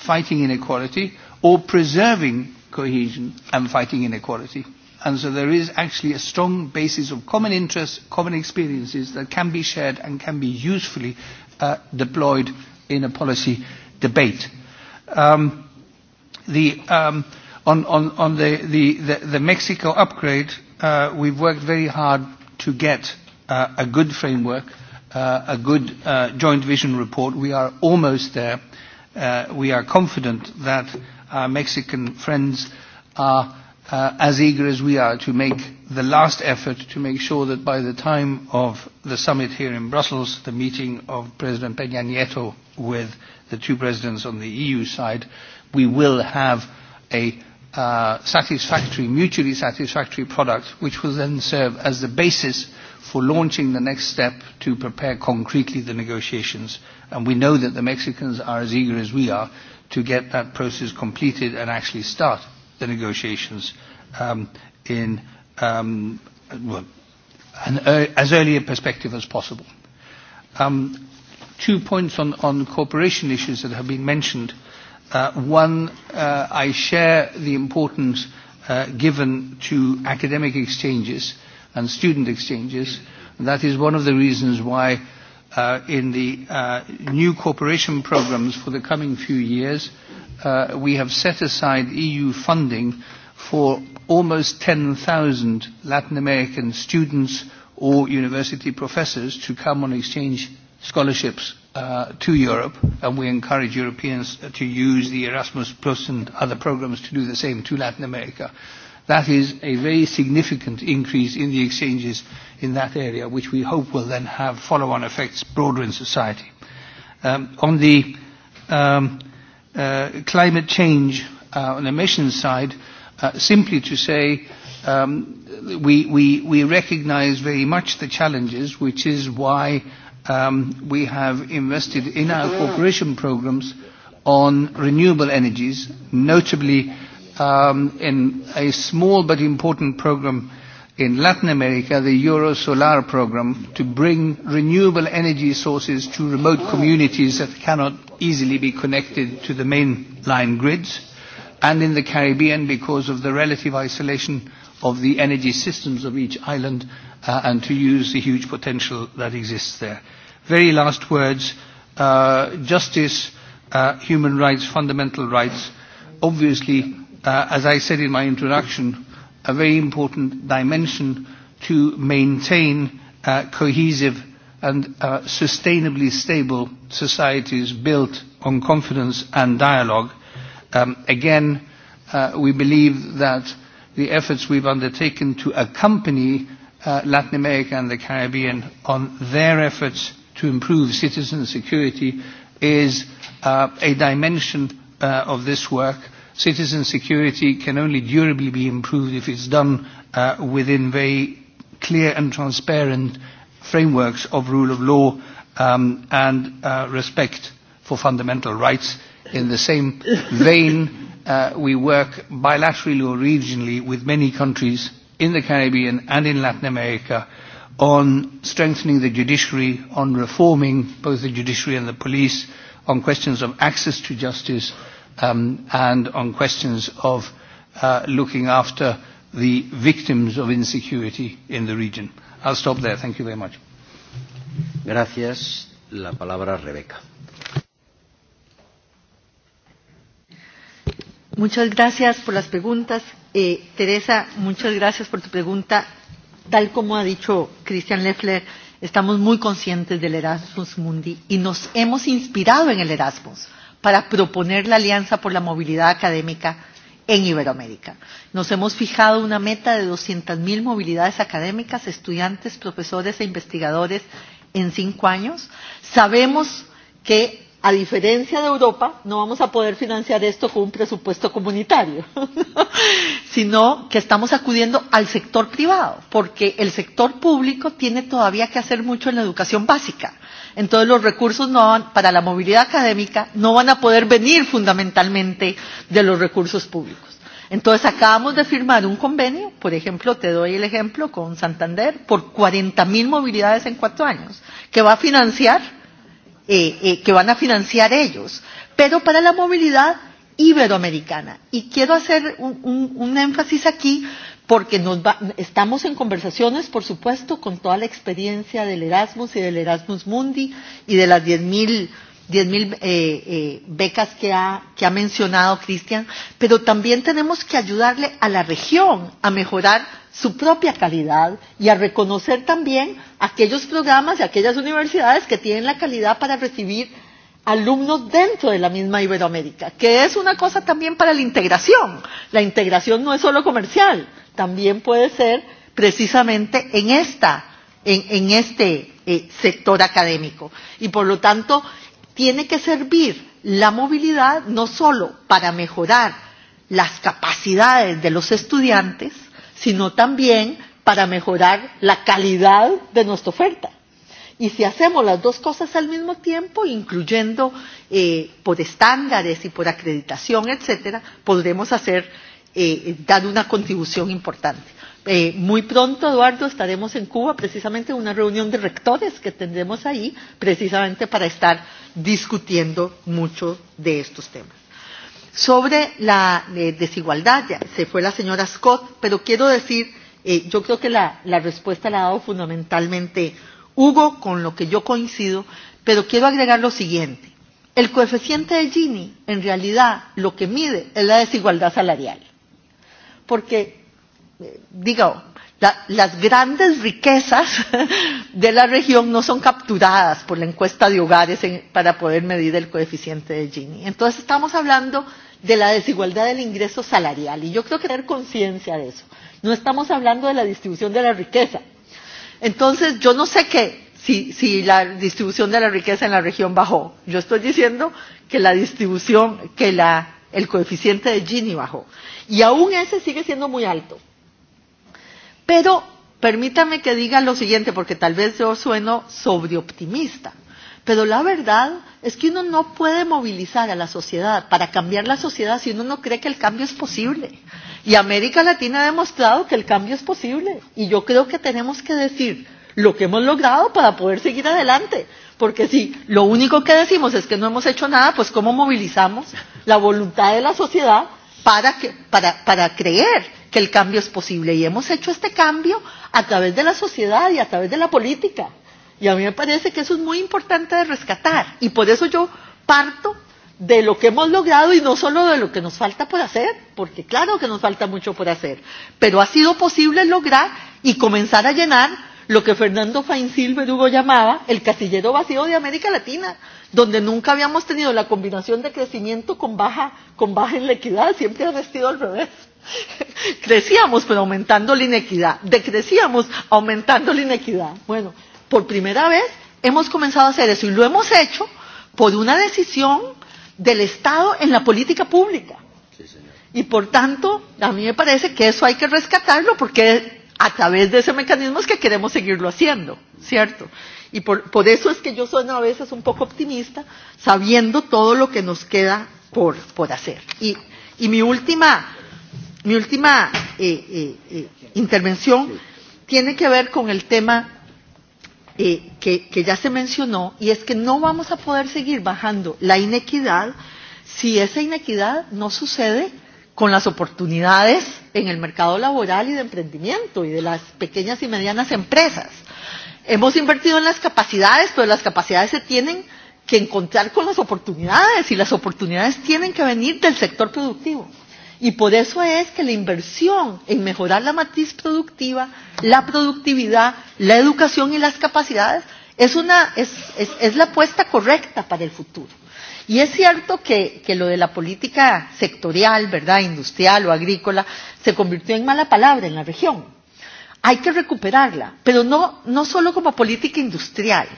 fighting inequality, or preserving cohesion and fighting inequality. And so there is actually a strong basis of common interests, common experiences that can be shared and can be usefully deployed in a policy debate. Um, the, um, on on, on the, the, the, Mexico upgrade, uh, we've worked very hard to get a good framework a good joint vision report. We are almost there. We are confident that our Mexican friends are as eager as we are to make the last effort to make sure that by the time of the summit here in Brussels, the meeting of President Peña Nieto with the two presidents on the EU side, we will have a satisfactory, mutually satisfactory product which will then serve as the basis for launching the next step to prepare concretely the negotiations. And we know that the Mexicans are as eager as we are to get that process completed and actually start the negotiations in as early a perspective as possible. Two points on cooperation issues that have been mentioned. One, I share the importance given to academic exchanges and student exchanges. That is one of the reasons why in the new cooperation programs for the coming few years, we have set aside EU funding for almost 10,000 Latin American students or university professors to come on exchange scholarships to Europe, and we encourage Europeans to use the Erasmus Plus and other programs to do the same to Latin America. That is a very significant increase in the exchanges in that area, which we hope will then have follow-on effects broader in society. On the climate change on emissions side, simply to say we we we recognise very much the challenges, which is why we have invested in our cooperation programmes on renewable energies, notably in a small but important program in Latin America, the Euro Solar program, to bring renewable energy sources to remote communities that cannot easily be connected to the mainline grids, and in the Caribbean because of the relative isolation of the energy systems of each island and to use the huge potential that exists there. Very last words, justice, human rights, fundamental rights, obviously as I said in my introduction, a very important dimension to maintain cohesive and sustainably stable societies built on confidence and dialogue. Again, we believe that the efforts we've undertaken to accompany Latin America and the Caribbean on their efforts to improve citizen security is a dimension of this work citizen security can only durably be improved if it's done within very clear and transparent frameworks of rule of law and respect for fundamental rights. In the same vein, we work bilaterally or regionally with many countries in the Caribbean and in Latin America on strengthening the judiciary, on reforming both the judiciary and the police, on questions of access to justice and on questions of looking after the victims of insecurity in the region. I'll stop there. Thank you very much. Gracias. La palabra Rebeca. Muchas gracias por las preguntas. Eh, Teresa, muchas gracias por tu pregunta. Tal como ha dicho Christian Leffler, estamos muy conscientes del Erasmus Mundi y nos hemos inspirado en el Erasmus para proponer la Alianza por la Movilidad Académica en Iberoamérica. Nos hemos fijado una meta de 200.000 movilidades académicas, estudiantes, profesores e investigadores en cinco años. Sabemos que a diferencia de Europa, no vamos a poder financiar esto con un presupuesto comunitario, sino que estamos acudiendo al sector privado, porque el sector público tiene todavía que hacer mucho en la educación básica. Entonces los recursos no van, para la movilidad académica no van a poder venir fundamentalmente de los recursos públicos. Entonces acabamos de firmar un convenio, por ejemplo, te doy el ejemplo con Santander, por 40.000 movilidades en cuatro años, que va a financiar que van a financiar ellos, pero para la movilidad iberoamericana. Y quiero hacer un un énfasis aquí porque nos estamos en conversaciones, por supuesto, con toda la experiencia del Erasmus y del Erasmus Mundi y de las 10.000 10.000 eh, becas que ha, que ha mencionado Cristian, pero también tenemos que ayudarle a la región a mejorar su propia calidad y a reconocer también aquellos programas y aquellas universidades que tienen la calidad para recibir alumnos dentro de la misma Iberoamérica, que es una cosa también para la integración. La integración no es solo comercial, también puede ser precisamente en esta en en este sector académico y por lo tanto tiene que servir la movilidad no solo para mejorar las capacidades de los estudiantes, sino también para mejorar la calidad de nuestra oferta. Y si hacemos las dos cosas al mismo tiempo, incluyendo por estándares y por acreditación, etcétera, podremos hacer dar una contribución importante. muy pronto, Eduardo, estaremos en Cuba, precisamente en una reunión de rectores que tendremos ahí, precisamente para estar discutiendo mucho de estos temas. Sobre la desigualdad, ya se fue la señora Scott, pero quiero decir, yo creo que la, la respuesta la ha dado fundamentalmente Hugo, con lo que yo coincido, pero quiero agregar lo siguiente. El coeficiente de Gini, en realidad, lo que mide es la desigualdad salarial. Porque, la las grandes riquezas de la región no son capturadas por la encuesta de hogares para poder medir el coeficiente de Gini. Entonces estamos hablando de la desigualdad del ingreso salarial. Y yo creo que tener conciencia de eso. No estamos hablando de la distribución de la riqueza. Entonces, yo no sé qué, si, si la distribución de la riqueza en la región bajó. Yo estoy diciendo que la distribución, que la, el coeficiente de Gini bajó. Y aún ese sigue siendo muy alto. Pero permítame que diga lo siguiente, porque tal vez yo sueno sobreoptimista. Pero la verdad es que uno no puede movilizar a la sociedad para cambiar la sociedad si uno no cree que el cambio es posible. Y América Latina ha demostrado que el cambio es posible. Y yo creo que tenemos que decir lo que hemos logrado para poder seguir adelante. Porque si lo único que decimos es que no hemos hecho nada, pues ¿cómo movilizamos la voluntad de la sociedad para, que, para, para creer que el cambio es posible? Y hemos hecho este cambio a través de la sociedad y a través de la política. Y a mí me parece que eso es muy importante de rescatar. Y por eso yo parto de lo que hemos logrado y no solo de lo que nos falta por hacer, porque claro que nos falta mucho por hacer, pero ha sido posible lograr y comenzar a llenar lo que Fernando Faincil Verugo llamaba el casillero vacío de América Latina, donde nunca habíamos tenido la combinación de crecimiento con baja, con baja en la equidad, siempre ha vestido al revés. Crecíamos pero aumentando la inequidad, decrecíamos aumentando la inequidad. Bueno, por primera vez hemos comenzado a hacer eso y lo hemos hecho por una decisión del Estado en la política pública. Y por tanto, a mí me parece que eso hay que rescatarlo porque a través de ese mecanismo es que queremos seguirlo haciendo, ¿cierto? Y por, por eso es que yo soy a veces un poco optimista, sabiendo todo lo que nos queda por, por hacer. Y, y mi última, mi última eh, eh, eh, intervención tiene que ver con el tema que, que ya se mencionó, y es que no vamos a poder seguir bajando la inequidad si esa inequidad no sucede con las oportunidades en el mercado laboral y de emprendimiento y de las pequeñas y medianas empresas. Hemos invertido en las capacidades, pero las capacidades se tienen que encontrar con las oportunidades y las oportunidades tienen que venir del sector productivo. Y por eso es que la inversión en mejorar la matriz productiva, la productividad, la educación y las capacidades es, una, es, es, es la apuesta correcta para el futuro. Y es cierto que, que lo de la política sectorial, ¿verdad? Industrial o agrícola, se convirtió en mala palabra en la región. Hay que recuperarla, pero no, no solo como política industrial,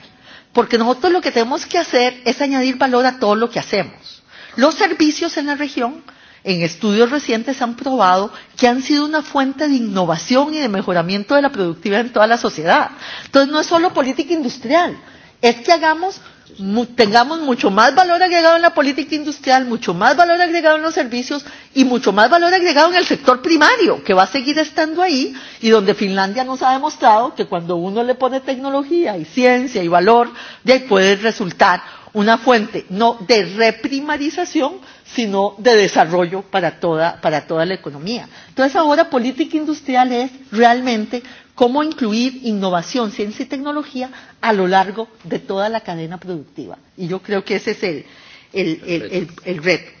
porque nosotros lo que tenemos que hacer es añadir valor a todo lo que hacemos. Los servicios en la región en estudios recientes han probado que han sido una fuente de innovación y de mejoramiento de la productividad en toda la sociedad. Entonces no es solo política industrial, es que hagamos tengamos mucho más valor agregado en la política industrial, mucho más valor agregado en los servicios y mucho más valor agregado en el sector primario, que va a seguir estando ahí y donde Finlandia nos ha demostrado que cuando uno le pone tecnología y ciencia y valor, de ahí puede resultar una fuente no de reprimarización, sino de desarrollo para toda, para toda la economía. Entonces ahora política industrial es realmente cómo incluir innovación, ciencia y tecnología a lo largo de toda la cadena productiva. Y yo creo que ese es el, el, el, el, reto.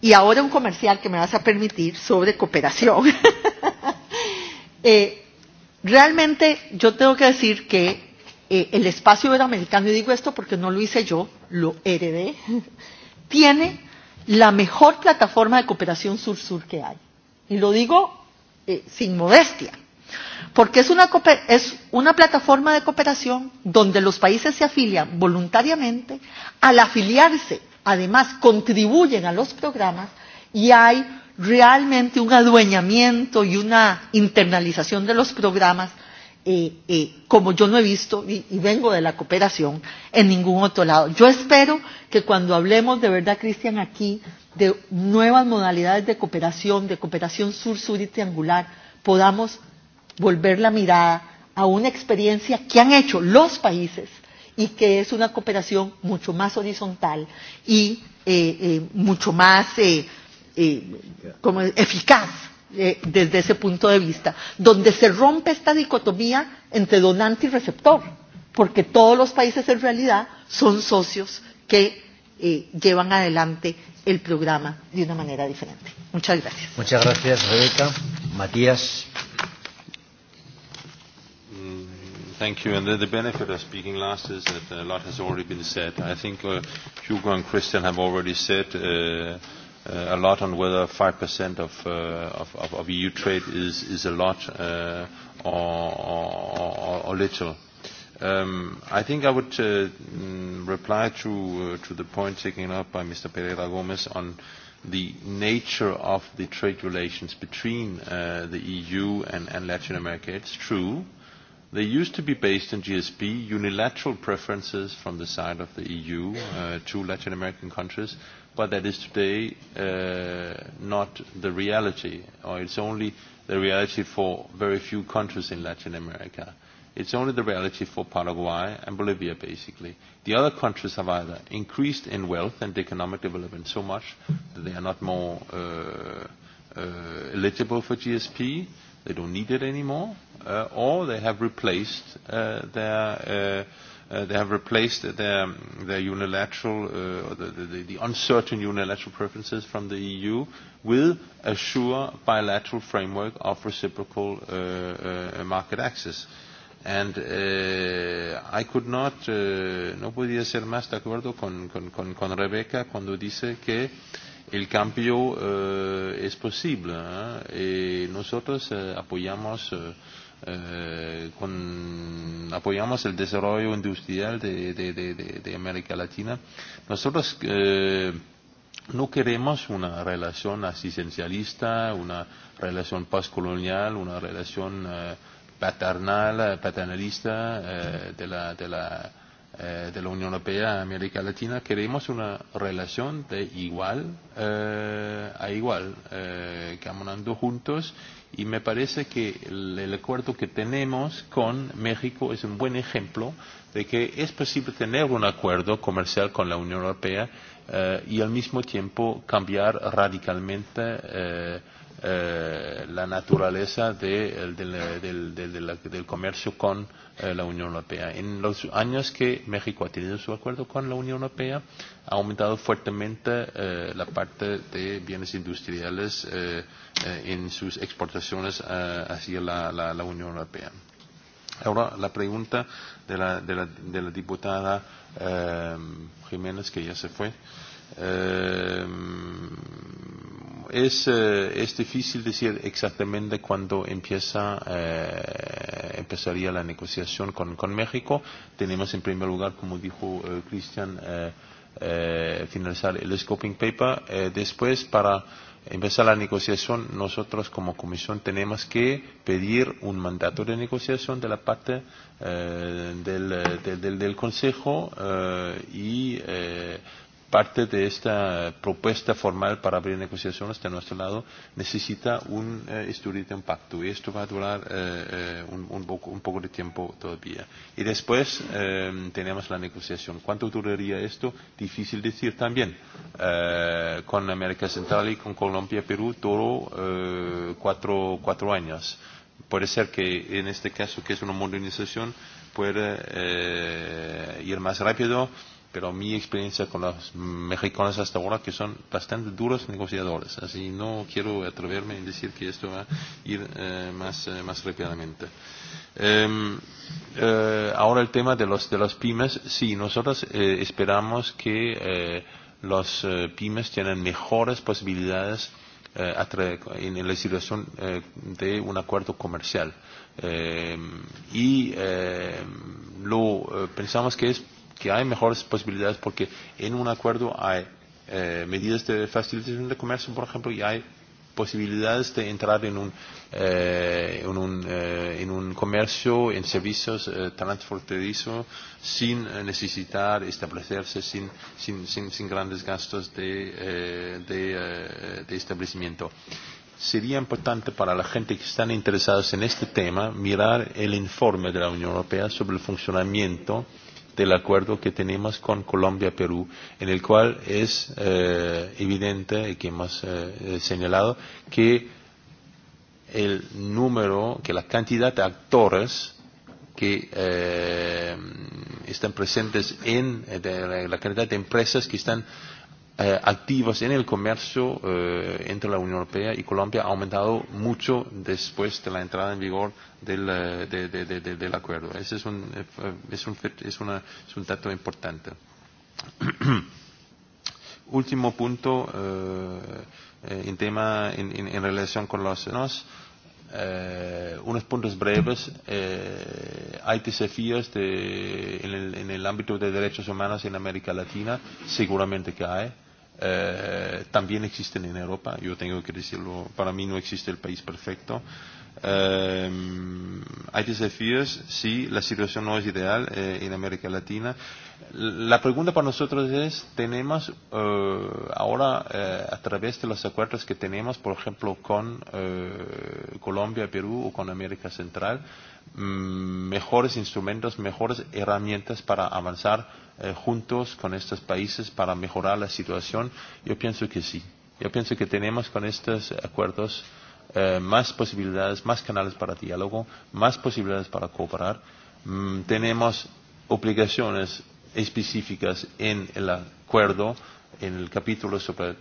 Y ahora un comercial que me vas a permitir sobre cooperación. eh, realmente yo tengo que decir que el espacio iberoamericano, y digo esto porque no lo hice yo, lo heredé, tiene la mejor plataforma de cooperación sur-sur que hay. Y lo digo sin modestia, porque es una, es una plataforma de cooperación donde los países se afilian voluntariamente, al afiliarse además contribuyen a los programas y hay realmente un adueñamiento y una internalización de los programas como yo no he visto y vengo de la cooperación en ningún otro lado. Yo espero que cuando hablemos de verdad, Cristian, aquí de nuevas modalidades de cooperación, de cooperación sur-sur y triangular, podamos volver la mirada a una experiencia que han hecho los países y que es una cooperación mucho más horizontal y eh, mucho más eh, eh, como eficaz desde ese punto de vista, donde se rompe esta dicotomía entre donante y receptor, porque todos los países en realidad son socios que llevan adelante el programa de una manera diferente. Muchas gracias. Muchas gracias, Rebeca. Matías. Thank you. And the benefit of speaking last is that a lot has already been said. I think Hugo and Christian have already said a lot on whether 5% of of EU trade is is a lot or or little. I think I would reply to to the point taken up by Mr. Pereira Gomez on the nature of the trade relations between the EU and Latin America. It's true. They used to be based on GSP, unilateral preferences from the side of the EU to Latin American countries but that is today not the reality, or it's only the reality for very few countries in Latin America. It's only the reality for Paraguay and Bolivia, basically. The other countries have either increased in wealth and economic development so much that they are not more eligible for GSP, they don't need it anymore, or they have replaced their They have replaced their their unilateral, the the uncertain unilateral preferences from the EU with a sure bilateral framework of reciprocal market access. And I could not, no podía ser más de acuerdo con con con cuando dice que el cambio es posible. Y nosotros apoyamos con, apoyamos el desarrollo industrial de, de, de, de, América Latina. Nosotros eh, no queremos una relación asistencialista, una relación postcolonial, una relación paternal, paternalista de la, de la de la Unión Europea a América Latina, queremos una relación de igual a igual, eh caminando juntos y me parece que el acuerdo que tenemos con México es un buen ejemplo de que es posible tener un acuerdo comercial con la Unión Europea y al mismo tiempo cambiar radicalmente la naturaleza del comercio con la Unión Europea. En los años que México ha tenido su acuerdo con la Unión Europea, ha aumentado fuertemente la parte de bienes industriales en sus exportaciones hacia la Unión Europea. Ahora la pregunta de la diputada Jiménez, que ya se fue es, es difícil decir exactamente cuándo empieza, eh, empezaría la negociación con, con México. Tenemos en primer lugar, como dijo Cristian, eh, eh, finalizar el scoping paper. Eh, después, para empezar la negociación, nosotros como comisión tenemos que pedir un mandato de negociación de la parte eh, del, del, del, del Consejo eh, y eh, parte de esta propuesta formal para abrir negociaciones de nuestro lado necesita un estudio de impacto y esto va a durar un, poco, un poco de tiempo todavía. Y después tenemos la negociación. ¿Cuánto duraría esto? Difícil decir también. con América Central y con Colombia, Perú, todo cuatro, cuatro años. Puede ser que en este caso, que es una modernización, pueda ir más rápido pero mi experiencia con los mexicanos hasta ahora que son bastante duros negociadores. Así no quiero atreverme en decir que esto va a ir más, más rápidamente. ahora el tema de los, de las pymes. Sí, nosotros esperamos que los pymes tienen mejores posibilidades en la situación de un acuerdo comercial. y lo pensamos que es que hay mejores posibilidades porque en un acuerdo hay medidas de facilitación de comercio, por ejemplo, y hay posibilidades de entrar en un, en un, en un comercio, en servicios eh, transfronterizos sin necesitar establecerse, sin, sin, sin, sin grandes gastos de, de, de establecimiento sería importante para la gente que está interesados en este tema mirar el informe de la Unión Europea sobre el funcionamiento del acuerdo que tenemos con Colombia-Perú, en el cual es evidente, y que hemos señalado, que el número, que la cantidad de actores que eh, están presentes en la cantidad de empresas que están activos en el comercio entre la Unión Europea y Colombia ha aumentado mucho después de la entrada en vigor del, de, de, de, del acuerdo. Ese es un, es, un, es, una, es un dato importante. Último punto eh, en tema en, en, en relación con los Eh, unos puntos breves. Eh, hay desafíos de, en, el, en el ámbito de derechos humanos en América Latina, seguramente que hay eh, también existen en Europa, yo tengo que decirlo, para mí no existe el país perfecto. Eh, hay desafíos, sí, la situación no es ideal eh, en América Latina, La pregunta para nosotros es, tenemos ahora, a través de los acuerdos que tenemos, por ejemplo, con Colombia, Perú o con América Central, mejores instrumentos, mejores herramientas para avanzar juntos con estos países, para mejorar la situación. Yo pienso que sí. Yo pienso que tenemos con estos acuerdos más posibilidades, más canales para diálogo, más posibilidades para cooperar. Tenemos obligaciones específicas en el acuerdo, en el capítulo sobre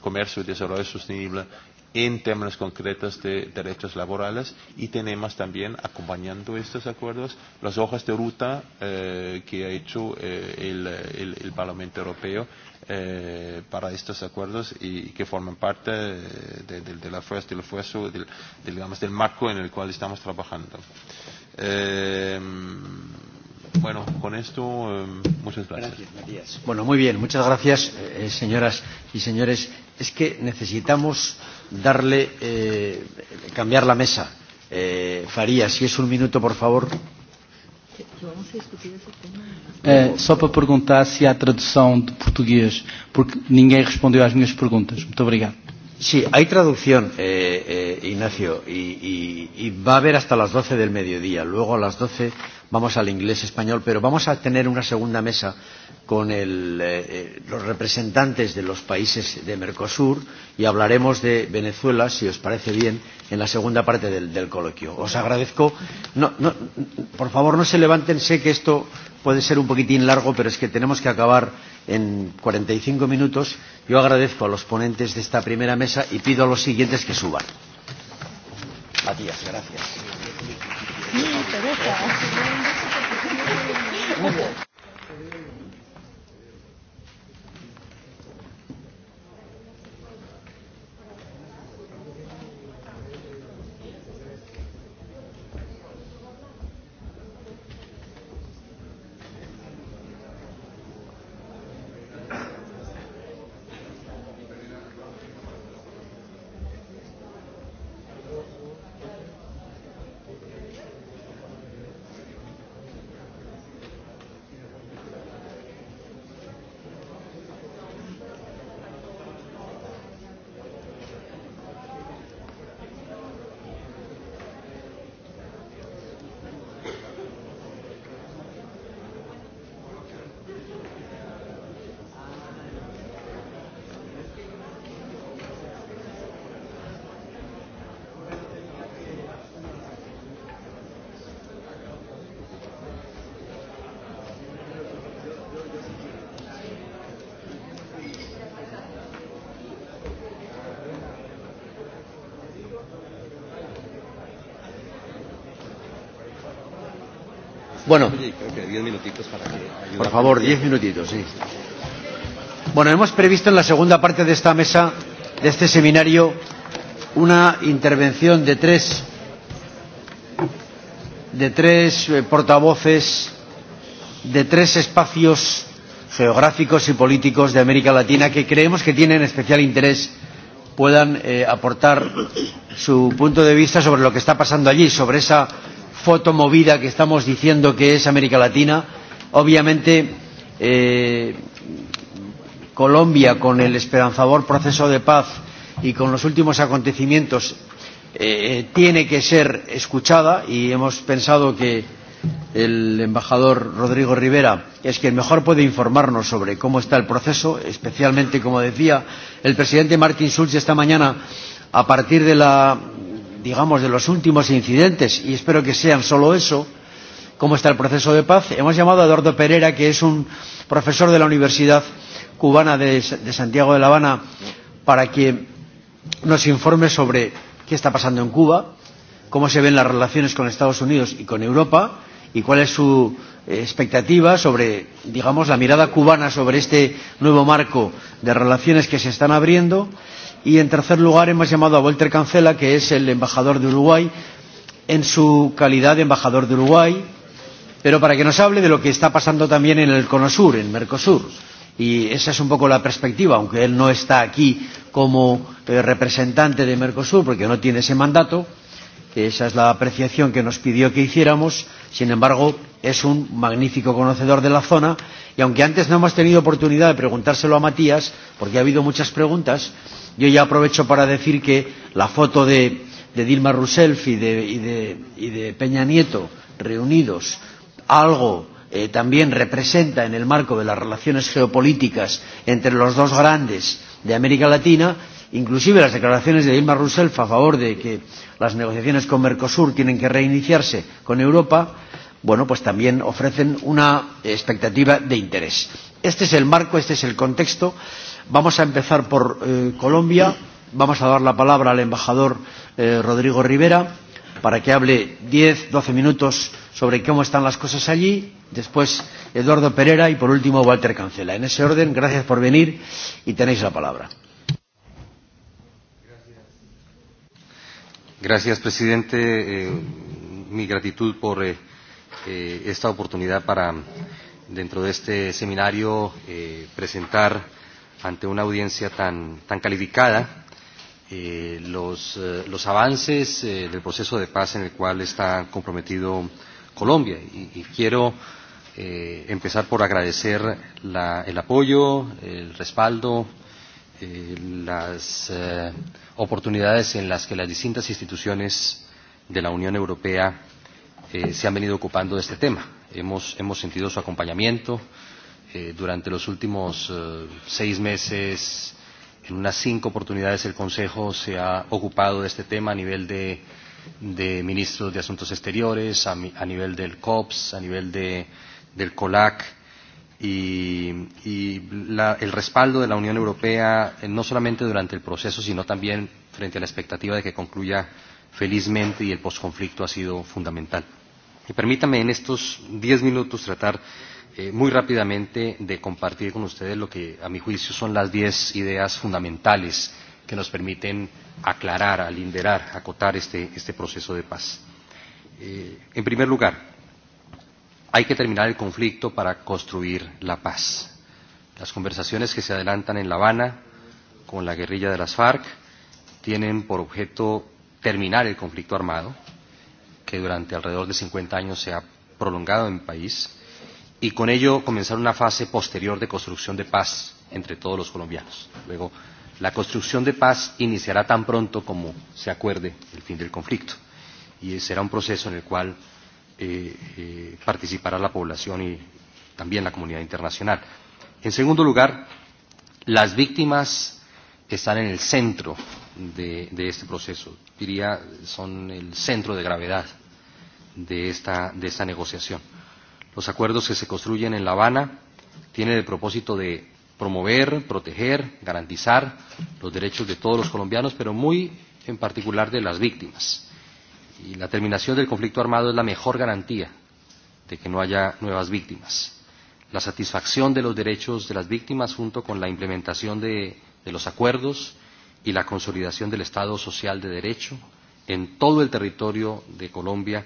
comercio y desarrollo sostenible en términos concretos de derechos laborales y tenemos también acompañando estos acuerdos las hojas de ruta que ha hecho el, el, Parlamento Europeo eh, para estos acuerdos y que forman parte de, de, de del del, digamos, del marco en el cual estamos trabajando. Eh, Bueno, con esto, eh, muchas gracias. Gracias, Bueno, muy bien, muchas gracias, eh, señoras y señores. Es que necesitamos darle, eh, cambiar la mesa. Eh, Faría, si es un minuto, por favor. Eh, só para perguntar se há tradução de português, porque ninguém respondeu às minhas perguntas. Muito obrigado. Sí, hay traducción, eh, eh, Ignacio, y, y, y va a haber hasta las 12 del mediodía. Luego a las 12 vamos al inglés español, pero vamos a tener una segunda mesa con el, los representantes de los países de Mercosur y hablaremos de Venezuela, si os parece bien, en la segunda parte del, del coloquio. Os agradezco. No, por favor, no se levanten. Sé que esto puede ser un poquitín largo, pero es que tenemos que acabar en 45 minutos. Yo agradezco a los ponentes de esta primera mesa y pido a los siguientes que suban. Matías, gracias. Μου Bueno, por favor, diez minutitos, sí. Bueno, hemos previsto en la segunda parte de esta mesa, de este seminario, una intervención de tres, de tres portavoces de tres espacios geográficos y políticos de América Latina que creemos que tienen especial interés puedan aportar su punto de vista sobre lo que está pasando allí, sobre esa foto movida que estamos diciendo que es América Latina, obviamente Colombia, con el esperanzador proceso de paz y con los últimos acontecimientos, tiene que ser escuchada y hemos pensado que el embajador Rodrigo Rivera es quien mejor puede informarnos sobre cómo está el proceso, especialmente, como decía el presidente Martin Schulz esta mañana, a partir de la digamos, de los últimos incidentes, y espero que sean solo eso, cómo está el proceso de paz, hemos llamado a Eduardo Pereira, que es un profesor de la Universidad Cubana de, de Santiago de La Habana, para que nos informe sobre qué está pasando en Cuba, cómo se ven las relaciones con Estados Unidos y con Europa, y cuál es su expectativa sobre, digamos, la mirada cubana sobre este nuevo marco de relaciones que se están abriendo. Y en tercer lugar hemos llamado a Walter Cancela, que es el embajador de Uruguay, en su calidad de embajador de Uruguay, pero para que nos hable de lo que está pasando también en el Cono en Mercosur. Y esa es un poco la perspectiva, aunque él no está aquí como representante de Mercosur, porque no tiene ese mandato, que esa es la apreciación que nos pidió que hiciéramos. Sin embargo, es un magnífico conocedor de la zona y aunque antes no hemos tenido oportunidad de preguntárselo a Matías, porque ha habido muchas preguntas, yo ya aprovecho para decir que la foto de, de Dilma Rousseff y de, y, de, Peña Nieto reunidos algo también representa en el marco de las relaciones geopolíticas entre los dos grandes de América Latina, inclusive las declaraciones de Dilma Rousseff a favor de que las negociaciones con Mercosur tienen que reiniciarse con Europa, bueno, pues también ofrecen una expectativa de interés. Este es el marco, este es el contexto. Vamos a empezar por Colombia. Vamos a dar la palabra al embajador Rodrigo Rivera para que hable 10, 12 minutos sobre cómo están las cosas allí. Después Eduardo Pereira y por último Walter Cancela. En ese orden, gracias por venir y tenéis la palabra. Gracias, presidente. Mi gratitud por eh, esta oportunidad para, dentro de este seminario, eh, presentar ante una audiencia tan, tan calificada eh, los, los avances del proceso de paz en el cual está comprometido Colombia. Y, y quiero eh, empezar por agradecer la, el apoyo, el respaldo, eh, las oportunidades en las que las distintas instituciones de la Unión Europea se han venido ocupando de este tema. Hemos, hemos sentido su acompañamiento durante los últimos seis meses. En unas cinco oportunidades el Consejo se ha ocupado de este tema a nivel de, de ministros de Asuntos Exteriores, a, nivel del COPS, a nivel del COLAC y, y la, el respaldo de la Unión Europea no solamente durante el proceso sino también frente a la expectativa de que concluya felizmente y el posconflicto ha sido fundamental. Y permítame en estos diez minutos tratar muy rápidamente de compartir con ustedes lo que, a mi juicio, son las diez ideas fundamentales que nos permiten aclarar, alinderar, acotar este, este proceso de paz. Eh, en primer lugar, hay que terminar el conflicto para construir la paz. Las conversaciones que se adelantan en La Habana con la guerrilla de las FARC tienen por objeto terminar el conflicto armado, que durante alrededor de 50 años se ha prolongado en el país y con ello comenzar una fase posterior de construcción de paz entre todos los colombianos. Luego, la construcción de paz iniciará tan pronto como se acuerde el fin del conflicto y será un proceso en el cual participará la población y también la comunidad internacional. En segundo lugar, las víctimas están en el centro de, de este proceso. Diría, son el centro de gravedad de esta, de esta negociación. Los acuerdos que se construyen en La Habana tienen el propósito de promover, proteger, garantizar los derechos de todos los colombianos, pero muy en particular de las víctimas. Y la terminación del conflicto armado es la mejor garantía de que no haya nuevas víctimas. La satisfacción de los derechos de las víctimas junto con la implementación de, de los acuerdos y la consolidación del Estado social de derecho en todo el territorio de Colombia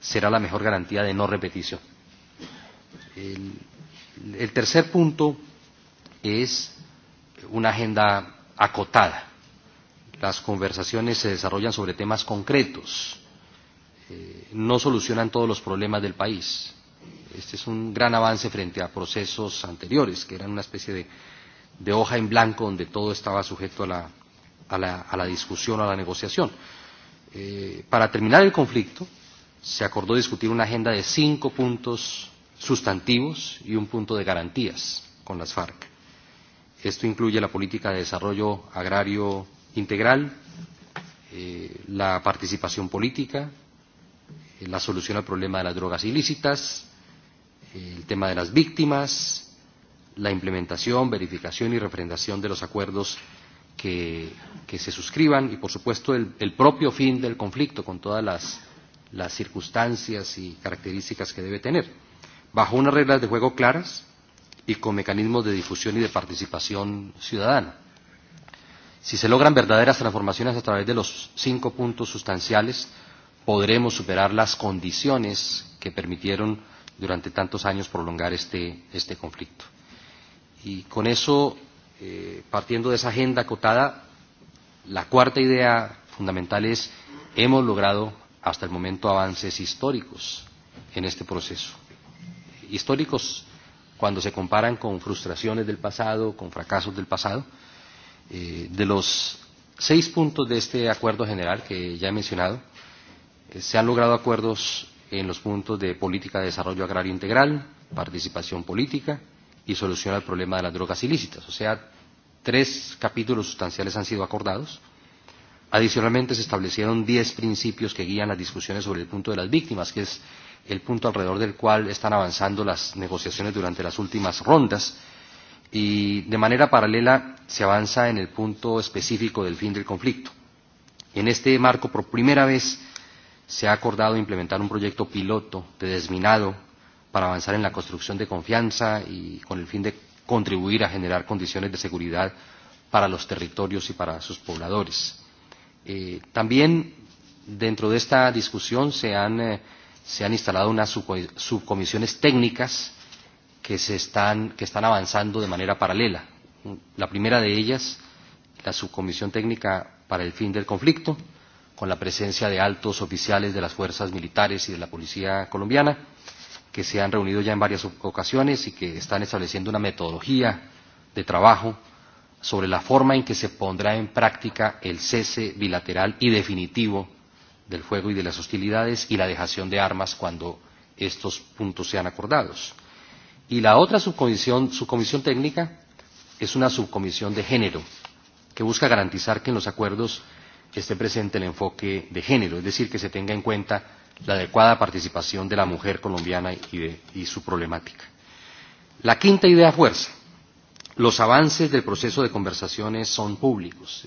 será la mejor garantía de no repetición. El, el tercer punto es una agenda acotada. Las conversaciones se desarrollan sobre temas concretos. No solucionan todos los problemas del país. Este es un gran avance frente a procesos anteriores, que eran una especie de de hoja en blanco donde todo estaba sujeto a la, a la, a la discusión, a la negociación. Eh, para terminar el conflicto, se acordó discutir una agenda de cinco puntos sustantivos y un punto de garantías con las FARC. Esto incluye la política de desarrollo agrario integral, eh, la participación política, la solución al problema de las drogas ilícitas, el tema de las víctimas, la implementación, verificación y refrendación de los acuerdos que se suscriban y, por supuesto, el propio fin del conflicto con todas las circunstancias y características que debe tener, bajo unas reglas de juego claras y con mecanismos de difusión y de participación ciudadana. Si se logran verdaderas transformaciones a través de los cinco puntos sustanciales, podremos superar las condiciones que permitieron durante tantos años prolongar este conflicto. Y con eso, partiendo de esa agenda acotada, la cuarta idea fundamental es hemos logrado hasta el momento avances históricos en este proceso. Históricos cuando se comparan con frustraciones del pasado, con fracasos del pasado. De los seis puntos de este acuerdo general que ya he mencionado, se han logrado acuerdos en los puntos de política de desarrollo agrario integral, participación política, y soluciona el problema de las drogas ilícitas. O sea, tres capítulos sustanciales han sido acordados. Adicionalmente, se establecieron diez principios que guían las discusiones sobre el punto de las víctimas, que es el punto alrededor del cual están avanzando las negociaciones durante las últimas rondas. Y, de manera paralela, se avanza en el punto específico del fin del conflicto. En este marco, por primera vez, se ha acordado implementar un proyecto piloto de desminado para avanzar en la construcción de confianza y con el fin de contribuir a generar condiciones de seguridad para los territorios y para sus pobladores. También dentro de esta discusión se han se han instalado unas subcomisiones técnicas que se están que están avanzando de manera paralela. La primera de ellas, la subcomisión técnica para el fin del conflicto, con la presencia de altos oficiales de las fuerzas militares y de la policía colombiana que se han reunido ya en varias ocasiones y que están estableciendo una metodología de trabajo sobre la forma en que se pondrá en práctica el cese bilateral y definitivo del fuego y de las hostilidades y la dejación de armas cuando estos puntos sean acordados. Y la otra subcomisión, subcomisión técnica es una subcomisión de género que busca garantizar que en los acuerdos esté presente el enfoque de género, es decir, que se tenga en cuenta la adecuada participación de la mujer colombiana y de y su problemática. La quinta idea fuerza. Los avances del proceso de conversaciones son públicos.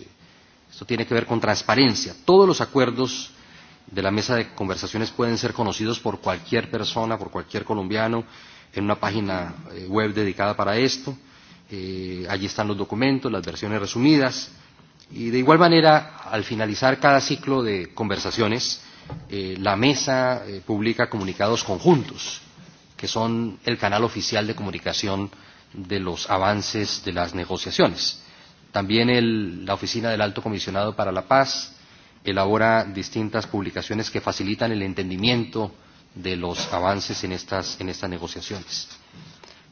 Esto tiene que ver con transparencia. Todos los acuerdos de la mesa de conversaciones pueden ser conocidos por cualquier persona, por cualquier colombiano, en una página web dedicada para esto. Allí están los documentos, las versiones resumidas. Y de igual manera, al finalizar cada ciclo de conversaciones, la mesa publica comunicados conjuntos que son el canal oficial de comunicación de los avances de las negociaciones. También la Oficina del Alto Comisionado para la Paz elabora distintas publicaciones que facilitan el entendimiento de los avances en estas negociaciones.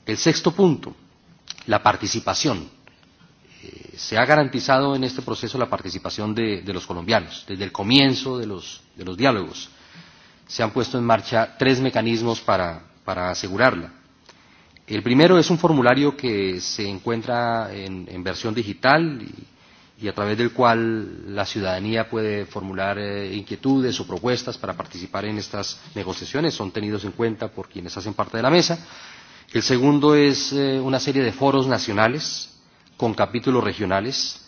El sexto punto, la participación se ha garantizado en este proceso la participación de los colombianos desde el comienzo de los de los diálogos se han puesto en marcha tres mecanismos para para asegurarla el primero es un formulario que se encuentra en en versión digital y a través del cual la ciudadanía puede formular inquietudes o propuestas para participar en estas negociaciones son tenidos en cuenta por quienes hacen parte de la mesa el segundo es una serie de foros nacionales con capítulos regionales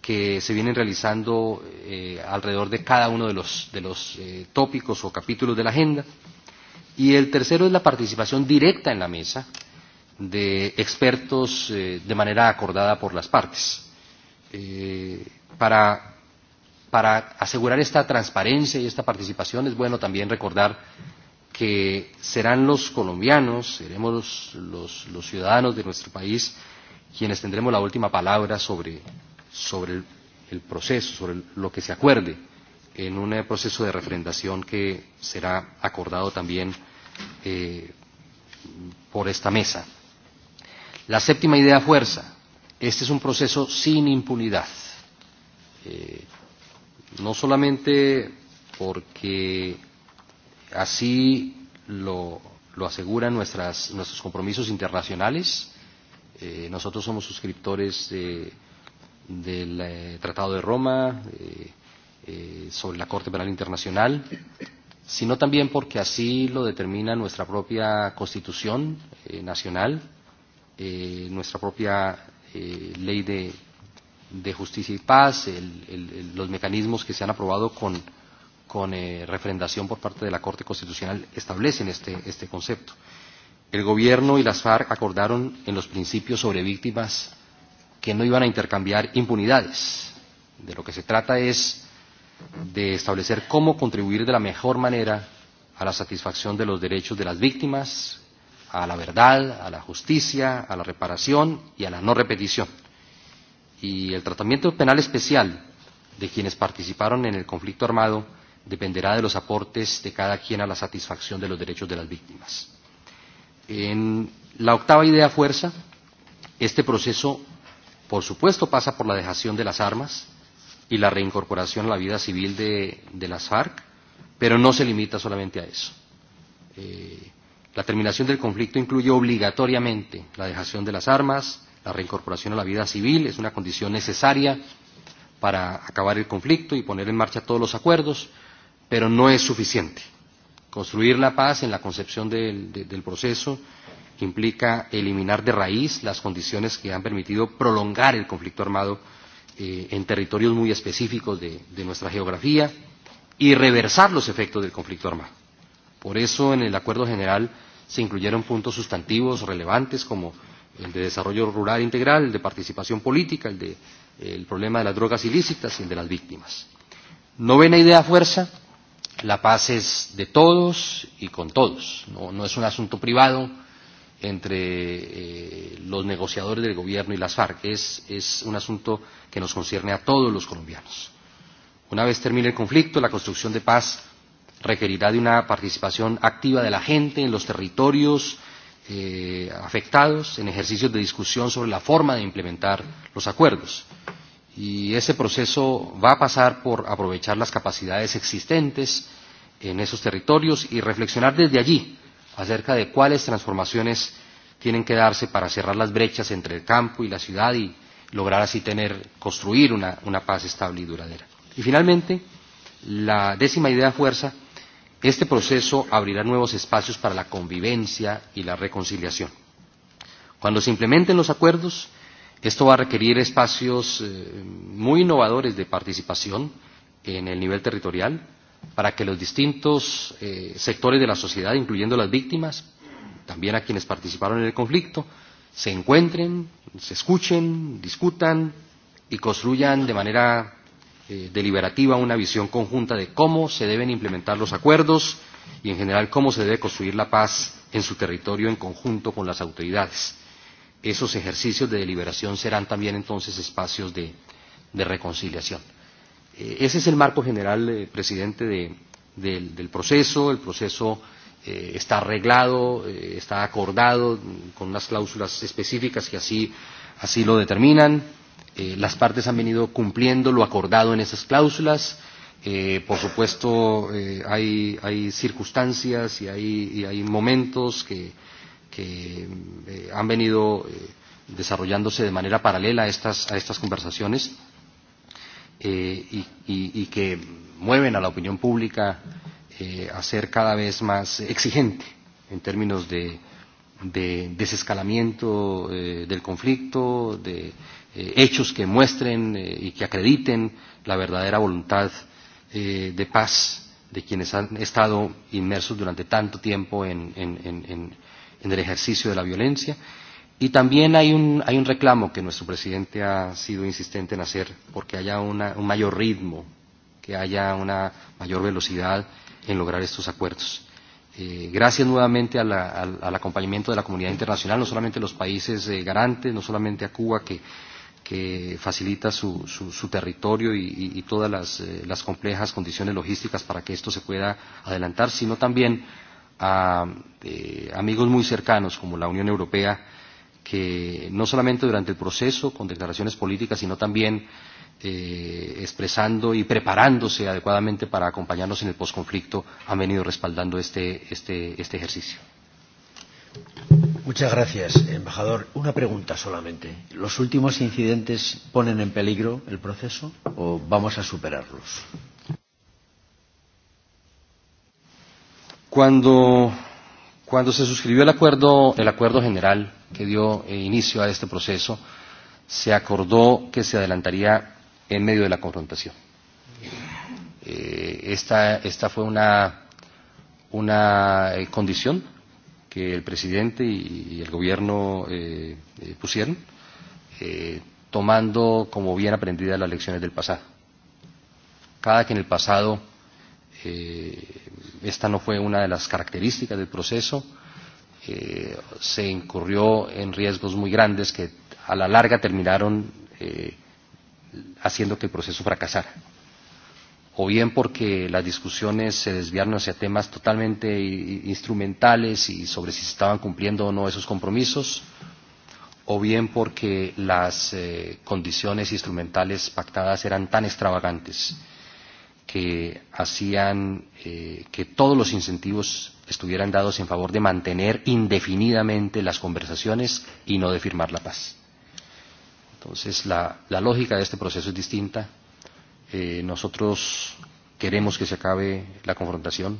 que se vienen realizando alrededor de cada uno de los, de los tópicos o capítulos de la agenda. Y el tercero es la participación directa en la mesa de expertos de manera acordada por las partes. Para para asegurar esta transparencia y esta participación es bueno también recordar que serán los colombianos, seremos los, los ciudadanos de nuestro país quienes tendremos la última palabra sobre, sobre el, el proceso, sobre lo que se acuerde en un proceso de refrendación que será acordado también eh, por esta mesa. La séptima idea fuerza. Este es un proceso sin impunidad. Eh, no solamente porque así lo, lo aseguran nuestras, nuestros compromisos internacionales, nosotros somos suscriptores del Tratado de Roma, sobre la Corte Penal Internacional, sino también porque así lo determina nuestra propia Constitución nacional, nuestra propia ley de de justicia y paz, los mecanismos que se han aprobado con con refrendación por parte de la Corte Constitucional establecen este este concepto. El gobierno y las FARC acordaron en los principios sobre víctimas que no iban a intercambiar impunidades. De lo que se trata es de establecer cómo contribuir de la mejor manera a la satisfacción de los derechos de las víctimas, a la verdad, a la justicia, a la reparación y a la no repetición. Y el tratamiento penal especial de quienes participaron en el conflicto armado dependerá de los aportes de cada quien a la satisfacción de los derechos de las víctimas. En la octava idea fuerza, este proceso, por supuesto, pasa por la dejación de las armas y la reincorporación a la vida civil de, de las FARC, pero no se limita solamente a eso. Eh, la terminación del conflicto incluye obligatoriamente la dejación de las armas, la reincorporación a la vida civil, es una condición necesaria para acabar el conflicto y poner en marcha todos los acuerdos, pero no es suficiente. Construir la paz en la concepción del, del proceso implica eliminar de raíz las condiciones que han permitido prolongar el conflicto armado en territorios muy específicos de, de nuestra geografía y reversar los efectos del conflicto armado. Por eso, en el Acuerdo General se incluyeron puntos sustantivos relevantes como el de desarrollo rural integral, el de participación política, el de el problema de las drogas ilícitas y el de las víctimas. No Novena idea fuerza, la paz es de todos y con todos. No, no es un asunto privado entre los negociadores del gobierno y las FARC. Es, es un asunto que nos concierne a todos los colombianos. Una vez termine el conflicto, la construcción de paz requerirá de una participación activa de la gente en los territorios afectados, en ejercicios de discusión sobre la forma de implementar los acuerdos y ese proceso va a pasar por aprovechar las capacidades existentes en esos territorios y reflexionar desde allí acerca de cuáles transformaciones tienen que darse para cerrar las brechas entre el campo y la ciudad y lograr así tener construir una una paz estable y duradera. Y finalmente, la décima idea fuerza, este proceso abrirá nuevos espacios para la convivencia y la reconciliación. Cuando se implementen los acuerdos Esto va a requerir espacios muy innovadores de participación en el nivel territorial para que los distintos sectores de la sociedad, incluyendo las víctimas, también a quienes participaron en el conflicto, se encuentren, se escuchen, discutan y construyan de manera deliberativa una visión conjunta de cómo se deben implementar los acuerdos y, en general, cómo se debe construir la paz en su territorio en conjunto con las autoridades esos ejercicios de deliberación serán también entonces espacios de, de reconciliación. Ese es el marco general, presidente, del, del proceso. El proceso está arreglado, está acordado con unas cláusulas específicas que así, así lo determinan. Las partes han venido cumpliendo lo acordado en esas cláusulas. Por supuesto, hay, hay circunstancias y hay, y hay momentos que que han venido desarrollándose de manera paralela a estas, a estas conversaciones eh, y, y, y que mueven a la opinión pública eh, a ser cada vez más exigente en términos de, de desescalamiento eh, del conflicto, de hechos que muestren y que acrediten la verdadera voluntad eh, de paz de quienes han estado inmersos durante tanto tiempo en, en, en, en, en el ejercicio de la violencia. Y también hay un, hay un reclamo que nuestro presidente ha sido insistente en hacer, porque haya una, un mayor ritmo, que haya una mayor velocidad en lograr estos acuerdos. Eh, gracias nuevamente a la, al, acompañamiento de la comunidad internacional, no solamente los países garantes, no solamente a Cuba, que, que facilita su, su, su territorio y, y, todas las, las complejas condiciones logísticas para que esto se pueda adelantar, sino también a amigos muy cercanos como la Unión Europea que no solamente durante el proceso con declaraciones políticas sino también expresando y preparándose adecuadamente para acompañarnos en el posconflicto han venido respaldando este este este ejercicio. Muchas gracias, embajador. Una pregunta solamente. ¿Los últimos incidentes ponen en peligro el proceso o vamos a superarlos? Cuando, cuando se suscribió el acuerdo, el acuerdo general que dio inicio a este proceso, se acordó que se adelantaría en medio de la confrontación. esta, esta fue una, una condición que el presidente y, el gobierno eh, pusieron, eh, tomando como bien aprendidas las lecciones del pasado. Cada que en el pasado eh, esta no fue una de las características del proceso. Se incurrió en riesgos muy grandes que a la larga terminaron haciendo que el proceso fracasara. O bien porque las discusiones se desviaron hacia temas totalmente instrumentales y sobre si se estaban cumpliendo o no esos compromisos, o bien porque las condiciones instrumentales pactadas eran tan extravagantes que hacían que todos los incentivos estuvieran dados en favor de mantener indefinidamente las conversaciones y no de firmar la paz. Entonces, la, la lógica de este proceso es distinta. Eh, nosotros queremos que se acabe la confrontación,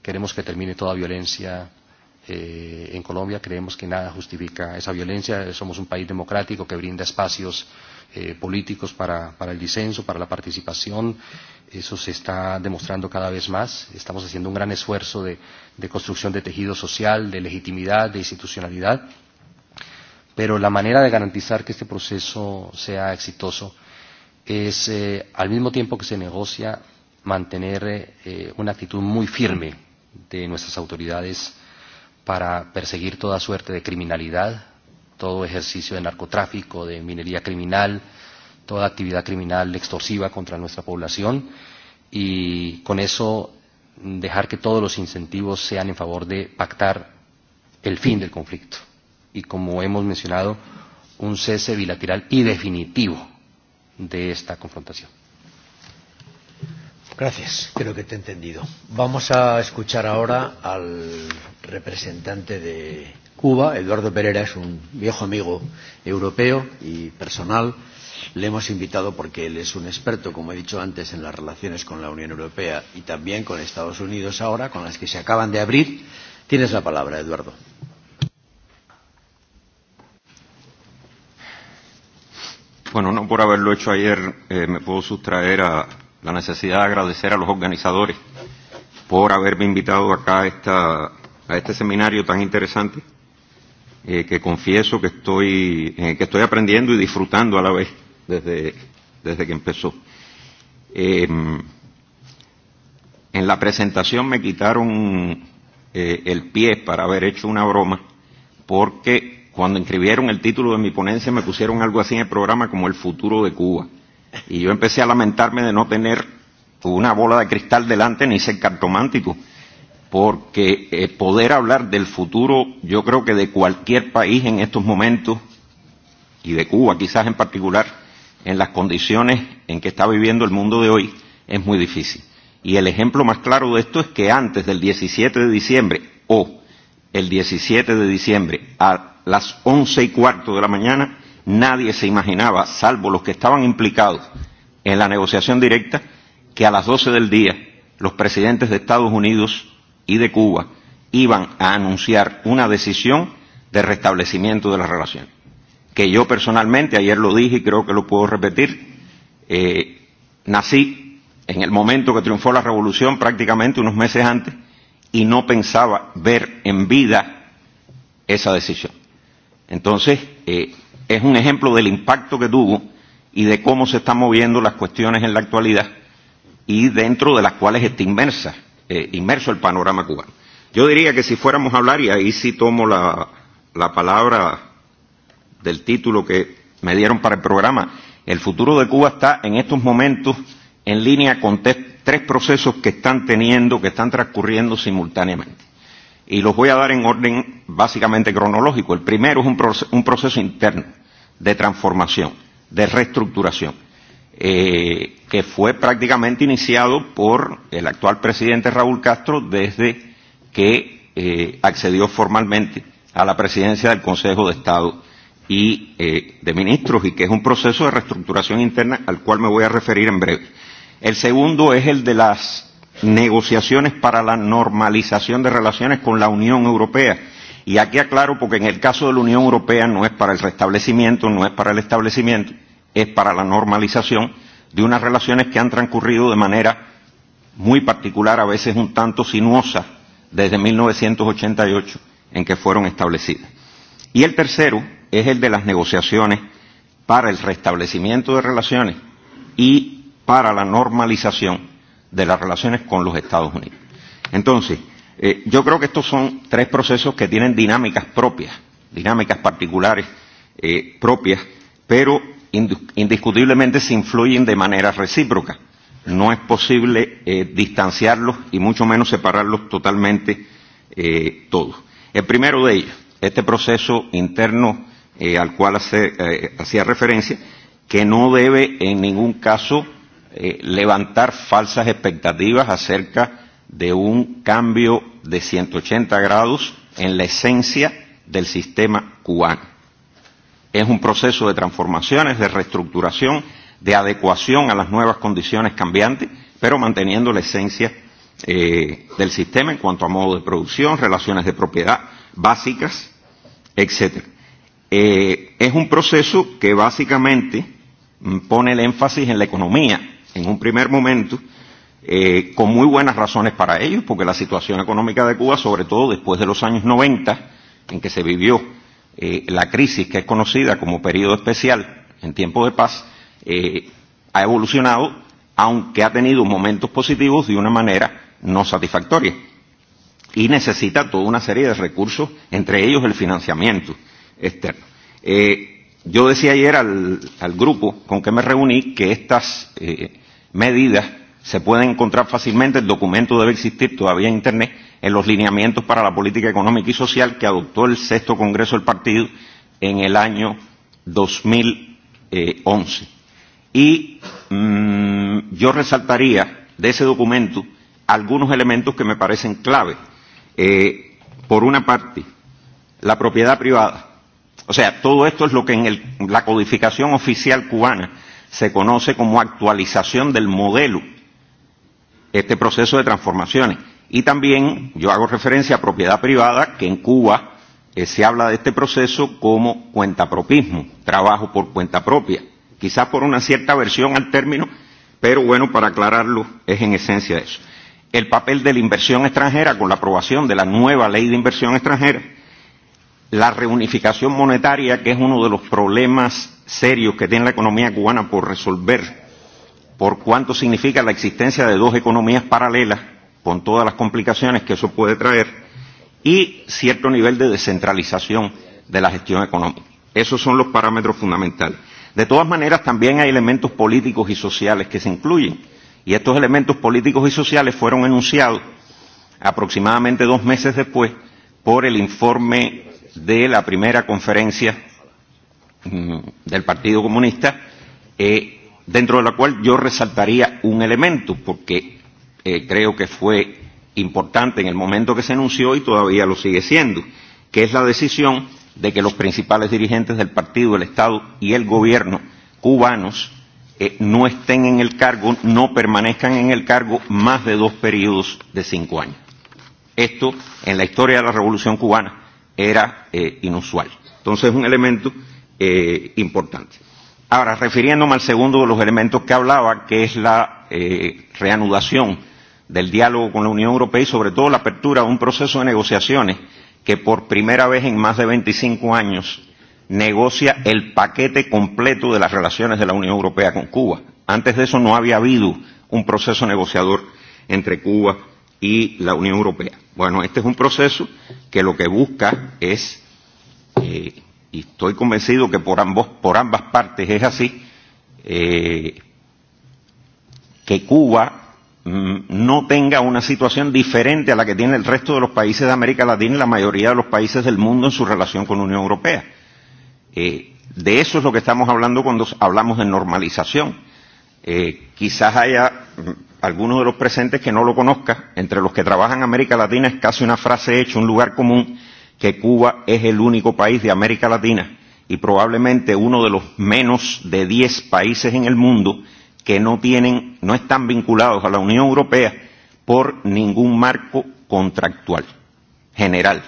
queremos que termine toda violencia eh, en Colombia, creemos que nada justifica esa violencia, somos un país democrático que brinda espacios políticos para el disenso, para la participación. Eso se está demostrando cada vez más. Estamos haciendo un gran esfuerzo de construcción de tejido social, de legitimidad, de institucionalidad. Pero la manera de garantizar que este proceso sea exitoso es, al mismo tiempo que se negocia, mantener una actitud muy firme de nuestras autoridades para perseguir toda suerte de criminalidad, todo ejercicio de narcotráfico, de minería criminal, toda actividad criminal extorsiva contra nuestra población y con eso dejar que todos los incentivos sean en favor de pactar el fin del conflicto y como hemos mencionado un cese bilateral y definitivo de esta confrontación. Gracias, creo que te he entendido. Vamos a escuchar ahora al representante de Cuba. Eduardo Pereira es un viejo amigo europeo y personal. Le hemos invitado porque él es un experto, como he dicho antes, en las relaciones con la Unión Europea y también con Estados Unidos ahora, con las que se acaban de abrir. Tienes la palabra, Eduardo. Bueno, no por haberlo hecho ayer me puedo sustraer a la necesidad de agradecer a los organizadores por haberme invitado acá a, esta, a este seminario tan interesante eh, que confieso que estoy, que estoy aprendiendo y disfrutando a la vez desde, desde que empezó. Eh, en la presentación me quitaron eh, el pie para haber hecho una broma porque cuando inscribieron el título de mi ponencia me pusieron algo así en el programa como el futuro de Cuba. Y yo empecé a lamentarme de no tener una bola de cristal delante ni ser cartomántico porque poder hablar del futuro yo creo que de cualquier país en estos momentos y de Cuba quizás en particular en las condiciones en que está viviendo el mundo de hoy es muy difícil. Y el ejemplo más claro de esto es que antes del 17 de diciembre o el 17 de diciembre a las 11 y cuarto de la mañana nadie se imaginaba, salvo los que estaban implicados en la negociación directa, que a las 12 del día los presidentes de Estados Unidos y de Cuba iban a anunciar una decisión de restablecimiento de la relación. Que yo personalmente, ayer lo dije y creo que lo puedo repetir, eh, nací en el momento que triunfó la revolución, prácticamente unos meses antes, y no pensaba ver en vida esa decisión. Entonces, eh, es un ejemplo del impacto que tuvo y de cómo se están moviendo las cuestiones en la actualidad y dentro de las cuales está inmersa eh, inmerso el panorama cubano. Yo diría que si fuéramos a hablar, y ahí sí tomo la, la palabra del título que me dieron para el programa, el futuro de Cuba está en estos momentos en línea con tres procesos que están teniendo, que están transcurriendo simultáneamente. Y los voy a dar en orden básicamente cronológico. El primero es un proceso interno de transformación, de reestructuración que fue prácticamente iniciado por el actual presidente Raúl Castro desde que accedió formalmente a la presidencia del Consejo de Estado y de Ministros, y que es un proceso de reestructuración interna al cual me voy a referir en breve. El segundo es el de las negociaciones para la normalización de relaciones con la Unión Europea. Y aquí aclaro porque en el caso de la Unión Europea no es para el restablecimiento, no es para el establecimiento, es para la normalización de unas relaciones que han transcurrido de manera muy particular, a veces un tanto sinuosa, desde 1988 en que fueron establecidas. Y el tercero es el de las negociaciones para el restablecimiento de relaciones y para la normalización de las relaciones con los Estados Unidos. Entonces, yo creo que estos son tres procesos que tienen dinámicas propias, dinámicas particulares propias, pero indiscutiblemente se influyen de manera recíproca. No es posible distanciarlos y mucho menos separarlos totalmente todos. El primero de ellos, este proceso interno al cual hacía referencia, que no debe en ningún caso levantar falsas expectativas acerca de un cambio de 180 grados en la esencia del sistema cubano es un proceso de transformaciones, de reestructuración, de adecuación a las nuevas condiciones cambiantes, pero manteniendo la esencia eh, del sistema en cuanto a modo de producción, relaciones de propiedad básicas, etc. Eh, es un proceso que básicamente pone el énfasis en la economía en un primer momento, eh, con muy buenas razones para ello, porque la situación económica de Cuba, sobre todo después de los años 90, en que se vivió la crisis que es conocida como periodo especial en tiempo de paz ha evolucionado, aunque ha tenido momentos positivos de una manera no satisfactoria. Y necesita toda una serie de recursos, entre ellos el financiamiento externo. Eh, yo decía ayer al, al grupo con que me reuní que estas medidas se puede encontrar fácilmente, el documento debe existir todavía en Internet, en los lineamientos para la política económica y social que adoptó el sexto Congreso del Partido en el año 2011. Y yo resaltaría de ese documento algunos elementos que me parecen clave. Eh, por una parte, la propiedad privada. O sea, todo esto es lo que en la codificación oficial cubana se conoce como actualización del modelo este proceso de transformaciones. Y también yo hago referencia a propiedad privada, que en Cuba se habla de este proceso como cuentapropismo, trabajo por cuenta propia, quizás por una cierta versión al término, pero bueno, para aclararlo, es en esencia eso. El papel de la inversión extranjera con la aprobación de la nueva ley de inversión extranjera, la reunificación monetaria, que es uno de los problemas serios que tiene la economía cubana por resolver por cuánto significa la existencia de dos economías paralelas, con todas las complicaciones que eso puede traer, y cierto nivel de descentralización de la gestión económica. Esos son los parámetros fundamentales. De todas maneras, también hay elementos políticos y sociales que se incluyen, y estos elementos políticos y sociales fueron enunciados aproximadamente dos meses después por el informe de la primera conferencia del Partido Comunista eh, dentro de la cual yo resaltaría un elemento, porque creo que fue importante en el momento que se anunció y todavía lo sigue siendo, que es la decisión de que los principales dirigentes del partido, el Estado y el gobierno cubanos no estén en el cargo, no permanezcan en el cargo más de dos periodos de cinco años. Esto, en la historia de la Revolución cubana, era inusual. Entonces, es un elemento importante. Ahora, refiriéndome al segundo de los elementos que hablaba, que es la reanudación del diálogo con la Unión Europea y sobre todo la apertura de un proceso de negociaciones que por primera vez en más de 25 años negocia el paquete completo de las relaciones de la Unión Europea con Cuba. Antes de eso no había habido un proceso negociador entre Cuba y la Unión Europea. Bueno, este es un proceso que lo que busca es y estoy convencido que por, ambos, por ambas partes es así, eh, que Cuba no tenga una situación diferente a la que tiene el resto de los países de América Latina y la mayoría de los países del mundo en su relación con la Unión Europea. Eh, de eso es lo que estamos hablando cuando hablamos de normalización. Eh, quizás haya algunos de los presentes que no lo conozcan, entre los que trabajan en América Latina es casi una frase hecha, un lugar común, que Cuba es el único país de América Latina y probablemente uno de los menos de 10 países en el mundo que no tienen no están vinculados a la Unión Europea por ningún marco contractual general.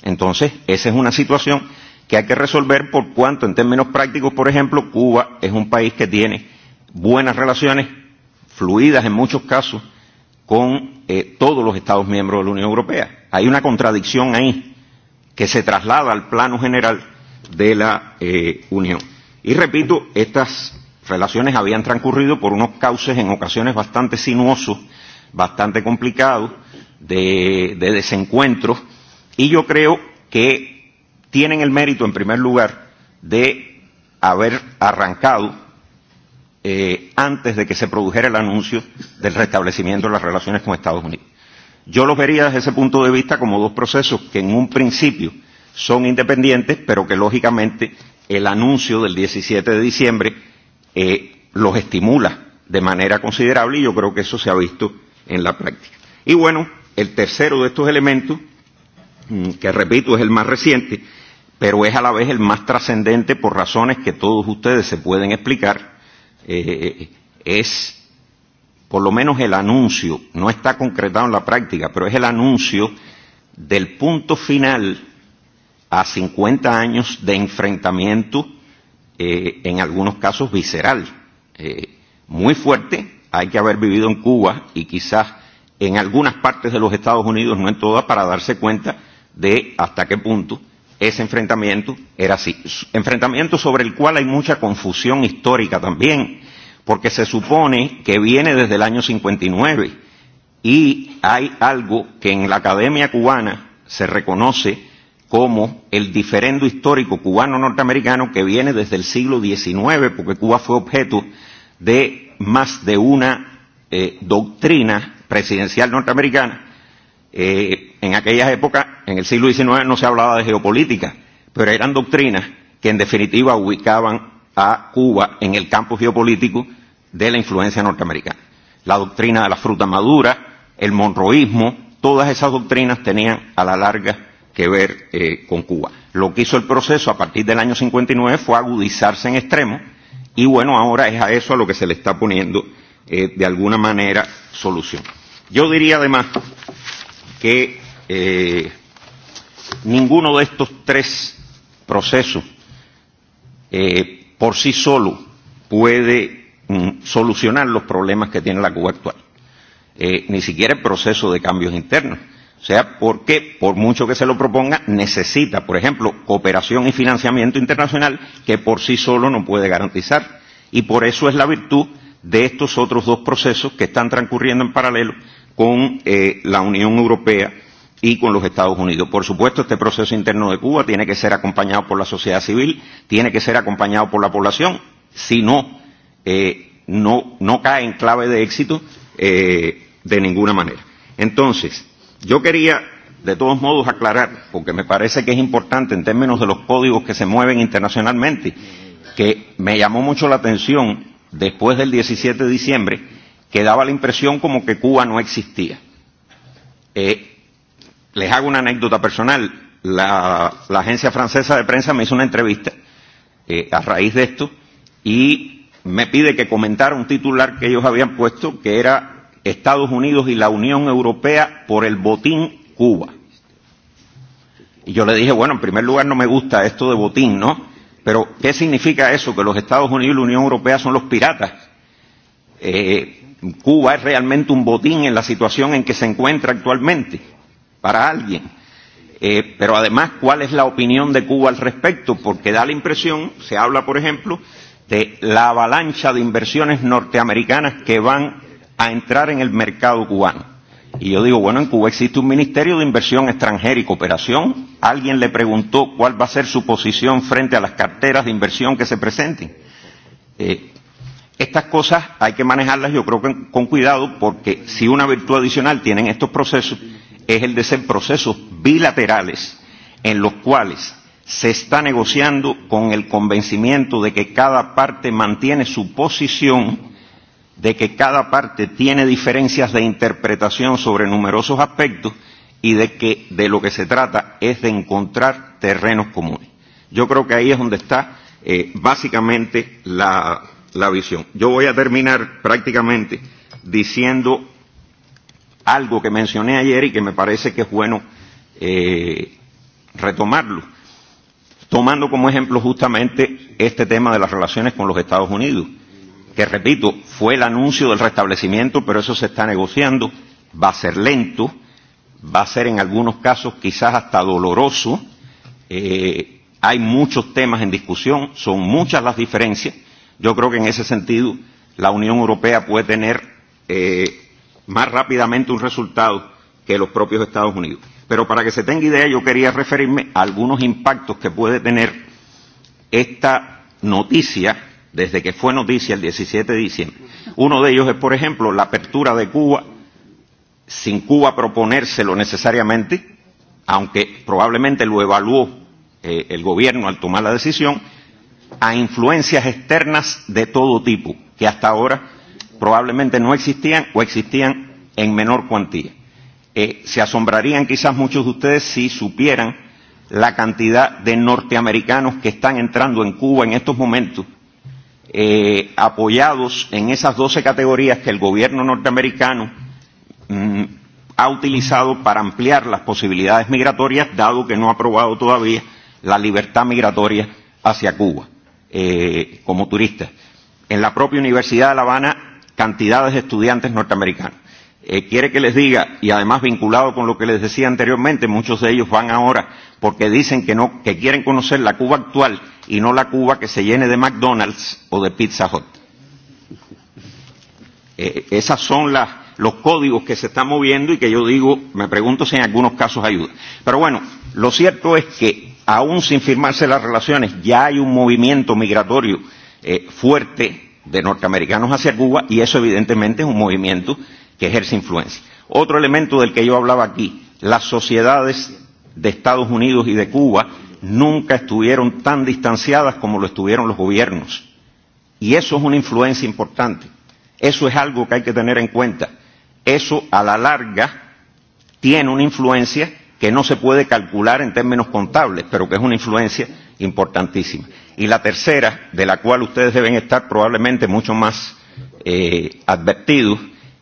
Entonces, esa es una situación que hay que resolver por cuanto en términos prácticos, por ejemplo, Cuba es un país que tiene buenas relaciones fluidas en muchos casos con todos los estados miembros de la Unión Europea. Hay una contradicción ahí que se traslada al plano general de la Unión. Y repito, estas relaciones habían transcurrido por unos cauces en ocasiones bastante sinuosos, bastante complicados, de, de desencuentros, y yo creo que tienen el mérito, en primer lugar, de haber arrancado antes de que se produjera el anuncio del restablecimiento de las relaciones con Estados Unidos. Yo los vería desde ese punto de vista como dos procesos que en un principio son independientes, pero que lógicamente el anuncio del 17 de diciembre eh, los estimula de manera considerable y yo creo que eso se ha visto en la práctica. Y bueno, el tercero de estos elementos, que repito es el más reciente, pero es a la vez el más trascendente por razones que todos ustedes se pueden explicar, eh, es por lo menos el anuncio, no está concretado en la práctica, pero es el anuncio del punto final a 50 años de enfrentamiento, en algunos casos visceral, muy fuerte. Hay que haber vivido en Cuba y quizás en algunas partes de los Estados Unidos, no en todas, para darse cuenta de hasta qué punto ese enfrentamiento era así. Enfrentamiento sobre el cual hay mucha confusión histórica también porque se supone que viene desde el año 59 y hay algo que en la academia cubana se reconoce como el diferendo histórico cubano-norteamericano que viene desde el siglo XIX, porque Cuba fue objeto de más de una doctrina presidencial norteamericana. En aquellas épocas, en el siglo XIX, no se hablaba de geopolítica, pero eran doctrinas que en definitiva ubicaban a Cuba en el campo geopolítico de la influencia norteamericana. La doctrina de la fruta madura, el monroísmo, todas esas doctrinas tenían a la larga que ver con Cuba. Lo que hizo el proceso a partir del año 59 fue agudizarse en extremo y bueno, ahora es a eso a lo que se le está poniendo de alguna manera solución. Yo diría además que ninguno de estos tres procesos por sí solo puede solucionar los problemas que tiene la Cuba actual. Eh, ni siquiera el proceso de cambios internos. O sea, porque por mucho que se lo proponga, necesita, por ejemplo, cooperación y financiamiento internacional que por sí solo no puede garantizar. Y por eso es la virtud de estos otros dos procesos que están transcurriendo en paralelo con eh, la Unión Europea y con los Estados Unidos. Por supuesto, este proceso interno de Cuba tiene que ser acompañado por la sociedad civil, tiene que ser acompañado por la población, si no, eh, no, no cae en clave de éxito eh, de ninguna manera. Entonces, yo quería de todos modos aclarar, porque me parece que es importante en términos de los códigos que se mueven internacionalmente, que me llamó mucho la atención después del 17 de diciembre, que daba la impresión como que Cuba no existía. Eh, les hago una anécdota personal. La, la agencia francesa de prensa me hizo una entrevista eh, a raíz de esto y me pide que comentara un titular que ellos habían puesto que era Estados Unidos y la Unión Europea por el botín Cuba. Y yo le dije, bueno, en primer lugar no me gusta esto de botín, ¿no? Pero ¿qué significa eso? Que los Estados Unidos y la Unión Europea son los piratas. Eh, Cuba es realmente un botín en la situación en que se encuentra actualmente para alguien. Eh, pero además, ¿cuál es la opinión de Cuba al respecto? Porque da la impresión, se habla, por ejemplo, de la avalancha de inversiones norteamericanas que van a entrar en el mercado cubano. Y yo digo, bueno, en Cuba existe un Ministerio de Inversión Extranjera y Cooperación. ¿Alguien le preguntó cuál va a ser su posición frente a las carteras de inversión que se presenten? Eh, estas cosas hay que manejarlas yo creo que con cuidado porque si una virtud adicional tienen estos procesos es el de ser procesos bilaterales en los cuales se está negociando con el convencimiento de que cada parte mantiene su posición, de que cada parte tiene diferencias de interpretación sobre numerosos aspectos y de que de lo que se trata es de encontrar terrenos comunes. Yo creo que ahí es donde está básicamente la, visión. Yo voy a terminar prácticamente diciendo algo que mencioné ayer y que me parece que es bueno retomarlo tomando como ejemplo justamente este tema de las relaciones con los Estados Unidos, que repito, fue el anuncio del restablecimiento, pero eso se está negociando, va a ser lento, va a ser en algunos casos quizás hasta doloroso, eh, hay muchos temas en discusión, son muchas las diferencias, yo creo que en ese sentido la Unión Europea puede tener eh, más rápidamente un resultado que los propios Estados Unidos. Pero para que se tenga idea, yo quería referirme a algunos impactos que puede tener esta noticia desde que fue noticia el 17 de diciembre. Uno de ellos es, por ejemplo, la apertura de Cuba, sin Cuba proponérselo necesariamente, aunque probablemente lo evaluó el gobierno al tomar la decisión, a influencias externas de todo tipo, que hasta ahora probablemente no existían o existían en menor cuantía eh, se asombrarían quizás muchos de ustedes si supieran la cantidad de norteamericanos que están entrando en Cuba en estos momentos, eh, apoyados en esas 12 categorías que el gobierno norteamericano ha utilizado para ampliar las posibilidades migratorias, dado que no ha aprobado todavía la libertad migratoria hacia Cuba eh, como turistas. En la propia Universidad de La Habana, cantidades de estudiantes norteamericanos quiere que les diga, y además vinculado con lo que les decía anteriormente, muchos de ellos van ahora porque dicen que, no, que quieren conocer la Cuba actual y no la Cuba que se llene de McDonald's o de Pizza Hut. Eh, esas son las, los códigos que se están moviendo y que yo digo, me pregunto si en algunos casos ayuda. Pero bueno, lo cierto es que aún sin firmarse las relaciones, ya hay un movimiento migratorio eh, fuerte de norteamericanos hacia Cuba y eso evidentemente es un movimiento que ejerce influencia. Otro elemento del que yo hablaba aquí, las sociedades de Estados Unidos y de Cuba nunca estuvieron tan distanciadas como lo estuvieron los gobiernos. Y eso es una influencia importante. Eso es algo que hay que tener en cuenta. Eso a la larga tiene una influencia que no se puede calcular en términos contables, pero que es una influencia importantísima. Y la tercera, de la cual ustedes deben estar probablemente mucho más eh, advertidos,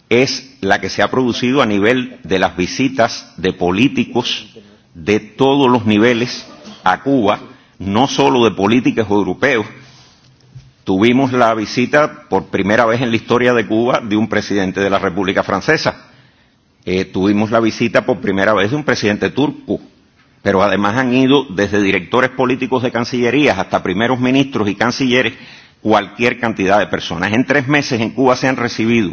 es la que se ha producido a nivel de las visitas de políticos de todos los niveles a Cuba, no solo de políticos europeos. Tuvimos la visita por primera vez en la historia de Cuba de un presidente de la República Francesa. Eh, tuvimos la visita por primera vez de un presidente turco. Pero además han ido desde directores políticos de cancillerías hasta primeros ministros y cancilleres cualquier cantidad de personas. En tres meses en Cuba se han recibido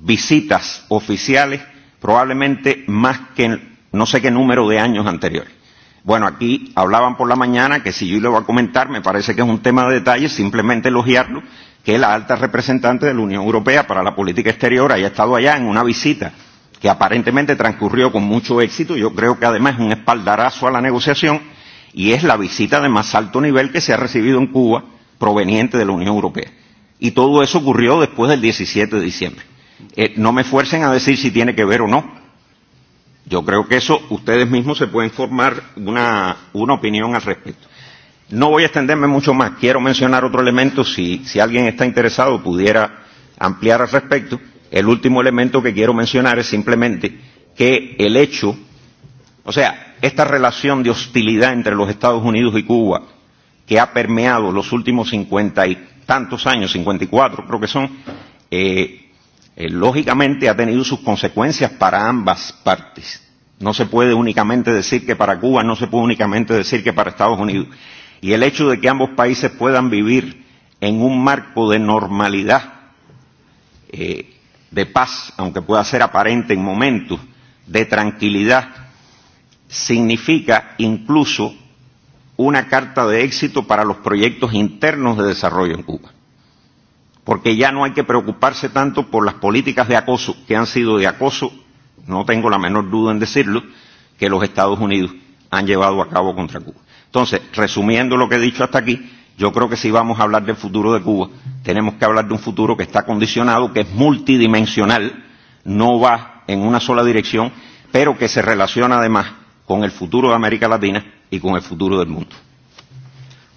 visitas oficiales probablemente más que en no sé qué número de años anteriores. Bueno, aquí hablaban por la mañana que si yo lo voy a comentar, me parece que es un tema de detalle, simplemente elogiarlo, que la alta representante de la Unión Europea para la política exterior haya estado allá en una visita que aparentemente transcurrió con mucho éxito, yo creo que además es un espaldarazo a la negociación y es la visita de más alto nivel que se ha recibido en Cuba proveniente de la Unión Europea. Y todo eso ocurrió después del 17 de diciembre no me fuercen a decir si tiene que ver o no. Yo creo que eso ustedes mismos se pueden formar una, una opinión al respecto. No voy a extenderme mucho más. Quiero mencionar otro elemento, si, si alguien está interesado pudiera ampliar al respecto. El último elemento que quiero mencionar es simplemente que el hecho, o sea, esta relación de hostilidad entre los Estados Unidos y Cuba, que ha permeado los últimos cincuenta y tantos años, cincuenta y cuatro creo que son, eh, lógicamente ha tenido sus consecuencias para ambas partes. No se puede únicamente decir que para Cuba, no se puede únicamente decir que para Estados Unidos. Y el hecho de que ambos países puedan vivir en un marco de normalidad, eh, de paz, aunque pueda ser aparente en momentos, de tranquilidad, significa incluso una carta de éxito para los proyectos internos de desarrollo en Cuba porque ya no hay que preocuparse tanto por las políticas de acoso, que han sido de acoso, no tengo la menor duda en decirlo, que los Estados Unidos han llevado a cabo contra Cuba. Entonces, resumiendo lo que he dicho hasta aquí, yo creo que si vamos a hablar del futuro de Cuba, tenemos que hablar de un futuro que está condicionado, que es multidimensional, no va en una sola dirección, pero que se relaciona además con el futuro de América Latina y con el futuro del mundo.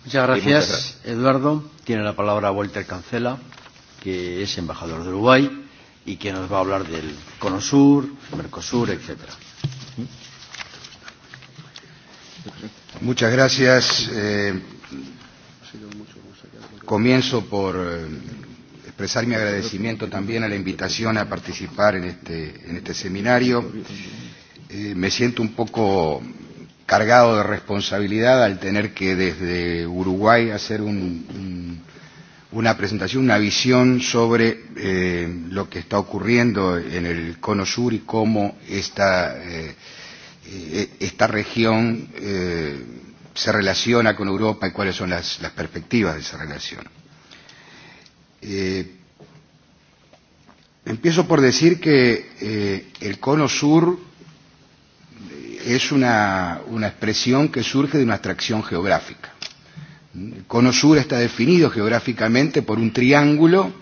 Muchas gracias, Eduardo. Tiene la palabra Walter Cancela que es embajador de Uruguay y que nos va a hablar del Cono Sur, Mercosur, etc. Muchas gracias. Eh, comienzo por expresar mi agradecimiento también a la invitación a participar en este, en este seminario. Eh, me siento un poco cargado de responsabilidad al tener que desde Uruguay hacer un una presentación, una visión sobre eh, lo que está ocurriendo en el cono sur y cómo esta, eh, esta región eh, se relaciona con Europa y cuáles son las, las perspectivas de esa relación. Eh, empiezo por decir que el cono sur es una, una expresión que surge de una atracción geográfica cono sur está definido geográficamente por un triángulo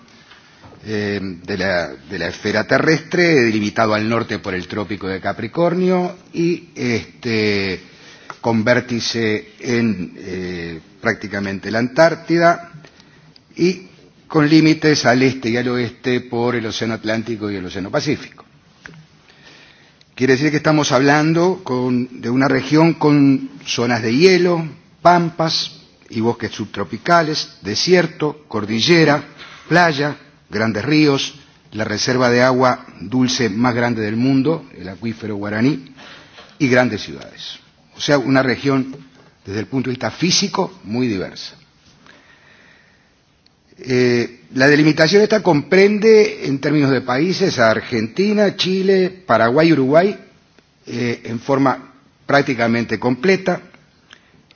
de la de la esfera terrestre delimitado al norte por el trópico de Capricornio y este con vértice en prácticamente la Antártida y con límites al este y al oeste por el océano Atlántico y el océano Pacífico. Quiere decir que estamos hablando con de una región con zonas de hielo, pampas, y bosques subtropicales, desierto, cordillera, playa, grandes ríos, la reserva de agua dulce más grande del mundo, el acuífero guaraní, y grandes ciudades. O sea, una región desde el punto de vista físico muy diversa. la delimitación esta comprende en términos de países a Argentina, Chile, Paraguay y Uruguay en forma prácticamente completa,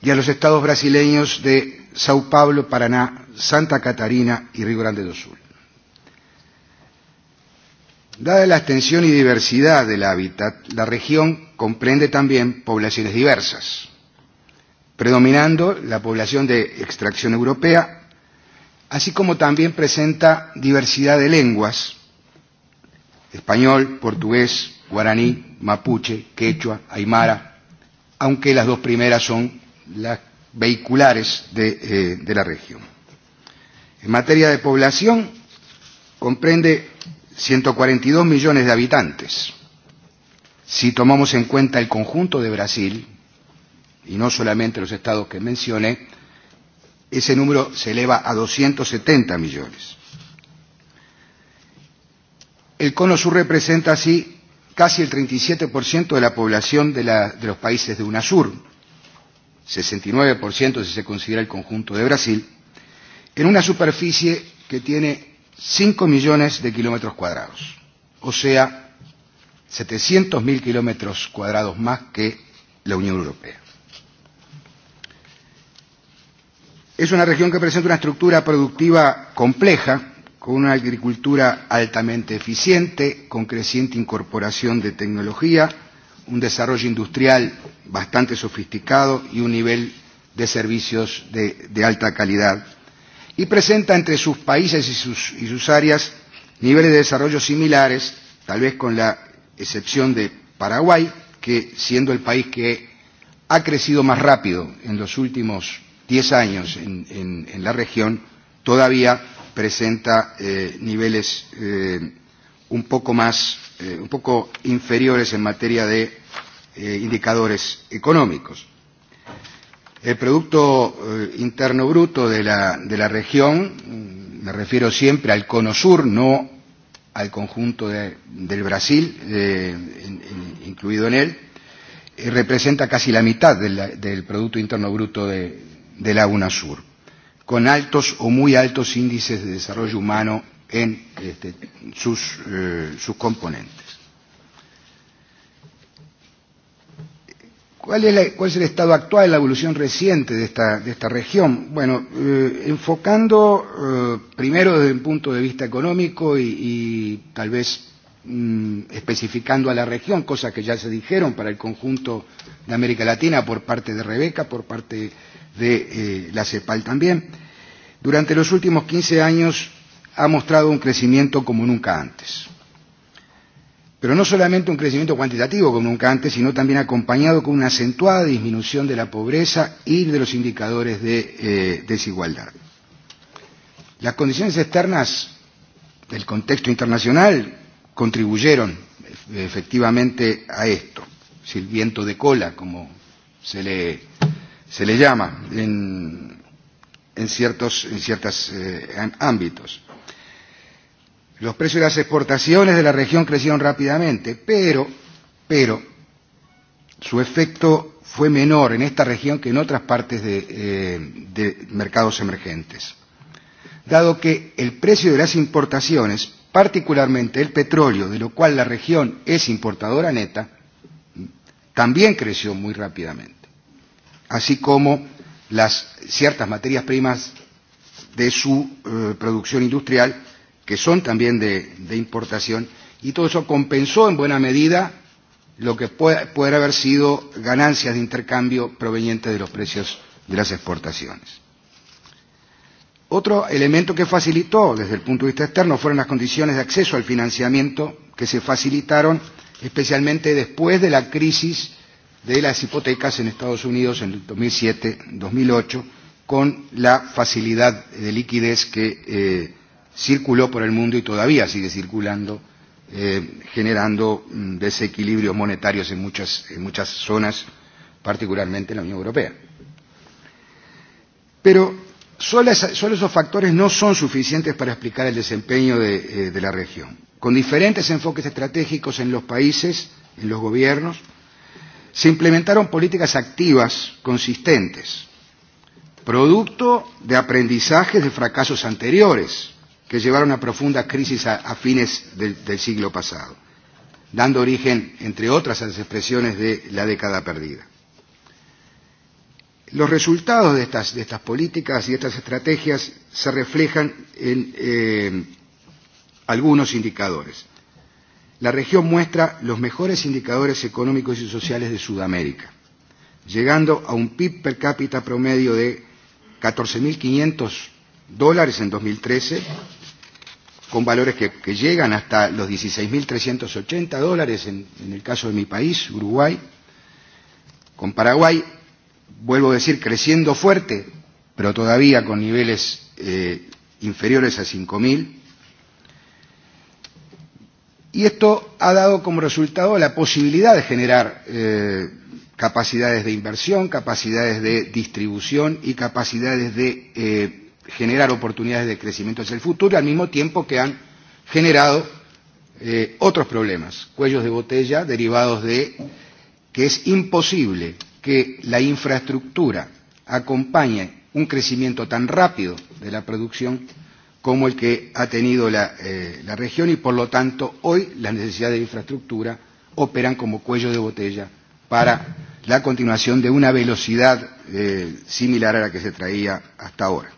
y a los estados brasileños de Sao Paulo, Paraná, Santa Catarina y Río Grande do Sul. Dada la extensión y diversidad del hábitat, la región comprende también poblaciones diversas, predominando la población de extracción europea, así como también presenta diversidad de lenguas, español, portugués, guaraní, mapuche, quechua, aymara, aunque las dos primeras son las vehiculares de, de la región. En materia de población, comprende 142 millones de habitantes. Si tomamos en cuenta el conjunto de Brasil, y no solamente los estados que mencioné, ese número se eleva a 270 millones. El cono sur representa así casi el 37% de la población de, la, de los países de UNASUR, 69% si se considera el conjunto de Brasil, en una superficie que tiene 5 millones de kilómetros cuadrados, o sea, 700.000 kilómetros cuadrados más que la Unión Europea. Es una región que presenta una estructura productiva compleja, con una agricultura altamente eficiente, con creciente incorporación de tecnología, un desarrollo industrial bastante sofisticado y un nivel de servicios de, alta calidad. Y presenta entre sus países y sus, y sus áreas niveles de desarrollo similares, tal vez con la excepción de Paraguay, que siendo el país que ha crecido más rápido en los últimos 10 años en, en, la región, todavía presenta niveles un poco más un poco inferiores en materia de indicadores económicos. El Producto Interno Bruto de la, de la región, me refiero siempre al cono sur, no al conjunto del Brasil, incluido en él, representa casi la mitad de del Producto Interno Bruto de, de la UNASUR, con altos o muy altos índices de desarrollo humano en este, sus, eh, sus componentes. ¿Cuál es, la, ¿Cuál es el estado actual, la evolución reciente de esta, de esta región? Bueno, enfocando primero desde un punto de vista económico y, y tal vez especificando a la región, cosas que ya se dijeron para el conjunto de América Latina por parte de Rebeca, por parte de eh, la CEPAL también. Durante los últimos 15 años ha mostrado un crecimiento como nunca antes. Pero no solamente un crecimiento cuantitativo como nunca antes, sino también acompañado con una acentuada disminución de la pobreza y de los indicadores de desigualdad. Las condiciones externas del contexto internacional contribuyeron efectivamente a esto, el viento de cola, como se le, se le llama en, en, ciertos, en ciertos ámbitos. Los precios de las exportaciones de la región crecieron rápidamente, pero, pero su efecto fue menor en esta región que en otras partes de, de mercados emergentes, dado que el precio de las importaciones, particularmente el petróleo, de lo cual la región es importadora neta, también creció muy rápidamente, así como las ciertas materias primas de su producción industrial que son también de, de importación, y todo eso compensó en buena medida lo que puede, haber sido ganancias de intercambio provenientes de los precios de las exportaciones. Otro elemento que facilitó desde el punto de vista externo fueron las condiciones de acceso al financiamiento que se facilitaron especialmente después de la crisis de las hipotecas en Estados Unidos en 2007-2008 con la facilidad de liquidez que circuló por el mundo y todavía sigue circulando, generando desequilibrios monetarios en muchas, muchas zonas, particularmente en la Unión Europea. Pero solo, esos factores no son suficientes para explicar el desempeño de, de la región. Con diferentes enfoques estratégicos en los países, en los gobiernos, se implementaron políticas activas consistentes, producto de aprendizajes de fracasos anteriores, que llevaron a profundas crisis a fines del siglo pasado, dando origen, entre otras, a las expresiones de la década perdida. Los resultados de estas, de estas políticas y estas estrategias se reflejan en algunos indicadores. La región muestra los mejores indicadores económicos y sociales de Sudamérica, llegando a un PIB per cápita promedio de 14.500 dólares en 2013 con valores que, llegan hasta los 16.380 dólares en, el caso de mi país, Uruguay, con Paraguay, vuelvo a decir, creciendo fuerte, pero todavía con niveles inferiores a 5.000. Y esto ha dado como resultado la posibilidad de generar capacidades de inversión, capacidades de distribución y capacidades de generar oportunidades de crecimiento hacia el futuro, al mismo tiempo que han generado otros problemas, cuellos de botella derivados de que es imposible que la infraestructura acompañe un crecimiento tan rápido de la producción como el que ha tenido la la región y por lo tanto hoy las necesidades de infraestructura operan como cuello de botella para la continuación de una velocidad similar a la que se traía hasta ahora.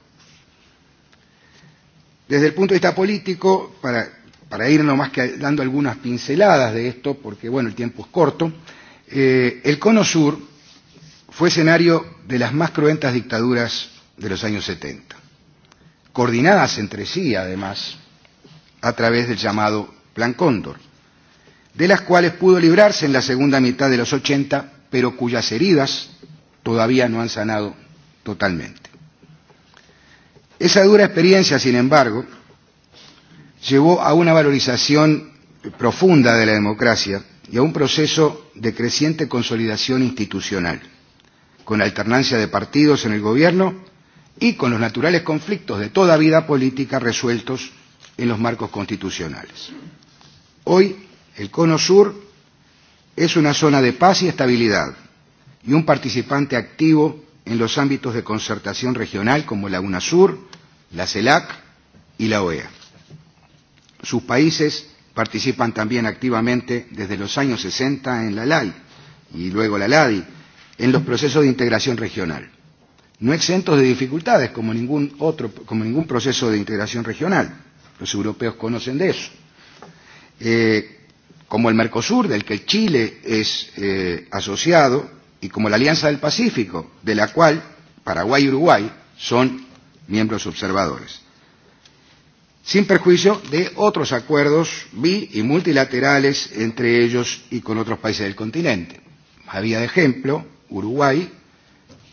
Desde el punto de vista político, para, para ir nomás que dando algunas pinceladas de esto, porque bueno, el tiempo es corto, el Cono Sur fue escenario de las más cruentas dictaduras de los años 70, coordinadas entre sí, además, a través del llamado Plan Cóndor, de las cuales pudo librarse en la segunda mitad de los 80, pero cuyas heridas todavía no han sanado totalmente. Esa dura experiencia, sin embargo, llevó a una valorización profunda de la democracia y a un proceso de creciente consolidación institucional, con alternancia de partidos en el gobierno y con los naturales conflictos de toda vida política resueltos en los marcos constitucionales. Hoy, el Cono Sur es una zona de paz y estabilidad y un participante activo en los ámbitos de concertación regional como la UNASUR, la CELAC y la OEA. Sus países participan también activamente desde los años 60 en la LAI y luego la LADI en los procesos de integración regional, no exentos de dificultades como ningún otro como ningún proceso de integración regional. Los europeos conocen de eso. Eh como el Mercosur del que Chile es asociado y como la Alianza del Pacífico, de la cual Paraguay y Uruguay son miembros observadores. Sin perjuicio de otros acuerdos bi y multilaterales entre ellos y con otros países del continente. Había de ejemplo, Uruguay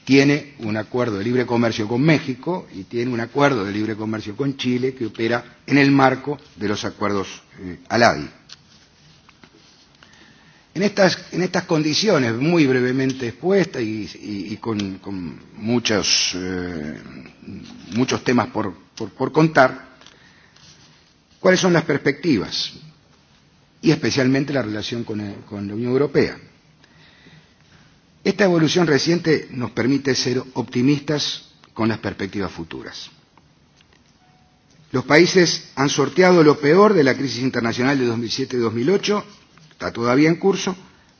tiene un acuerdo de libre comercio con México y tiene un acuerdo de libre comercio con Chile que opera en el marco de los acuerdos ALADI. En estas, en estas condiciones, muy brevemente expuesta y, y, y con, con muchos, eh, muchos temas por, por, por contar, ¿cuáles son las perspectivas? Y especialmente la relación con, con la Unión Europea. Esta evolución reciente nos permite ser optimistas con las perspectivas futuras. Los países han sorteado lo peor de la crisis internacional de 2007-2008 está todavía en curso,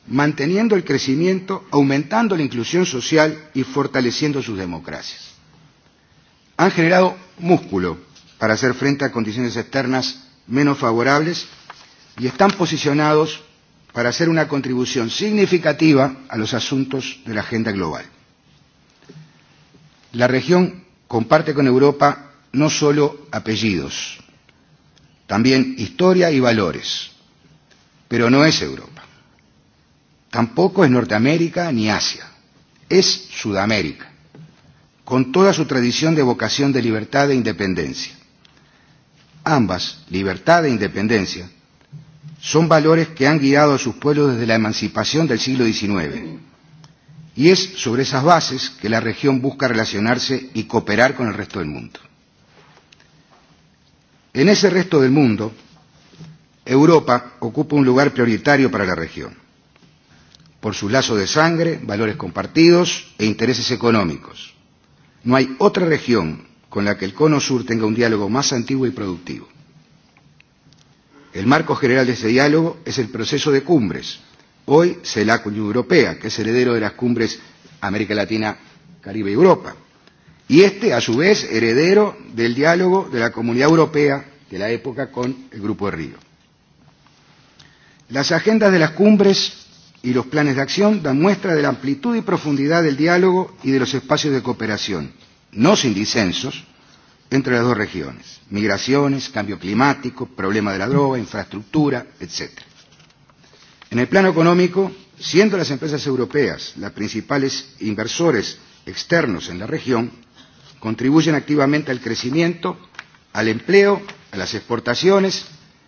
manteniendo el crecimiento, aumentando la inclusión social y fortaleciendo sus democracias. Han generado músculo para hacer frente a condiciones externas menos favorables y están posicionados para hacer una contribución significativa a los asuntos de la agenda global. La región comparte con Europa no solo apellidos, también historia y valores pero no es Europa. Tampoco es Norteamérica ni Asia. Es Sudamérica, con toda su tradición de vocación de libertad e independencia. Ambas, libertad e independencia, son valores que han guiado a sus pueblos desde la emancipación del siglo XIX. Y es sobre esas bases que la región busca relacionarse y cooperar con el resto del mundo. En ese resto del mundo, Europa ocupa un lugar prioritario para la región, por su lazo de sangre, valores compartidos e intereses económicos. No hay otra región con la que el Cono Sur tenga un diálogo más antiguo y productivo. El marco general de ese diálogo es el proceso de cumbres, hoy CELAC Unión Europea, que es heredero de las cumbres América Latina, Caribe y Europa, y este, a su vez, heredero del diálogo de la Comunidad Europea de la época con el Grupo de Río. Las agendas de las cumbres y los planes de acción dan muestra de la amplitud y profundidad del diálogo y de los espacios de cooperación, no sin disensos, entre las dos regiones. Migraciones, cambio climático, problema de la droga, infraestructura, etc. En el plano económico, siendo las empresas europeas las principales inversores externos en la región, contribuyen activamente al crecimiento, al empleo, a las exportaciones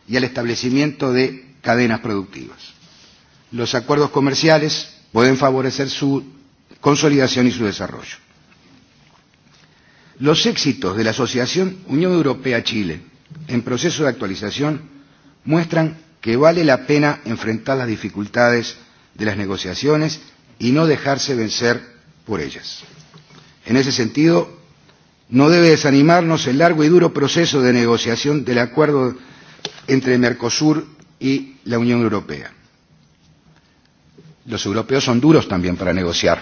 y al establecimiento de cadenas productivas. Los acuerdos comerciales pueden favorecer su consolidación y su desarrollo. Los éxitos de la Asociación Unión Europea-Chile en proceso de actualización muestran que vale la pena enfrentar las dificultades de las negociaciones y no dejarse vencer por ellas. En ese sentido, no debe desanimarnos el largo y duro proceso de negociación del acuerdo entre Mercosur y la Unión Europea. Los europeos son duros también para negociar.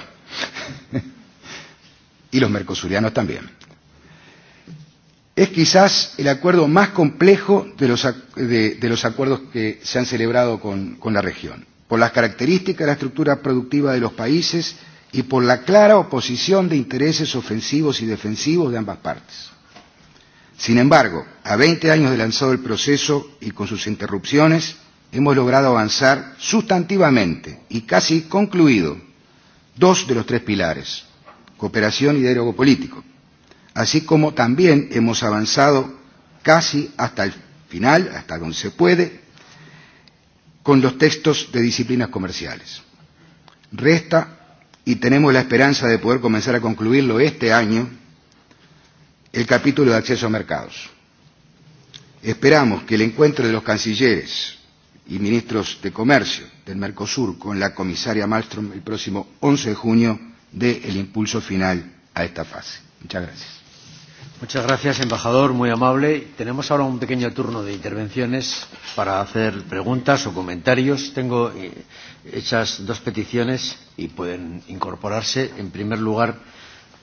Y los mercosurianos también. Es quizás el acuerdo más complejo de los acuerdos que se han celebrado con la región, por las características de la estructura productiva de los países y por la clara oposición de intereses ofensivos y defensivos de ambas partes. Sin embargo, a 20 años de lanzado el proceso y con sus interrupciones, hemos logrado avanzar sustantivamente y casi concluido dos de los tres pilares, cooperación y diálogo político, así como también hemos avanzado casi hasta el final, hasta donde se puede, con los textos de disciplinas comerciales. Resta, y tenemos la esperanza de poder comenzar a concluirlo este año, el capítulo de acceso a mercados. Esperamos que el encuentro de los cancilleres y ministros de Comercio del Mercosur con la comisaria Malmström el próximo 11 de junio dé el impulso final a esta fase. Muchas gracias. Muchas gracias, embajador, muy amable. Tenemos ahora un pequeño turno de intervenciones para hacer preguntas o comentarios. Tengo hechas dos peticiones y pueden incorporarse. En primer lugar,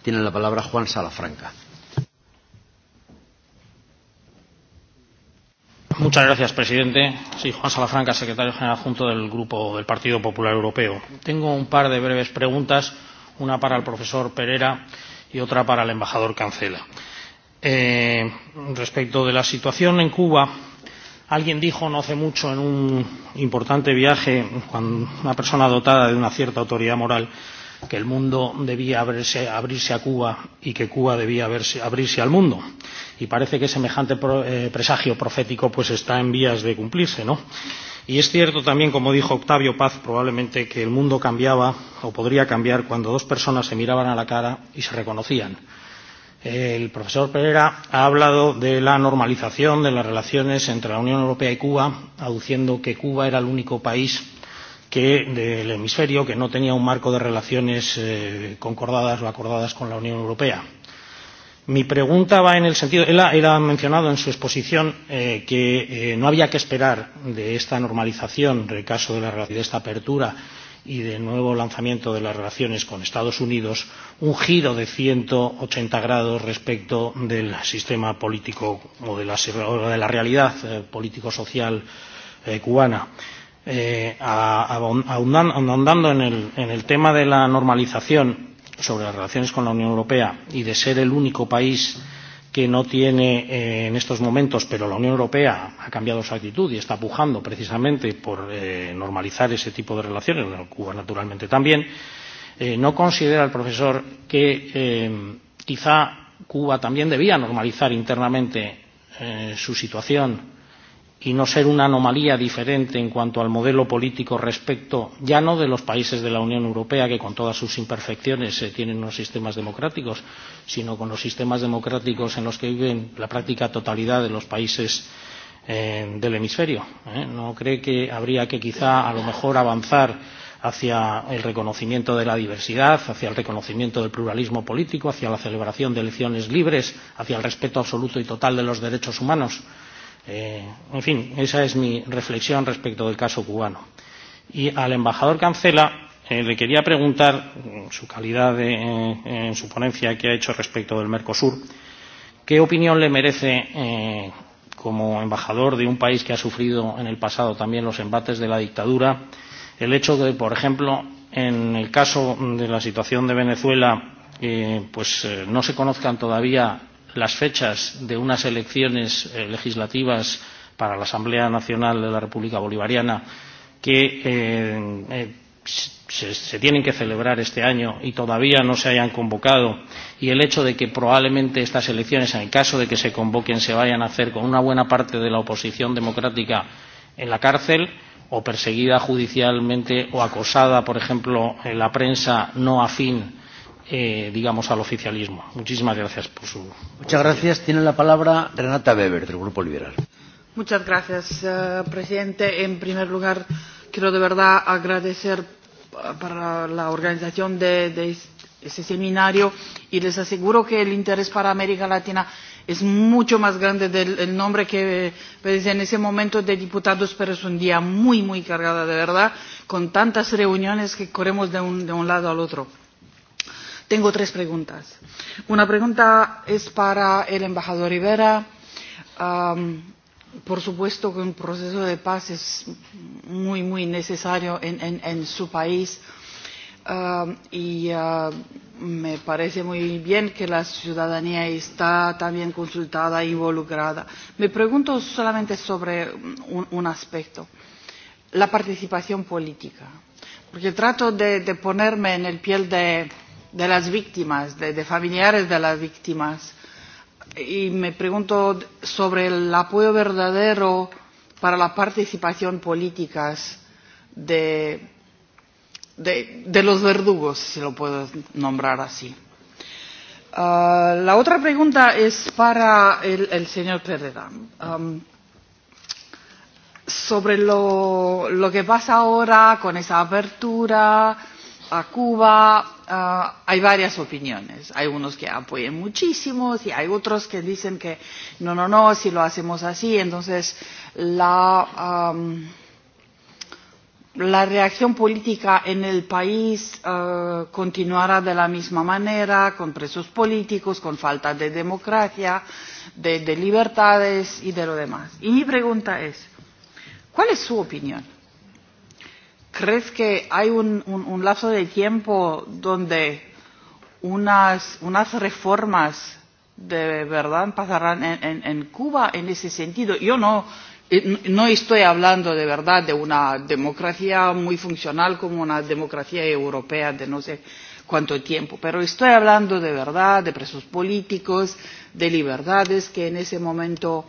tiene la palabra Juan Salafranca. Muchas gracias, presidente. soy Juan Salafranca, secretario general adjunto del Grupo del Partido Popular Europeo. Tengo un par de breves preguntas, una para el profesor Pereira y otra para el embajador Cancela. Eh, respecto de la situación en Cuba, alguien dijo no hace mucho en un importante viaje, cuando una persona dotada de una cierta autoridad moral, que el mundo debía abrirse, abrirse a Cuba y que Cuba debía abrirse al mundo y parece que semejante presagio profético pues está en vías de cumplirse no y es cierto también como dijo Octavio Paz probablemente que el mundo cambiaba o podría cambiar cuando dos personas se miraban a la cara y se reconocían el profesor Pereira ha hablado de la normalización de las relaciones entre la Unión Europea y Cuba aduciendo que Cuba era el único país que del hemisferio que no tenía un marco de relaciones concordadas o acordadas con la Unión Europea Mi pregunta va en el sentido, él ha, mencionado en su exposición que no había que esperar de esta normalización, en el caso de, la, esta apertura y del nuevo lanzamiento de las relaciones con Estados Unidos, un giro de 180 grados respecto del sistema político o de la, realidad político-social cubana. Eh, ahondando en el tema de la normalización, sobre las relaciones con la Unión Europea y de ser el único país que no tiene en estos momentos, pero la Unión Europea ha cambiado su actitud y está pujando precisamente por normalizar ese tipo de relaciones, Cuba naturalmente también, no considera el profesor que quizá Cuba también debía normalizar internamente su situación y no ser una anomalía diferente en cuanto al modelo político respecto ya no de los países de la Unión Europea que con todas sus imperfecciones tienen unos sistemas democráticos sino con los sistemas democráticos en los que viven la práctica totalidad de los países del hemisferio no cree que habría que quizá a lo mejor avanzar hacia el reconocimiento de la diversidad hacia el reconocimiento del pluralismo político hacia la celebración de elecciones libres hacia el respeto absoluto y total de los derechos humanos en fin, esa es mi reflexión respecto del caso cubano. Y al embajador Cancela le quería preguntar, su calidad de, en su ponencia que ha hecho respecto del Mercosur, ¿qué opinión le merece como embajador de un país que ha sufrido en el pasado también los embates de la dictadura el hecho de, por ejemplo, en el caso de la situación de Venezuela, pues no se conozcan todavía las fechas de unas elecciones legislativas para la Asamblea Nacional de la República Bolivariana que se tienen que celebrar este año y todavía no se hayan convocado y el hecho de que probablemente estas elecciones en el caso de que se convoquen se vayan a hacer con una buena parte de la oposición democrática en la cárcel o perseguida judicialmente o acosada por ejemplo en la prensa no afín eh, digamos, al oficialismo. Muchísimas gracias por su. Muchas gracias. Tiene la palabra Renata Weber, del Grupo Liberal. Muchas gracias, presidente. En primer lugar, quiero de verdad agradecer para la organización de, de ese seminario y les aseguro que el interés para América Latina es mucho más grande del nombre que en ese momento de diputados, pero es un día muy, muy cargado, de verdad, con tantas reuniones que corremos de un lado al otro Tengo tres preguntas. Una pregunta es para el embajador Rivera. Por supuesto que un proceso de paz es muy, muy necesario en su país y me parece muy bien que la ciudadanía está también consultada e involucrada. Me pregunto solamente sobre un aspecto, la participación política, porque trato de ponerme en el piel de de las víctimas, de, familiares de las víctimas. Y me pregunto sobre el apoyo verdadero para la participación política de, de, de los verdugos, si lo puedo nombrar así. La otra pregunta es para el señor Pereda. Sobre lo que pasa ahora con esa apertura a Cuba hay varias opiniones. Hay unos que apoyan muchísimo y hay otros que dicen que no, no, no, si lo hacemos así. Entonces, la, la reacción política en el país continuará de la misma manera, con presos políticos, con falta de democracia, de, de libertades y de lo demás. Y mi pregunta es, ¿cuál es su opinión? ¿Crees que hay un, un, un lapso de tiempo donde unas, unas reformas de verdad pasarán en, en, Cuba en ese sentido? Yo no, no estoy hablando de verdad de una democracia muy funcional como una democracia europea de no sé cuánto tiempo, pero estoy hablando de verdad de presos políticos, de libertades que en ese momento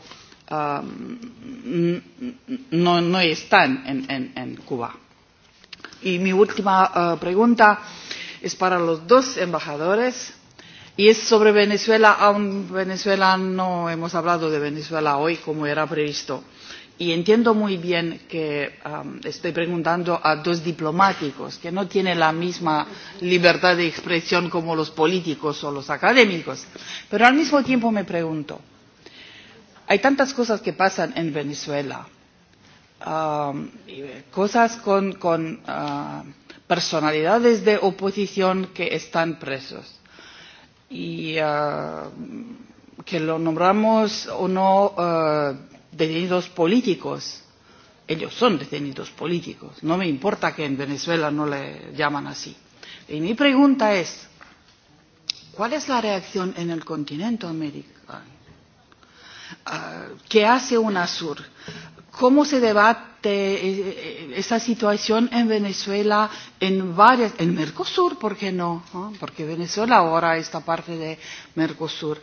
no, están en, en Cuba. Y mi última pregunta es para los dos embajadores y es sobre Venezuela. Aún Venezuela no hemos hablado de Venezuela hoy como era previsto. Y entiendo muy bien que estoy preguntando a dos diplomáticos que no tienen la misma libertad de expresión como los políticos o los académicos. Pero al mismo tiempo me pregunto, hay tantas cosas que pasan en Venezuela cosas con personalidades de oposición que están presos. Y que lo nombramos o no detenidos políticos. Ellos son detenidos políticos. No me importa que en Venezuela no le llaman así. Y mi pregunta es, ¿cuál es la reacción en el continente americano? ¿Qué hace UNASUR? cómo se debate esa situación en Venezuela en varias, en Mercosur, ¿por qué no? Porque Venezuela ahora está parte de Mercosur.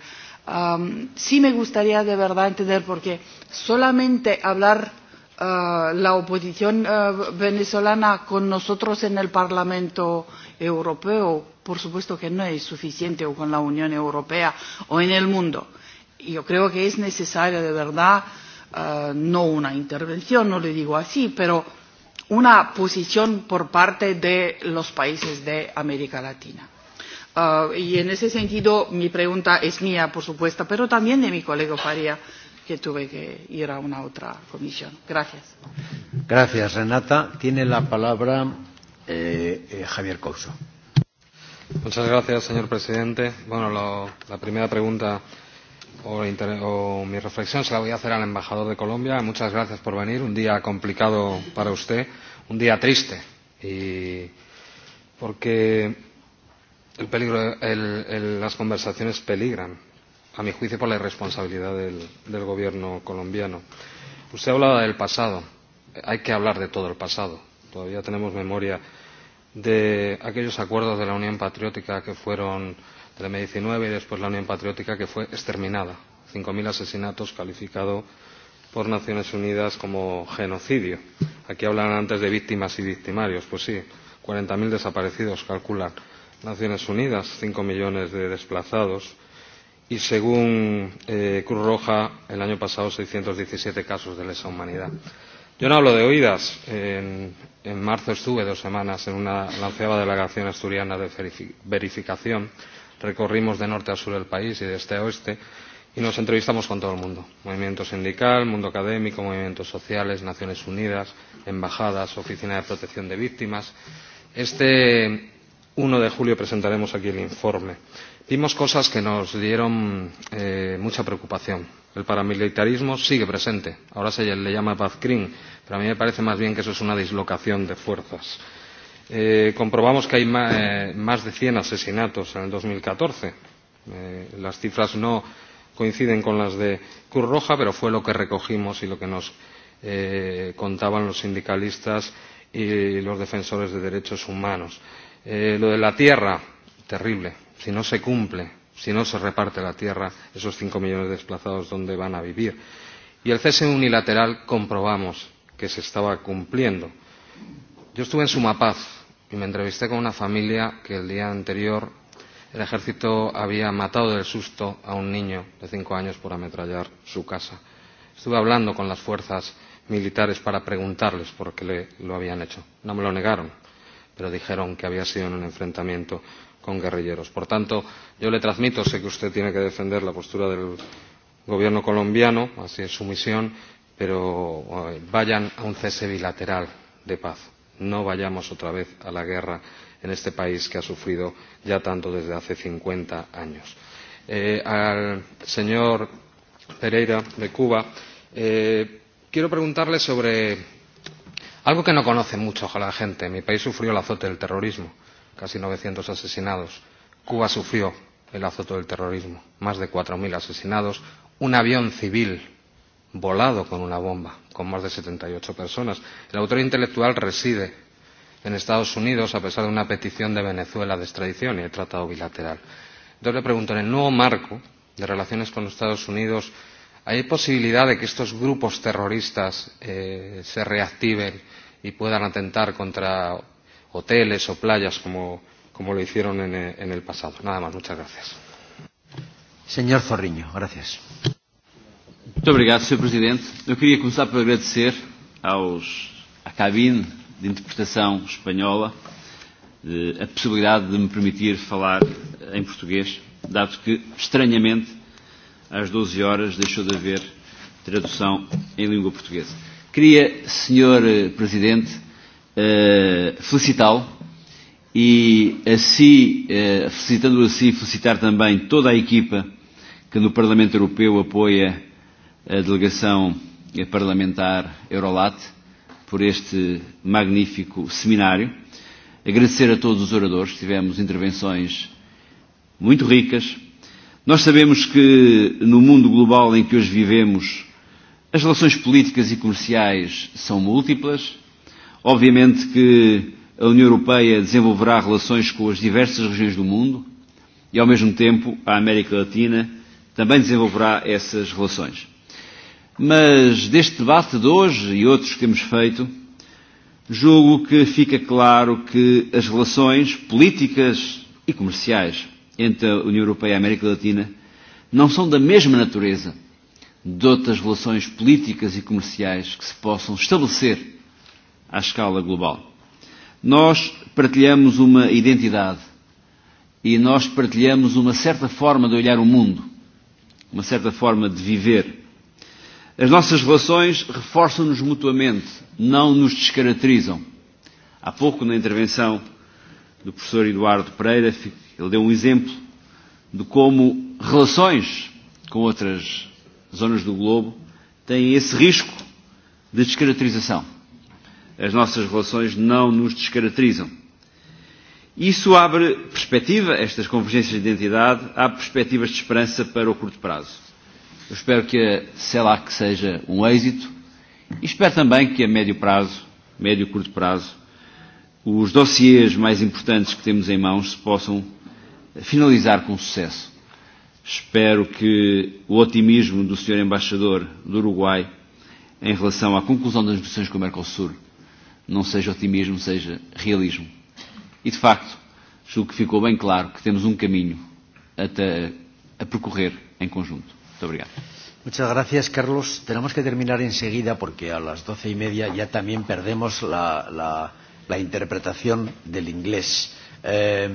Sí me gustaría de verdad entender, porque solamente hablar la oposición venezolana con nosotros en el Parlamento Europeo, por supuesto que no es suficiente, o con la Unión Europea, o en el mundo. Yo creo que es necesario de verdad no una intervención, no le digo así, pero una posición por parte de los países de América Latina. Y en ese sentido mi pregunta es mía, por supuesto, pero también de mi colega Faria, que tuve que ir a una otra comisión. Gracias. Gracias, Renata. Tiene la palabra Javier Couso. Muchas gracias, señor presidente. Bueno, la primera pregunta o mi reflexión se la voy a hacer al embajador de Colombia. Muchas gracias por venir. Un día complicado para usted, un día triste. Y porque el peligro, el, las conversaciones peligran, a mi juicio, por la irresponsabilidad del, del gobierno colombiano. Usted hablaba del pasado. Hay que hablar de todo el pasado. Todavía tenemos memoria de aquellos acuerdos de la Unión Patriótica que fueron 2019 M19 y después la Unión Patriótica, que fue exterminada. 5.000 asesinatos calificado por Naciones Unidas como genocidio. Aquí hablan antes de víctimas y victimarios. Pues sí, 40.000 desaparecidos, calculan Naciones Unidas, 5 millones de desplazados. Y según eh, Cruz Roja, el año pasado 617 casos de lesa humanidad. Yo no hablo de oídas. En, en marzo estuve dos semanas en una lanceada delegación asturiana de verificación recorrimos de norte a sur el país y de este a oeste y nos entrevistamos con todo el mundo movimiento sindical mundo académico movimientos sociales naciones unidas embajadas oficina de protección de víctimas este 1 de julio presentaremos aquí el informe vimos cosas que nos dieron mucha preocupación el paramilitarismo sigue presente ahora se le llama Green, pero a mí me parece más bien que eso es una dislocación de fuerzas comprobamos que hay más de 100 asesinatos en el 2014. Las cifras no coinciden con las de Cruz Roja, pero fue lo que recogimos y lo que nos contaban los sindicalistas y los defensores de derechos humanos. Lo de la tierra, terrible. Si no se cumple, si no se reparte la tierra, esos 5 millones de desplazados, ¿dónde van a vivir? Y el cese unilateral comprobamos que se estaba cumpliendo Yo estuve en Sumapaz y me entrevisté con una familia que el día anterior el ejército había matado del susto a un niño de cinco años por ametrallar su casa. Estuve hablando con las fuerzas militares para preguntarles por qué lo habían hecho. No me lo negaron, pero dijeron que había sido en un enfrentamiento con guerrilleros. Por tanto, yo le transmito, sé que usted tiene que defender la postura del gobierno colombiano, así es su misión, pero vayan a un cese bilateral de paz no vayamos otra vez a la guerra en este país que ha sufrido ya tanto desde hace cincuenta años. Al señor Pereira de Cuba quiero preguntarle sobre algo que no conoce mucho la gente. Mi país sufrió el azote del terrorismo, casi 900 asesinados. Cuba sufrió el azote del terrorismo, más de 4.000 asesinados. Un avión civil volado con una bomba, con más de 78 personas. El autor intelectual reside en Estados Unidos a pesar de una petición de Venezuela de extradición y el tratado bilateral. Entonces le pregunto, en el nuevo marco de relaciones con los Estados Unidos, ¿hay posibilidad de que estos grupos terroristas se reactiven y puedan atentar contra hoteles o playas como, como lo hicieron en, en el pasado? Nada más, muchas gracias. Señor Zorriño, gracias. Muito obrigado, Sr. Presidente. Eu queria começar por agradecer aos, à cabine de interpretação espanhola a possibilidade de me permitir falar em português, dado que, estranhamente, às 12 horas deixou de haver tradução em língua portuguesa. Queria, Sr. Presidente, felicitá-lo e, assim, felicitando-o assim, felicitar também toda a equipa que no Parlamento Europeu apoia a delegação parlamentar Eurolat por este magnífico seminário. Agradecer a todos os oradores, tivemos intervenções muito ricas. Nós sabemos que no mundo global em que hoje vivemos, as relações políticas e comerciais são múltiplas. Obviamente que a União Europeia desenvolverá relações com as diversas regiões do mundo e, ao mesmo tempo, a América Latina também desenvolverá essas relações. Mas deste debate de hoje e outros que temos feito, julgo que fica claro que as relações políticas e comerciais entre a União Europeia e a América Latina não são da mesma natureza de outras relações políticas e comerciais que se possam estabelecer à escala global. Nós partilhamos uma identidade e nós partilhamos uma certa forma de olhar o mundo, uma certa forma de viver. As nossas relações reforçam-nos mutuamente, não nos descaracterizam. Há pouco, na intervenção do professor Eduardo Pereira, ele deu um exemplo de como relações com outras zonas do globo têm esse risco de descaracterização. As nossas relações não nos descaracterizam. Isso abre perspectiva, estas convergências de identidade, abre perspectivas de esperança para o curto prazo. Eu espero que a CELAC seja um êxito e espero também que a médio prazo, médio e curto prazo, os dossiers mais importantes que temos em mãos se possam finalizar com sucesso. Espero que o otimismo do Sr. Embaixador do Uruguai em relação à conclusão das negociações com o Mercosul não seja otimismo, seja realismo. E, de facto, julgo que ficou bem claro que temos um caminho até a percorrer em conjunto. Obrigado. Muchas gracias, Carlos. Tenemos que terminar enseguida porque a las doce y media ya también perdemos la, la, la interpretación del inglés. Eh,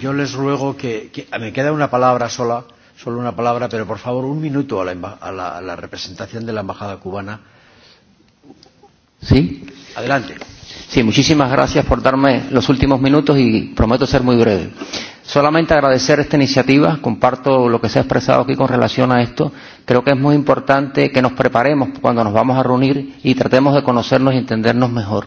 yo les ruego que, que me queda una palabra sola, solo una palabra, pero por favor un minuto a la, a la, a la representación de la Embajada cubana. Sí. Adelante. Sí, muchísimas gracias por darme los últimos minutos y prometo ser muy breve. Solamente agradecer esta iniciativa, comparto lo que se ha expresado aquí con relación a esto. Creo que es muy importante que nos preparemos cuando nos vamos a reunir y tratemos de conocernos y entendernos mejor.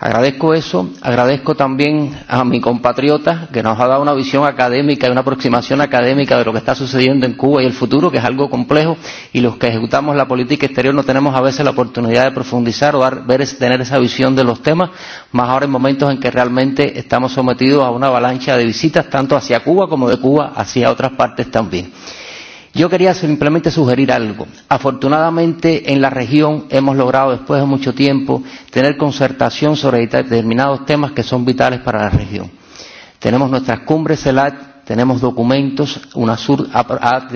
Agradezco eso, agradezco también a mi compatriota que nos ha dado una visión académica y una aproximación académica de lo que está sucediendo en Cuba y el futuro, que es algo complejo, y los que ejecutamos la política exterior no tenemos a veces la oportunidad de profundizar o dar, ver, tener esa visión de los temas, más ahora en momentos en que realmente estamos sometidos a una avalancha de visitas, tanto hacia Cuba como de Cuba hacia otras partes también. Yo quería simplemente sugerir algo. Afortunadamente, en la región hemos logrado, después de mucho tiempo, tener concertación sobre determinados temas que son vitales para la región. Tenemos nuestras cumbres CELAC, tenemos documentos, UNASUR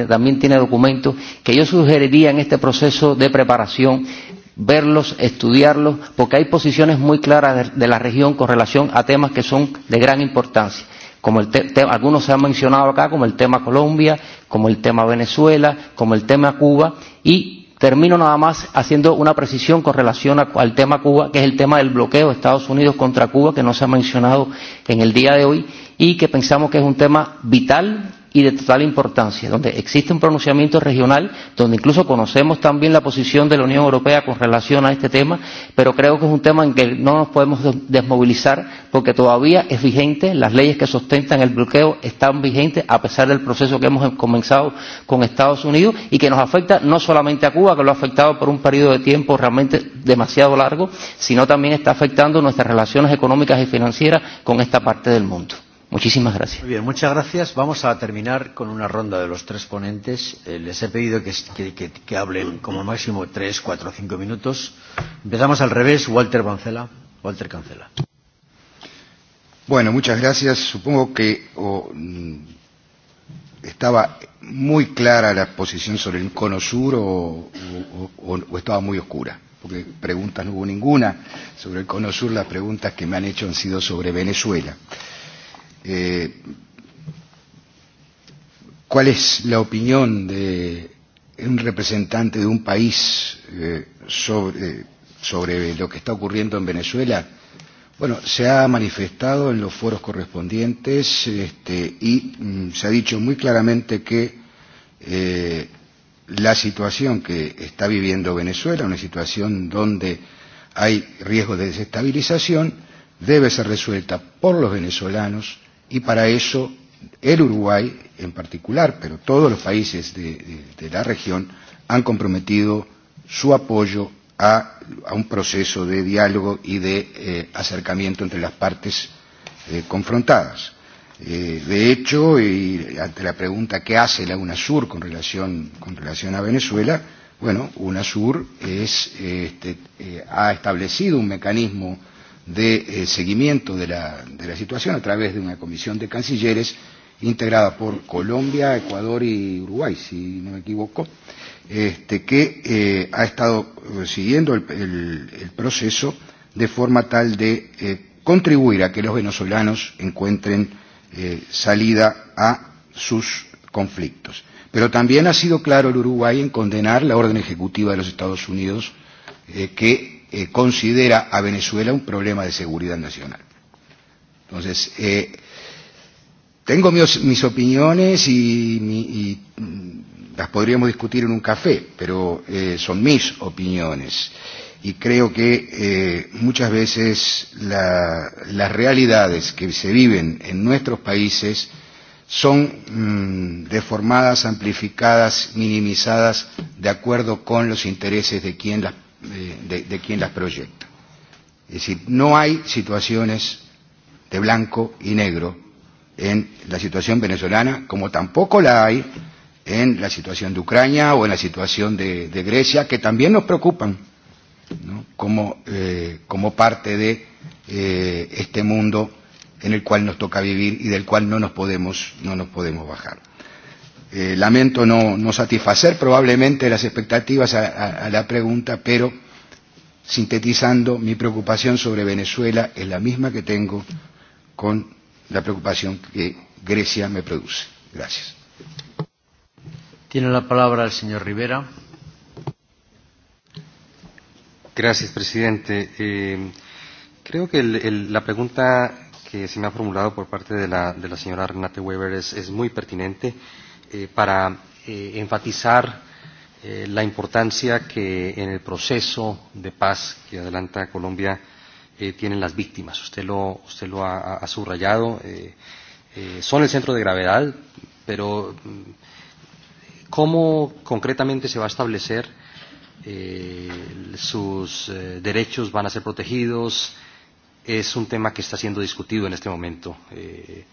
también tiene documentos, que yo sugeriría en este proceso de preparación verlos, estudiarlos, porque hay posiciones muy claras de la región con relación a temas que son de gran importancia como el te algunos se han mencionado acá, como el tema Colombia, como el tema Venezuela, como el tema Cuba, y termino nada más haciendo una precisión con relación a, al tema Cuba, que es el tema del bloqueo de Estados Unidos contra Cuba, que no se ha mencionado en el día de hoy, y que pensamos que es un tema vital y de total importancia, donde existe un pronunciamiento regional, donde incluso conocemos también la posición de la Unión Europea con relación a este tema, pero creo que es un tema en que no nos podemos desmovilizar porque todavía es vigente, las leyes que sustentan el bloqueo están vigentes a pesar del proceso que hemos comenzado con Estados Unidos y que nos afecta no solamente a Cuba, que lo ha afectado por un periodo de tiempo realmente demasiado largo, sino también está afectando nuestras relaciones económicas y financieras con esta parte del mundo. Muchísimas gracias. Muy bien, muchas gracias. Vamos a terminar con una ronda de los tres ponentes. les he pedido que, que, que, hablen como máximo tres, cuatro o cinco minutos. Empezamos al revés. Walter Cancela. Walter Cancela. Bueno, muchas gracias. Supongo que oh, estaba muy clara la posición sobre el cono sur o, o, o estaba muy oscura porque preguntas no hubo ninguna sobre el cono sur, las preguntas que me han hecho han sido sobre Venezuela cuál es la opinión de un representante de un país sobre, sobre lo que está ocurriendo en Venezuela. Bueno, se ha manifestado en los foros correspondientes este, y se ha dicho muy claramente que la situación que está viviendo Venezuela, una situación donde hay riesgo de desestabilización, debe ser resuelta por los venezolanos y para eso el Uruguay en particular, pero todos los países de, de, la región han comprometido su apoyo a, a un proceso de diálogo y de acercamiento entre las partes confrontadas. de hecho, y ante la pregunta qué hace la UNASUR con relación, con relación a Venezuela, bueno, UNASUR es, este, ha establecido un mecanismo de seguimiento de la, de la situación a través de una comisión de cancilleres integrada por Colombia, Ecuador y Uruguay, si no me equivoco, este, que ha estado siguiendo el, el, proceso de forma tal de contribuir a que los venezolanos encuentren salida a sus conflictos. Pero también ha sido claro el Uruguay en condenar la orden ejecutiva de los Estados Unidos que eh, considera a Venezuela un problema de seguridad nacional. Entonces, eh, tengo mis, mis opiniones y, mi, y las podríamos discutir en un café, pero eh, son mis opiniones. Y creo que eh, muchas veces la, las realidades que se viven en nuestros países son deformadas, amplificadas, minimizadas de acuerdo con los intereses de quien las de, de quien las proyecta. Es decir, no hay situaciones de blanco y negro en la situación venezolana, como tampoco la hay en la situación de Ucrania o en la situación de, de Grecia, que también nos preocupan ¿no? como, eh, como parte de eh, este mundo en el cual nos toca vivir y del cual no nos podemos, no nos podemos bajar lamento no, no satisfacer probablemente las expectativas a, a, la pregunta, pero sintetizando, mi preocupación sobre Venezuela es la misma que tengo con la preocupación que Grecia me produce. Gracias. Tiene la palabra el señor Rivera. Gracias, presidente. Eh, creo que el, la pregunta que se me ha formulado por parte de la, de la señora Renate Weber es, es muy pertinente para enfatizar la importancia que en el proceso de paz que adelanta Colombia tienen las víctimas. Usted lo, usted lo ha, subrayado. Eh, son el centro de gravedad, pero ¿cómo concretamente se va a establecer eh, sus derechos? ¿Van a ser protegidos? Es un tema que está siendo discutido en este momento. Eh,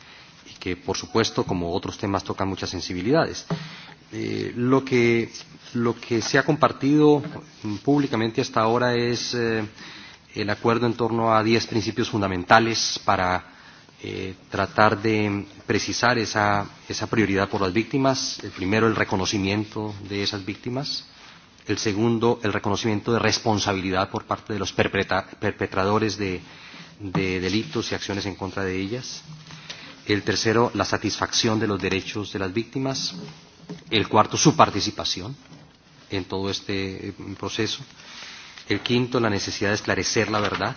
y que, por supuesto, como otros temas, tocan muchas sensibilidades. Lo que se ha compartido públicamente hasta ahora es el acuerdo en torno a diez principios fundamentales para tratar de precisar esa prioridad por las víctimas. El primero, el reconocimiento de esas víctimas. El segundo, el reconocimiento de responsabilidad por parte de los perpetradores de delitos y acciones en contra de ellas. El tercero, la satisfacción de los derechos de las víctimas. El cuarto, su participación en todo este proceso. El quinto, la necesidad de esclarecer la verdad.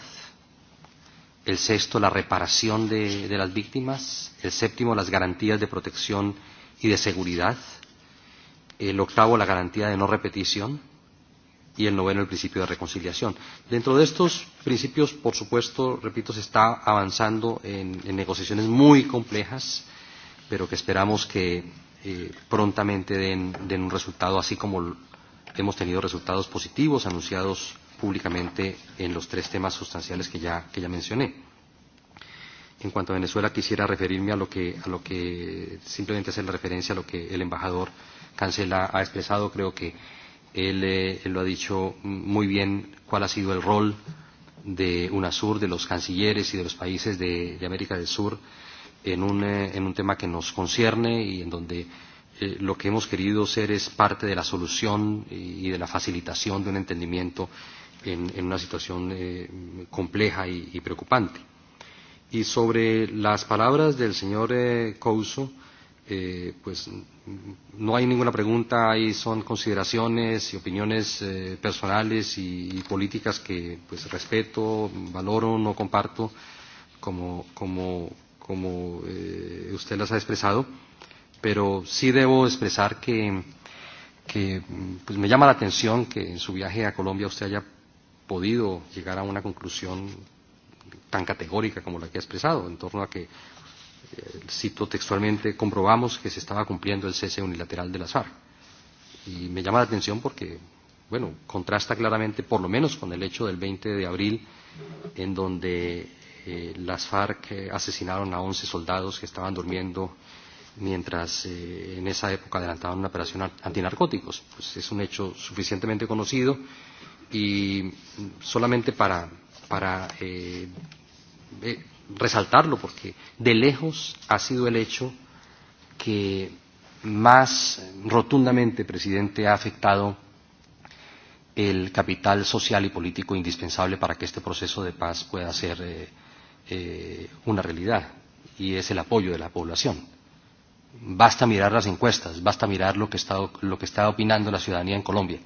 El sexto, la reparación de, las víctimas. El séptimo, las garantías de protección y de seguridad. El octavo, la garantía de no repetición y el noveno el principio de reconciliación. Dentro de estos principios, por supuesto, repito, se está avanzando en, en negociaciones muy complejas, pero que esperamos que eh, prontamente den, den un resultado, así como hemos tenido resultados positivos anunciados públicamente en los tres temas sustanciales que ya, que ya mencioné. En cuanto a Venezuela, quisiera referirme a lo que, a lo que simplemente hacer la referencia a lo que el embajador Cancela ha expresado. Creo que Él lo ha dicho muy bien cuál ha sido el rol de UNASUR, de los cancilleres y de los países de América del Sur en un tema que nos concierne y en donde lo que hemos querido ser es parte de la solución y de la facilitación de un entendimiento en una situación compleja y preocupante. Y sobre las palabras del señor Couso Eh pues no hay ninguna pregunta, ahí son consideraciones y opiniones personales y políticas que pues respeto, valoro, no comparto como como como usted las ha expresado, pero sí debo expresar que que pues me llama la atención que en su viaje a Colombia usted haya podido llegar a una conclusión tan categórica como la que ha expresado en torno a que cito textualmente, comprobamos que se estaba cumpliendo el cese unilateral de las FARC. Y me llama la atención porque, bueno, contrasta claramente, por lo menos con el hecho del 20 de abril, en donde las FARC asesinaron a 11 soldados que estaban durmiendo mientras en esa época adelantaban una operación antinarcóticos. Pues es un hecho suficientemente conocido y solamente para, para resaltarlo porque de lejos ha sido el hecho que más rotundamente, presidente, ha afectado el capital social y político indispensable para que este proceso de paz pueda ser eh, una realidad, y es el apoyo de la población. Basta mirar las encuestas, basta mirar lo que está, lo que está opinando la ciudadanía en Colombia.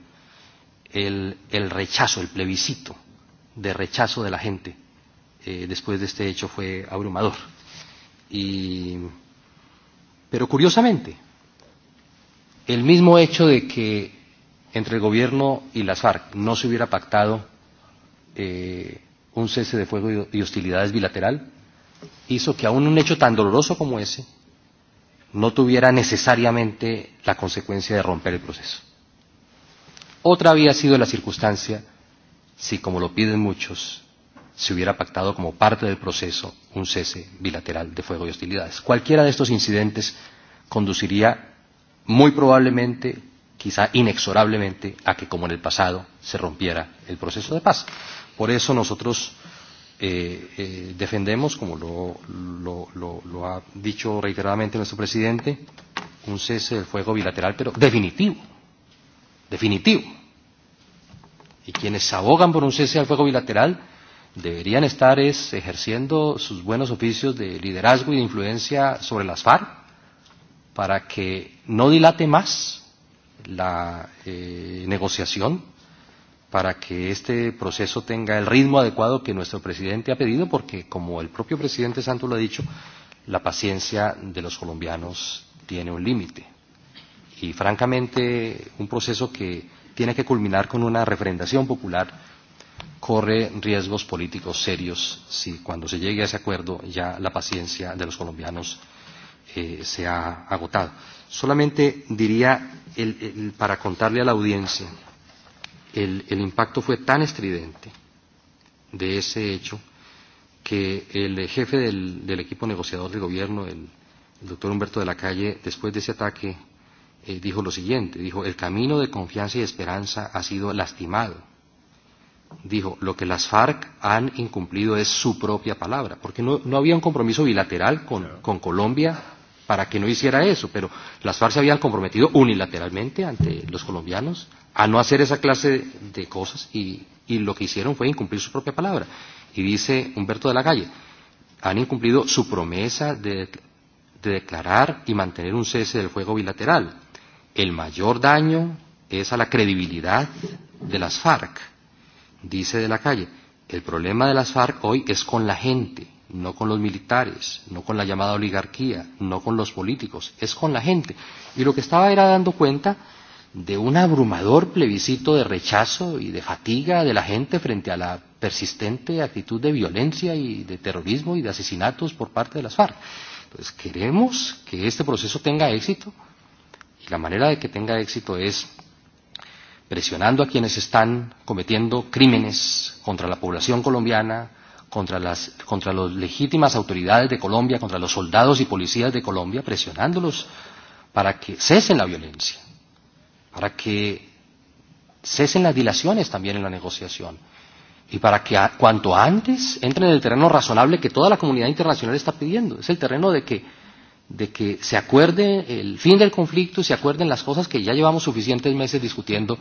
El, el rechazo, el plebiscito de rechazo de la gente después de este hecho fue abrumador. Y, pero curiosamente, el mismo hecho de que entre el gobierno y las FARC no se hubiera pactado eh, un cese de fuego y hostilidades bilateral, hizo que aún un hecho tan doloroso como ese no tuviera necesariamente la consecuencia de romper el proceso. Otra había sido la circunstancia si, como lo piden muchos, se hubiera pactado como parte del proceso un cese bilateral de fuego y hostilidades. Cualquiera de estos incidentes conduciría muy probablemente, quizá inexorablemente, a que, como en el pasado, se rompiera el proceso de paz. Por eso nosotros eh, defendemos, como lo, lo, lo, lo ha dicho reiteradamente nuestro presidente, un cese del fuego bilateral, pero definitivo. Definitivo. Y quienes abogan por un cese al fuego bilateral deberían estar es ejerciendo sus buenos oficios de liderazgo y de influencia sobre las FARC para que no dilate más la negociación, para que este proceso tenga el ritmo adecuado que nuestro presidente ha pedido, porque, como el propio presidente Santos lo ha dicho, la paciencia de los colombianos tiene un límite. Y, francamente, un proceso que tiene que culminar con una referendación popular corre riesgos políticos serios si cuando se llegue a ese acuerdo ya la paciencia de los colombianos se ha agotado. Solamente diría, para contarle a la audiencia, el impacto fue tan estridente de ese hecho que el jefe del equipo negociador del gobierno, el doctor Humberto de la Calle, después de ese ataque, dijo lo siguiente, dijo, el camino de confianza y esperanza ha sido lastimado dijo, lo que las FARC han incumplido es su propia palabra, porque no, no había un compromiso bilateral con, con Colombia para que no hiciera eso, pero las FARC se habían comprometido unilateralmente ante los colombianos a no hacer esa clase de cosas y, y lo que hicieron fue incumplir su propia palabra. Y dice Humberto de la Calle, han incumplido su promesa de, de declarar y mantener un cese del fuego bilateral. El mayor daño es a la credibilidad de las FARC dice de la calle, el problema de las FARC hoy es con la gente, no con los militares, no con la llamada oligarquía, no con los políticos, es con la gente. Y lo que estaba era dando cuenta de un abrumador plebiscito de rechazo y de fatiga de la gente frente a la persistente actitud de violencia y de terrorismo y de asesinatos por parte de las FARC. Entonces queremos que este proceso tenga éxito y la manera de que tenga éxito es presionando a quienes están cometiendo crímenes contra la población colombiana, contra las contra los legítimas autoridades de Colombia, contra los soldados y policías de Colombia, presionándolos para que cesen la violencia, para que cesen las dilaciones también en la negociación y para que cuanto antes entren en el terreno razonable que toda la comunidad internacional está pidiendo. Es el terreno de que de que se acuerde el fin del conflicto, se acuerden las cosas que ya llevamos suficientes meses discutiendo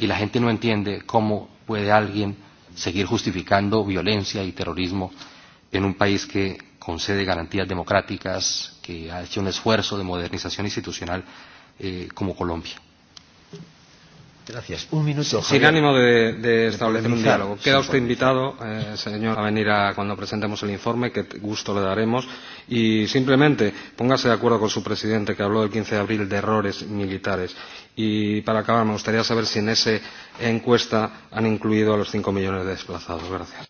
y la gente no entiende cómo puede alguien seguir justificando violencia y terrorismo en un país que concede garantías democráticas, que ha hecho un esfuerzo de modernización institucional como Colombia. Gracias. Un minuto. Sin ánimo de, de establecer un diálogo. Queda usted invitado, eh, señor, a venir a, cuando presentemos el informe, que gusto le daremos. Y simplemente póngase de acuerdo con su presidente, que habló el 15 de abril de errores militares. Y para acabar, me gustaría saber si en esa encuesta han incluido a los 5 millones de desplazados. Gracias.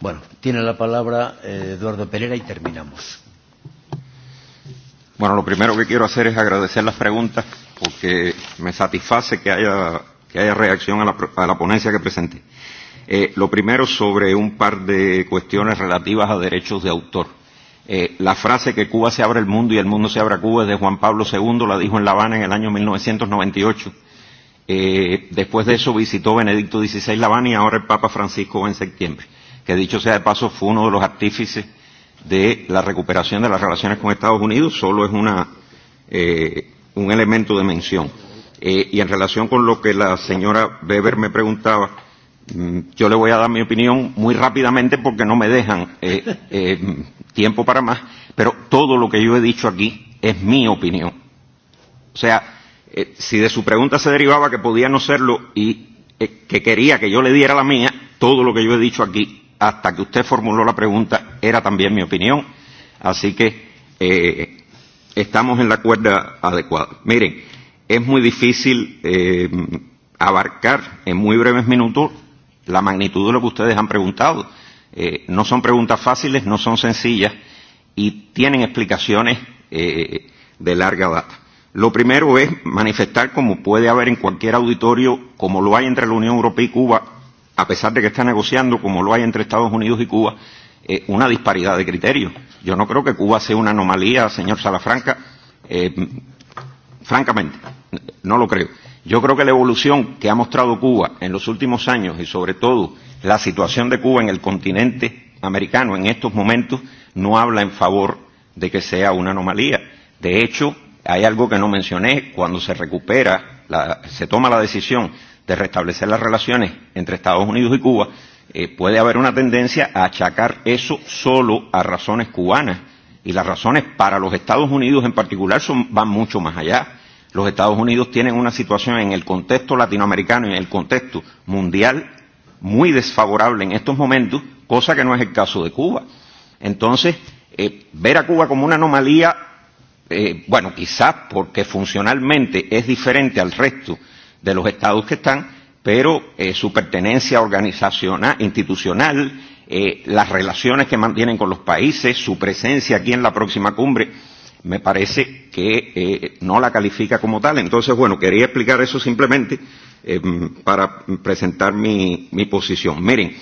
Bueno, tiene la palabra Eduardo Pereira y terminamos. Bueno, lo primero que quiero hacer es agradecer las preguntas porque me satisface que haya, que haya reacción a la, a la ponencia que presenté. Eh, lo primero sobre un par de cuestiones relativas a derechos de autor. Eh, la frase que Cuba se abre el mundo y el mundo se abre a Cuba es de Juan Pablo II, la dijo en La Habana en el año 1998. Eh, después de eso visitó Benedicto XVI La Habana y ahora el Papa Francisco en septiembre, que dicho sea de paso fue uno de los artífices de la recuperación de las relaciones con Estados Unidos, solo es una eh, un elemento de mención. y en relación con lo que la señora Weber me preguntaba, yo le voy a dar mi opinión muy rápidamente porque no me dejan eh, tiempo para más, pero todo lo que yo he dicho aquí es mi opinión. O sea, si de su pregunta se derivaba que podía no serlo y que quería que yo le diera la mía, todo lo que yo he dicho aquí, hasta que usted formuló la pregunta, era también mi opinión. Así que eh, estamos en la cuerda adecuada. Miren, es muy difícil eh, abarcar en muy breves minutos la magnitud de lo que ustedes han preguntado. Eh, no son preguntas fáciles, no son sencillas y tienen explicaciones eh, de larga data. Lo primero es manifestar, como puede haber en cualquier auditorio, como lo hay entre la Unión Europea y Cuba, a pesar de que está negociando, como lo hay entre Estados Unidos y Cuba, eh, una disparidad de criterios. Yo no creo que Cuba sea una anomalía, señor Salafranca, eh, francamente, no lo creo. Yo creo que la evolución que ha mostrado Cuba en los últimos años y sobre todo la situación de Cuba en el continente americano en estos momentos no habla en favor de que sea una anomalía. De hecho, hay algo que no mencioné, cuando se recupera, la, se toma la decisión de restablecer las relaciones entre Estados Unidos y Cuba, eh, puede haber una tendencia a achacar eso solo a razones cubanas. Y las razones para los Estados Unidos en particular son, van mucho más allá. Los Estados Unidos tienen una situación en el contexto latinoamericano y en el contexto mundial muy desfavorable en estos momentos, cosa que no es el caso de Cuba. Entonces, eh, ver a Cuba como una anomalía, eh, bueno, quizás porque funcionalmente es diferente al resto de los estados que están, pero su pertenencia organizacional, institucional, eh, las relaciones que mantienen con los países, su presencia aquí en la próxima cumbre, me parece que eh, no la califica como tal. Entonces, bueno, quería explicar eso simplemente para presentar mi, mi posición. Miren,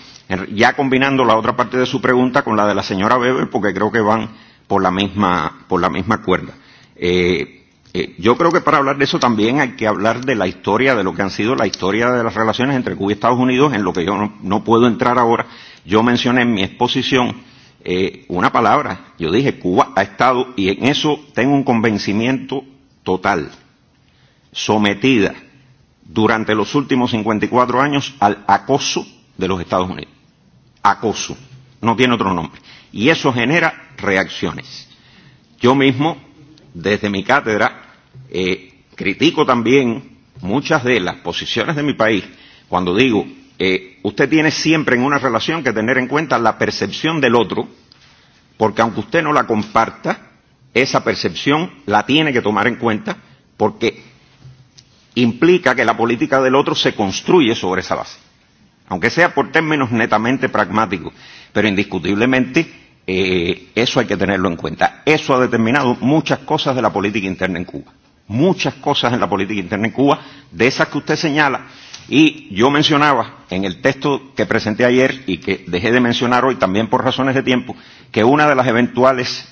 ya combinando la otra parte de su pregunta con la de la señora Weber, porque creo que van por la misma, por la misma cuerda. Eh, Yo creo que para hablar de eso también hay que hablar de la historia, de lo que han sido la historia de las relaciones entre Cuba y Estados Unidos, en lo que yo no puedo entrar ahora. Yo mencioné en mi exposición una palabra, yo dije Cuba ha estado, y en eso tengo un convencimiento total, sometida durante los últimos 54 años al acoso de los Estados Unidos. Acoso, no tiene otro nombre. Y eso genera reacciones. Yo mismo, desde mi cátedra, Eh, critico también muchas de las posiciones de mi país cuando digo, eh, usted tiene siempre en una relación que tener en cuenta la percepción del otro, porque aunque usted no la comparta, esa percepción la tiene que tomar en cuenta, porque implica que la política del otro se construye sobre esa base, aunque sea por términos netamente pragmáticos, pero indiscutiblemente eh, eso hay que tenerlo en cuenta. Eso ha determinado muchas cosas de la política interna en Cuba muchas cosas en la política interna en Cuba, de esas que usted señala. Y yo mencionaba en el texto que presenté ayer y que dejé de mencionar hoy también por razones de tiempo, que una de las eventuales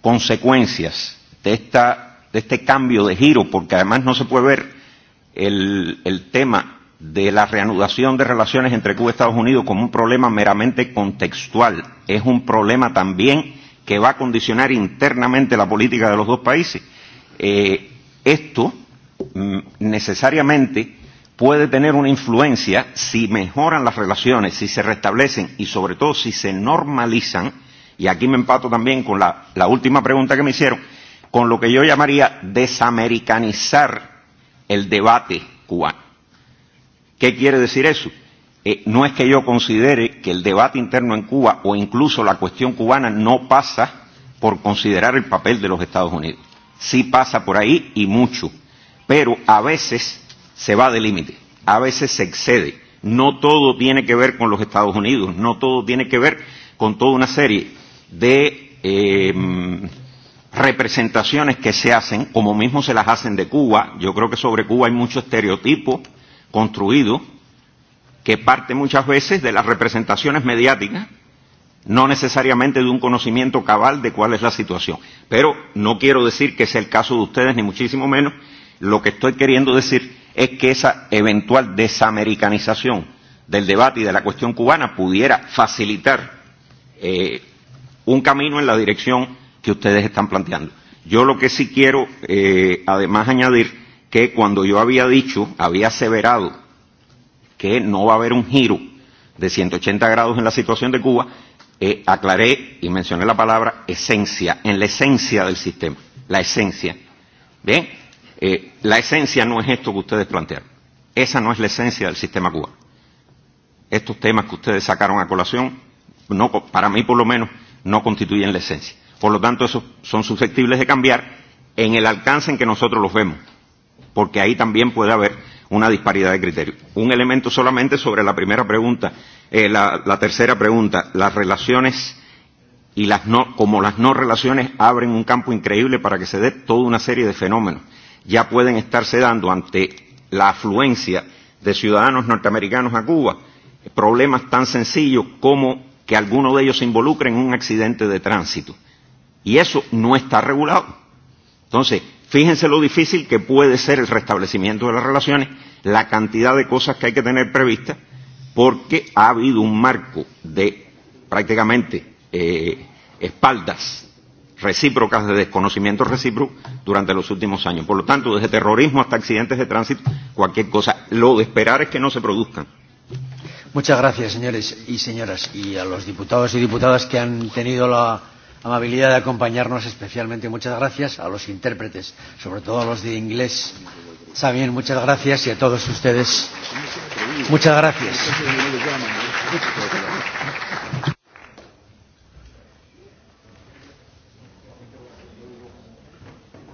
consecuencias de, esta, de este cambio de giro, porque además no se puede ver el, el tema de la reanudación de relaciones entre Cuba y Estados Unidos como un problema meramente contextual, es un problema también que va a condicionar internamente la política de los dos países eh, esto necesariamente puede tener una influencia si mejoran las relaciones, si se restablecen y sobre todo si se normalizan, y aquí me empato también con la, la última pregunta que me hicieron, con lo que yo llamaría desamericanizar el debate cubano. ¿Qué quiere decir eso? no es que yo considere que el debate interno en Cuba o incluso la cuestión cubana no pasa por considerar el papel de los Estados Unidos sí pasa por ahí y mucho, pero a veces se va de límite, a veces se excede. No todo tiene que ver con los Estados Unidos, no todo tiene que ver con toda una serie de eh, representaciones que se hacen, como mismo se las hacen de Cuba. Yo creo que sobre Cuba hay mucho estereotipo construido que parte muchas veces de las representaciones mediáticas no necesariamente de un conocimiento cabal de cuál es la situación. Pero no quiero decir que sea el caso de ustedes, ni muchísimo menos. Lo que estoy queriendo decir es que esa eventual desamericanización del debate y de la cuestión cubana pudiera facilitar un camino en la dirección que ustedes están planteando. Yo lo que sí quiero, eh, además, añadir que cuando yo había dicho, había aseverado que no va a haber un giro de 180 grados en la situación de Cuba, eh, aclaré y mencioné la palabra esencia, en la esencia del sistema, la esencia. ¿Bien? Eh, la esencia no es esto que ustedes plantearon. Esa no es la esencia del sistema cubano. Estos temas que ustedes sacaron a colación, no, para mí por lo menos, no constituyen la esencia. Por lo tanto, esos son susceptibles de cambiar en el alcance en que nosotros los vemos, porque ahí también puede haber una disparidad de criterios. Un elemento solamente sobre la primera pregunta Eh, la, la tercera pregunta, las relaciones y las no, como las no relaciones abren un campo increíble para que se dé toda una serie de fenómenos. Ya pueden estarse dando ante la afluencia de ciudadanos norteamericanos a Cuba problemas tan sencillos como que alguno de ellos se involucre en un accidente de tránsito. Y eso no está regulado. Entonces, fíjense lo difícil que puede ser el restablecimiento de las relaciones, la cantidad de cosas que hay que tener previstas porque ha habido un marco de prácticamente espaldas recíprocas de desconocimiento recíproco durante los últimos años. Por lo tanto, desde terrorismo hasta accidentes de tránsito, cualquier cosa, lo de esperar es que no se produzcan. Muchas gracias, señores y señoras, y a los diputados y diputadas que han tenido la amabilidad de acompañarnos especialmente. Muchas gracias a los intérpretes, sobre todo a los de inglés. Está muchas gracias y a todos ustedes. Muchas gracias.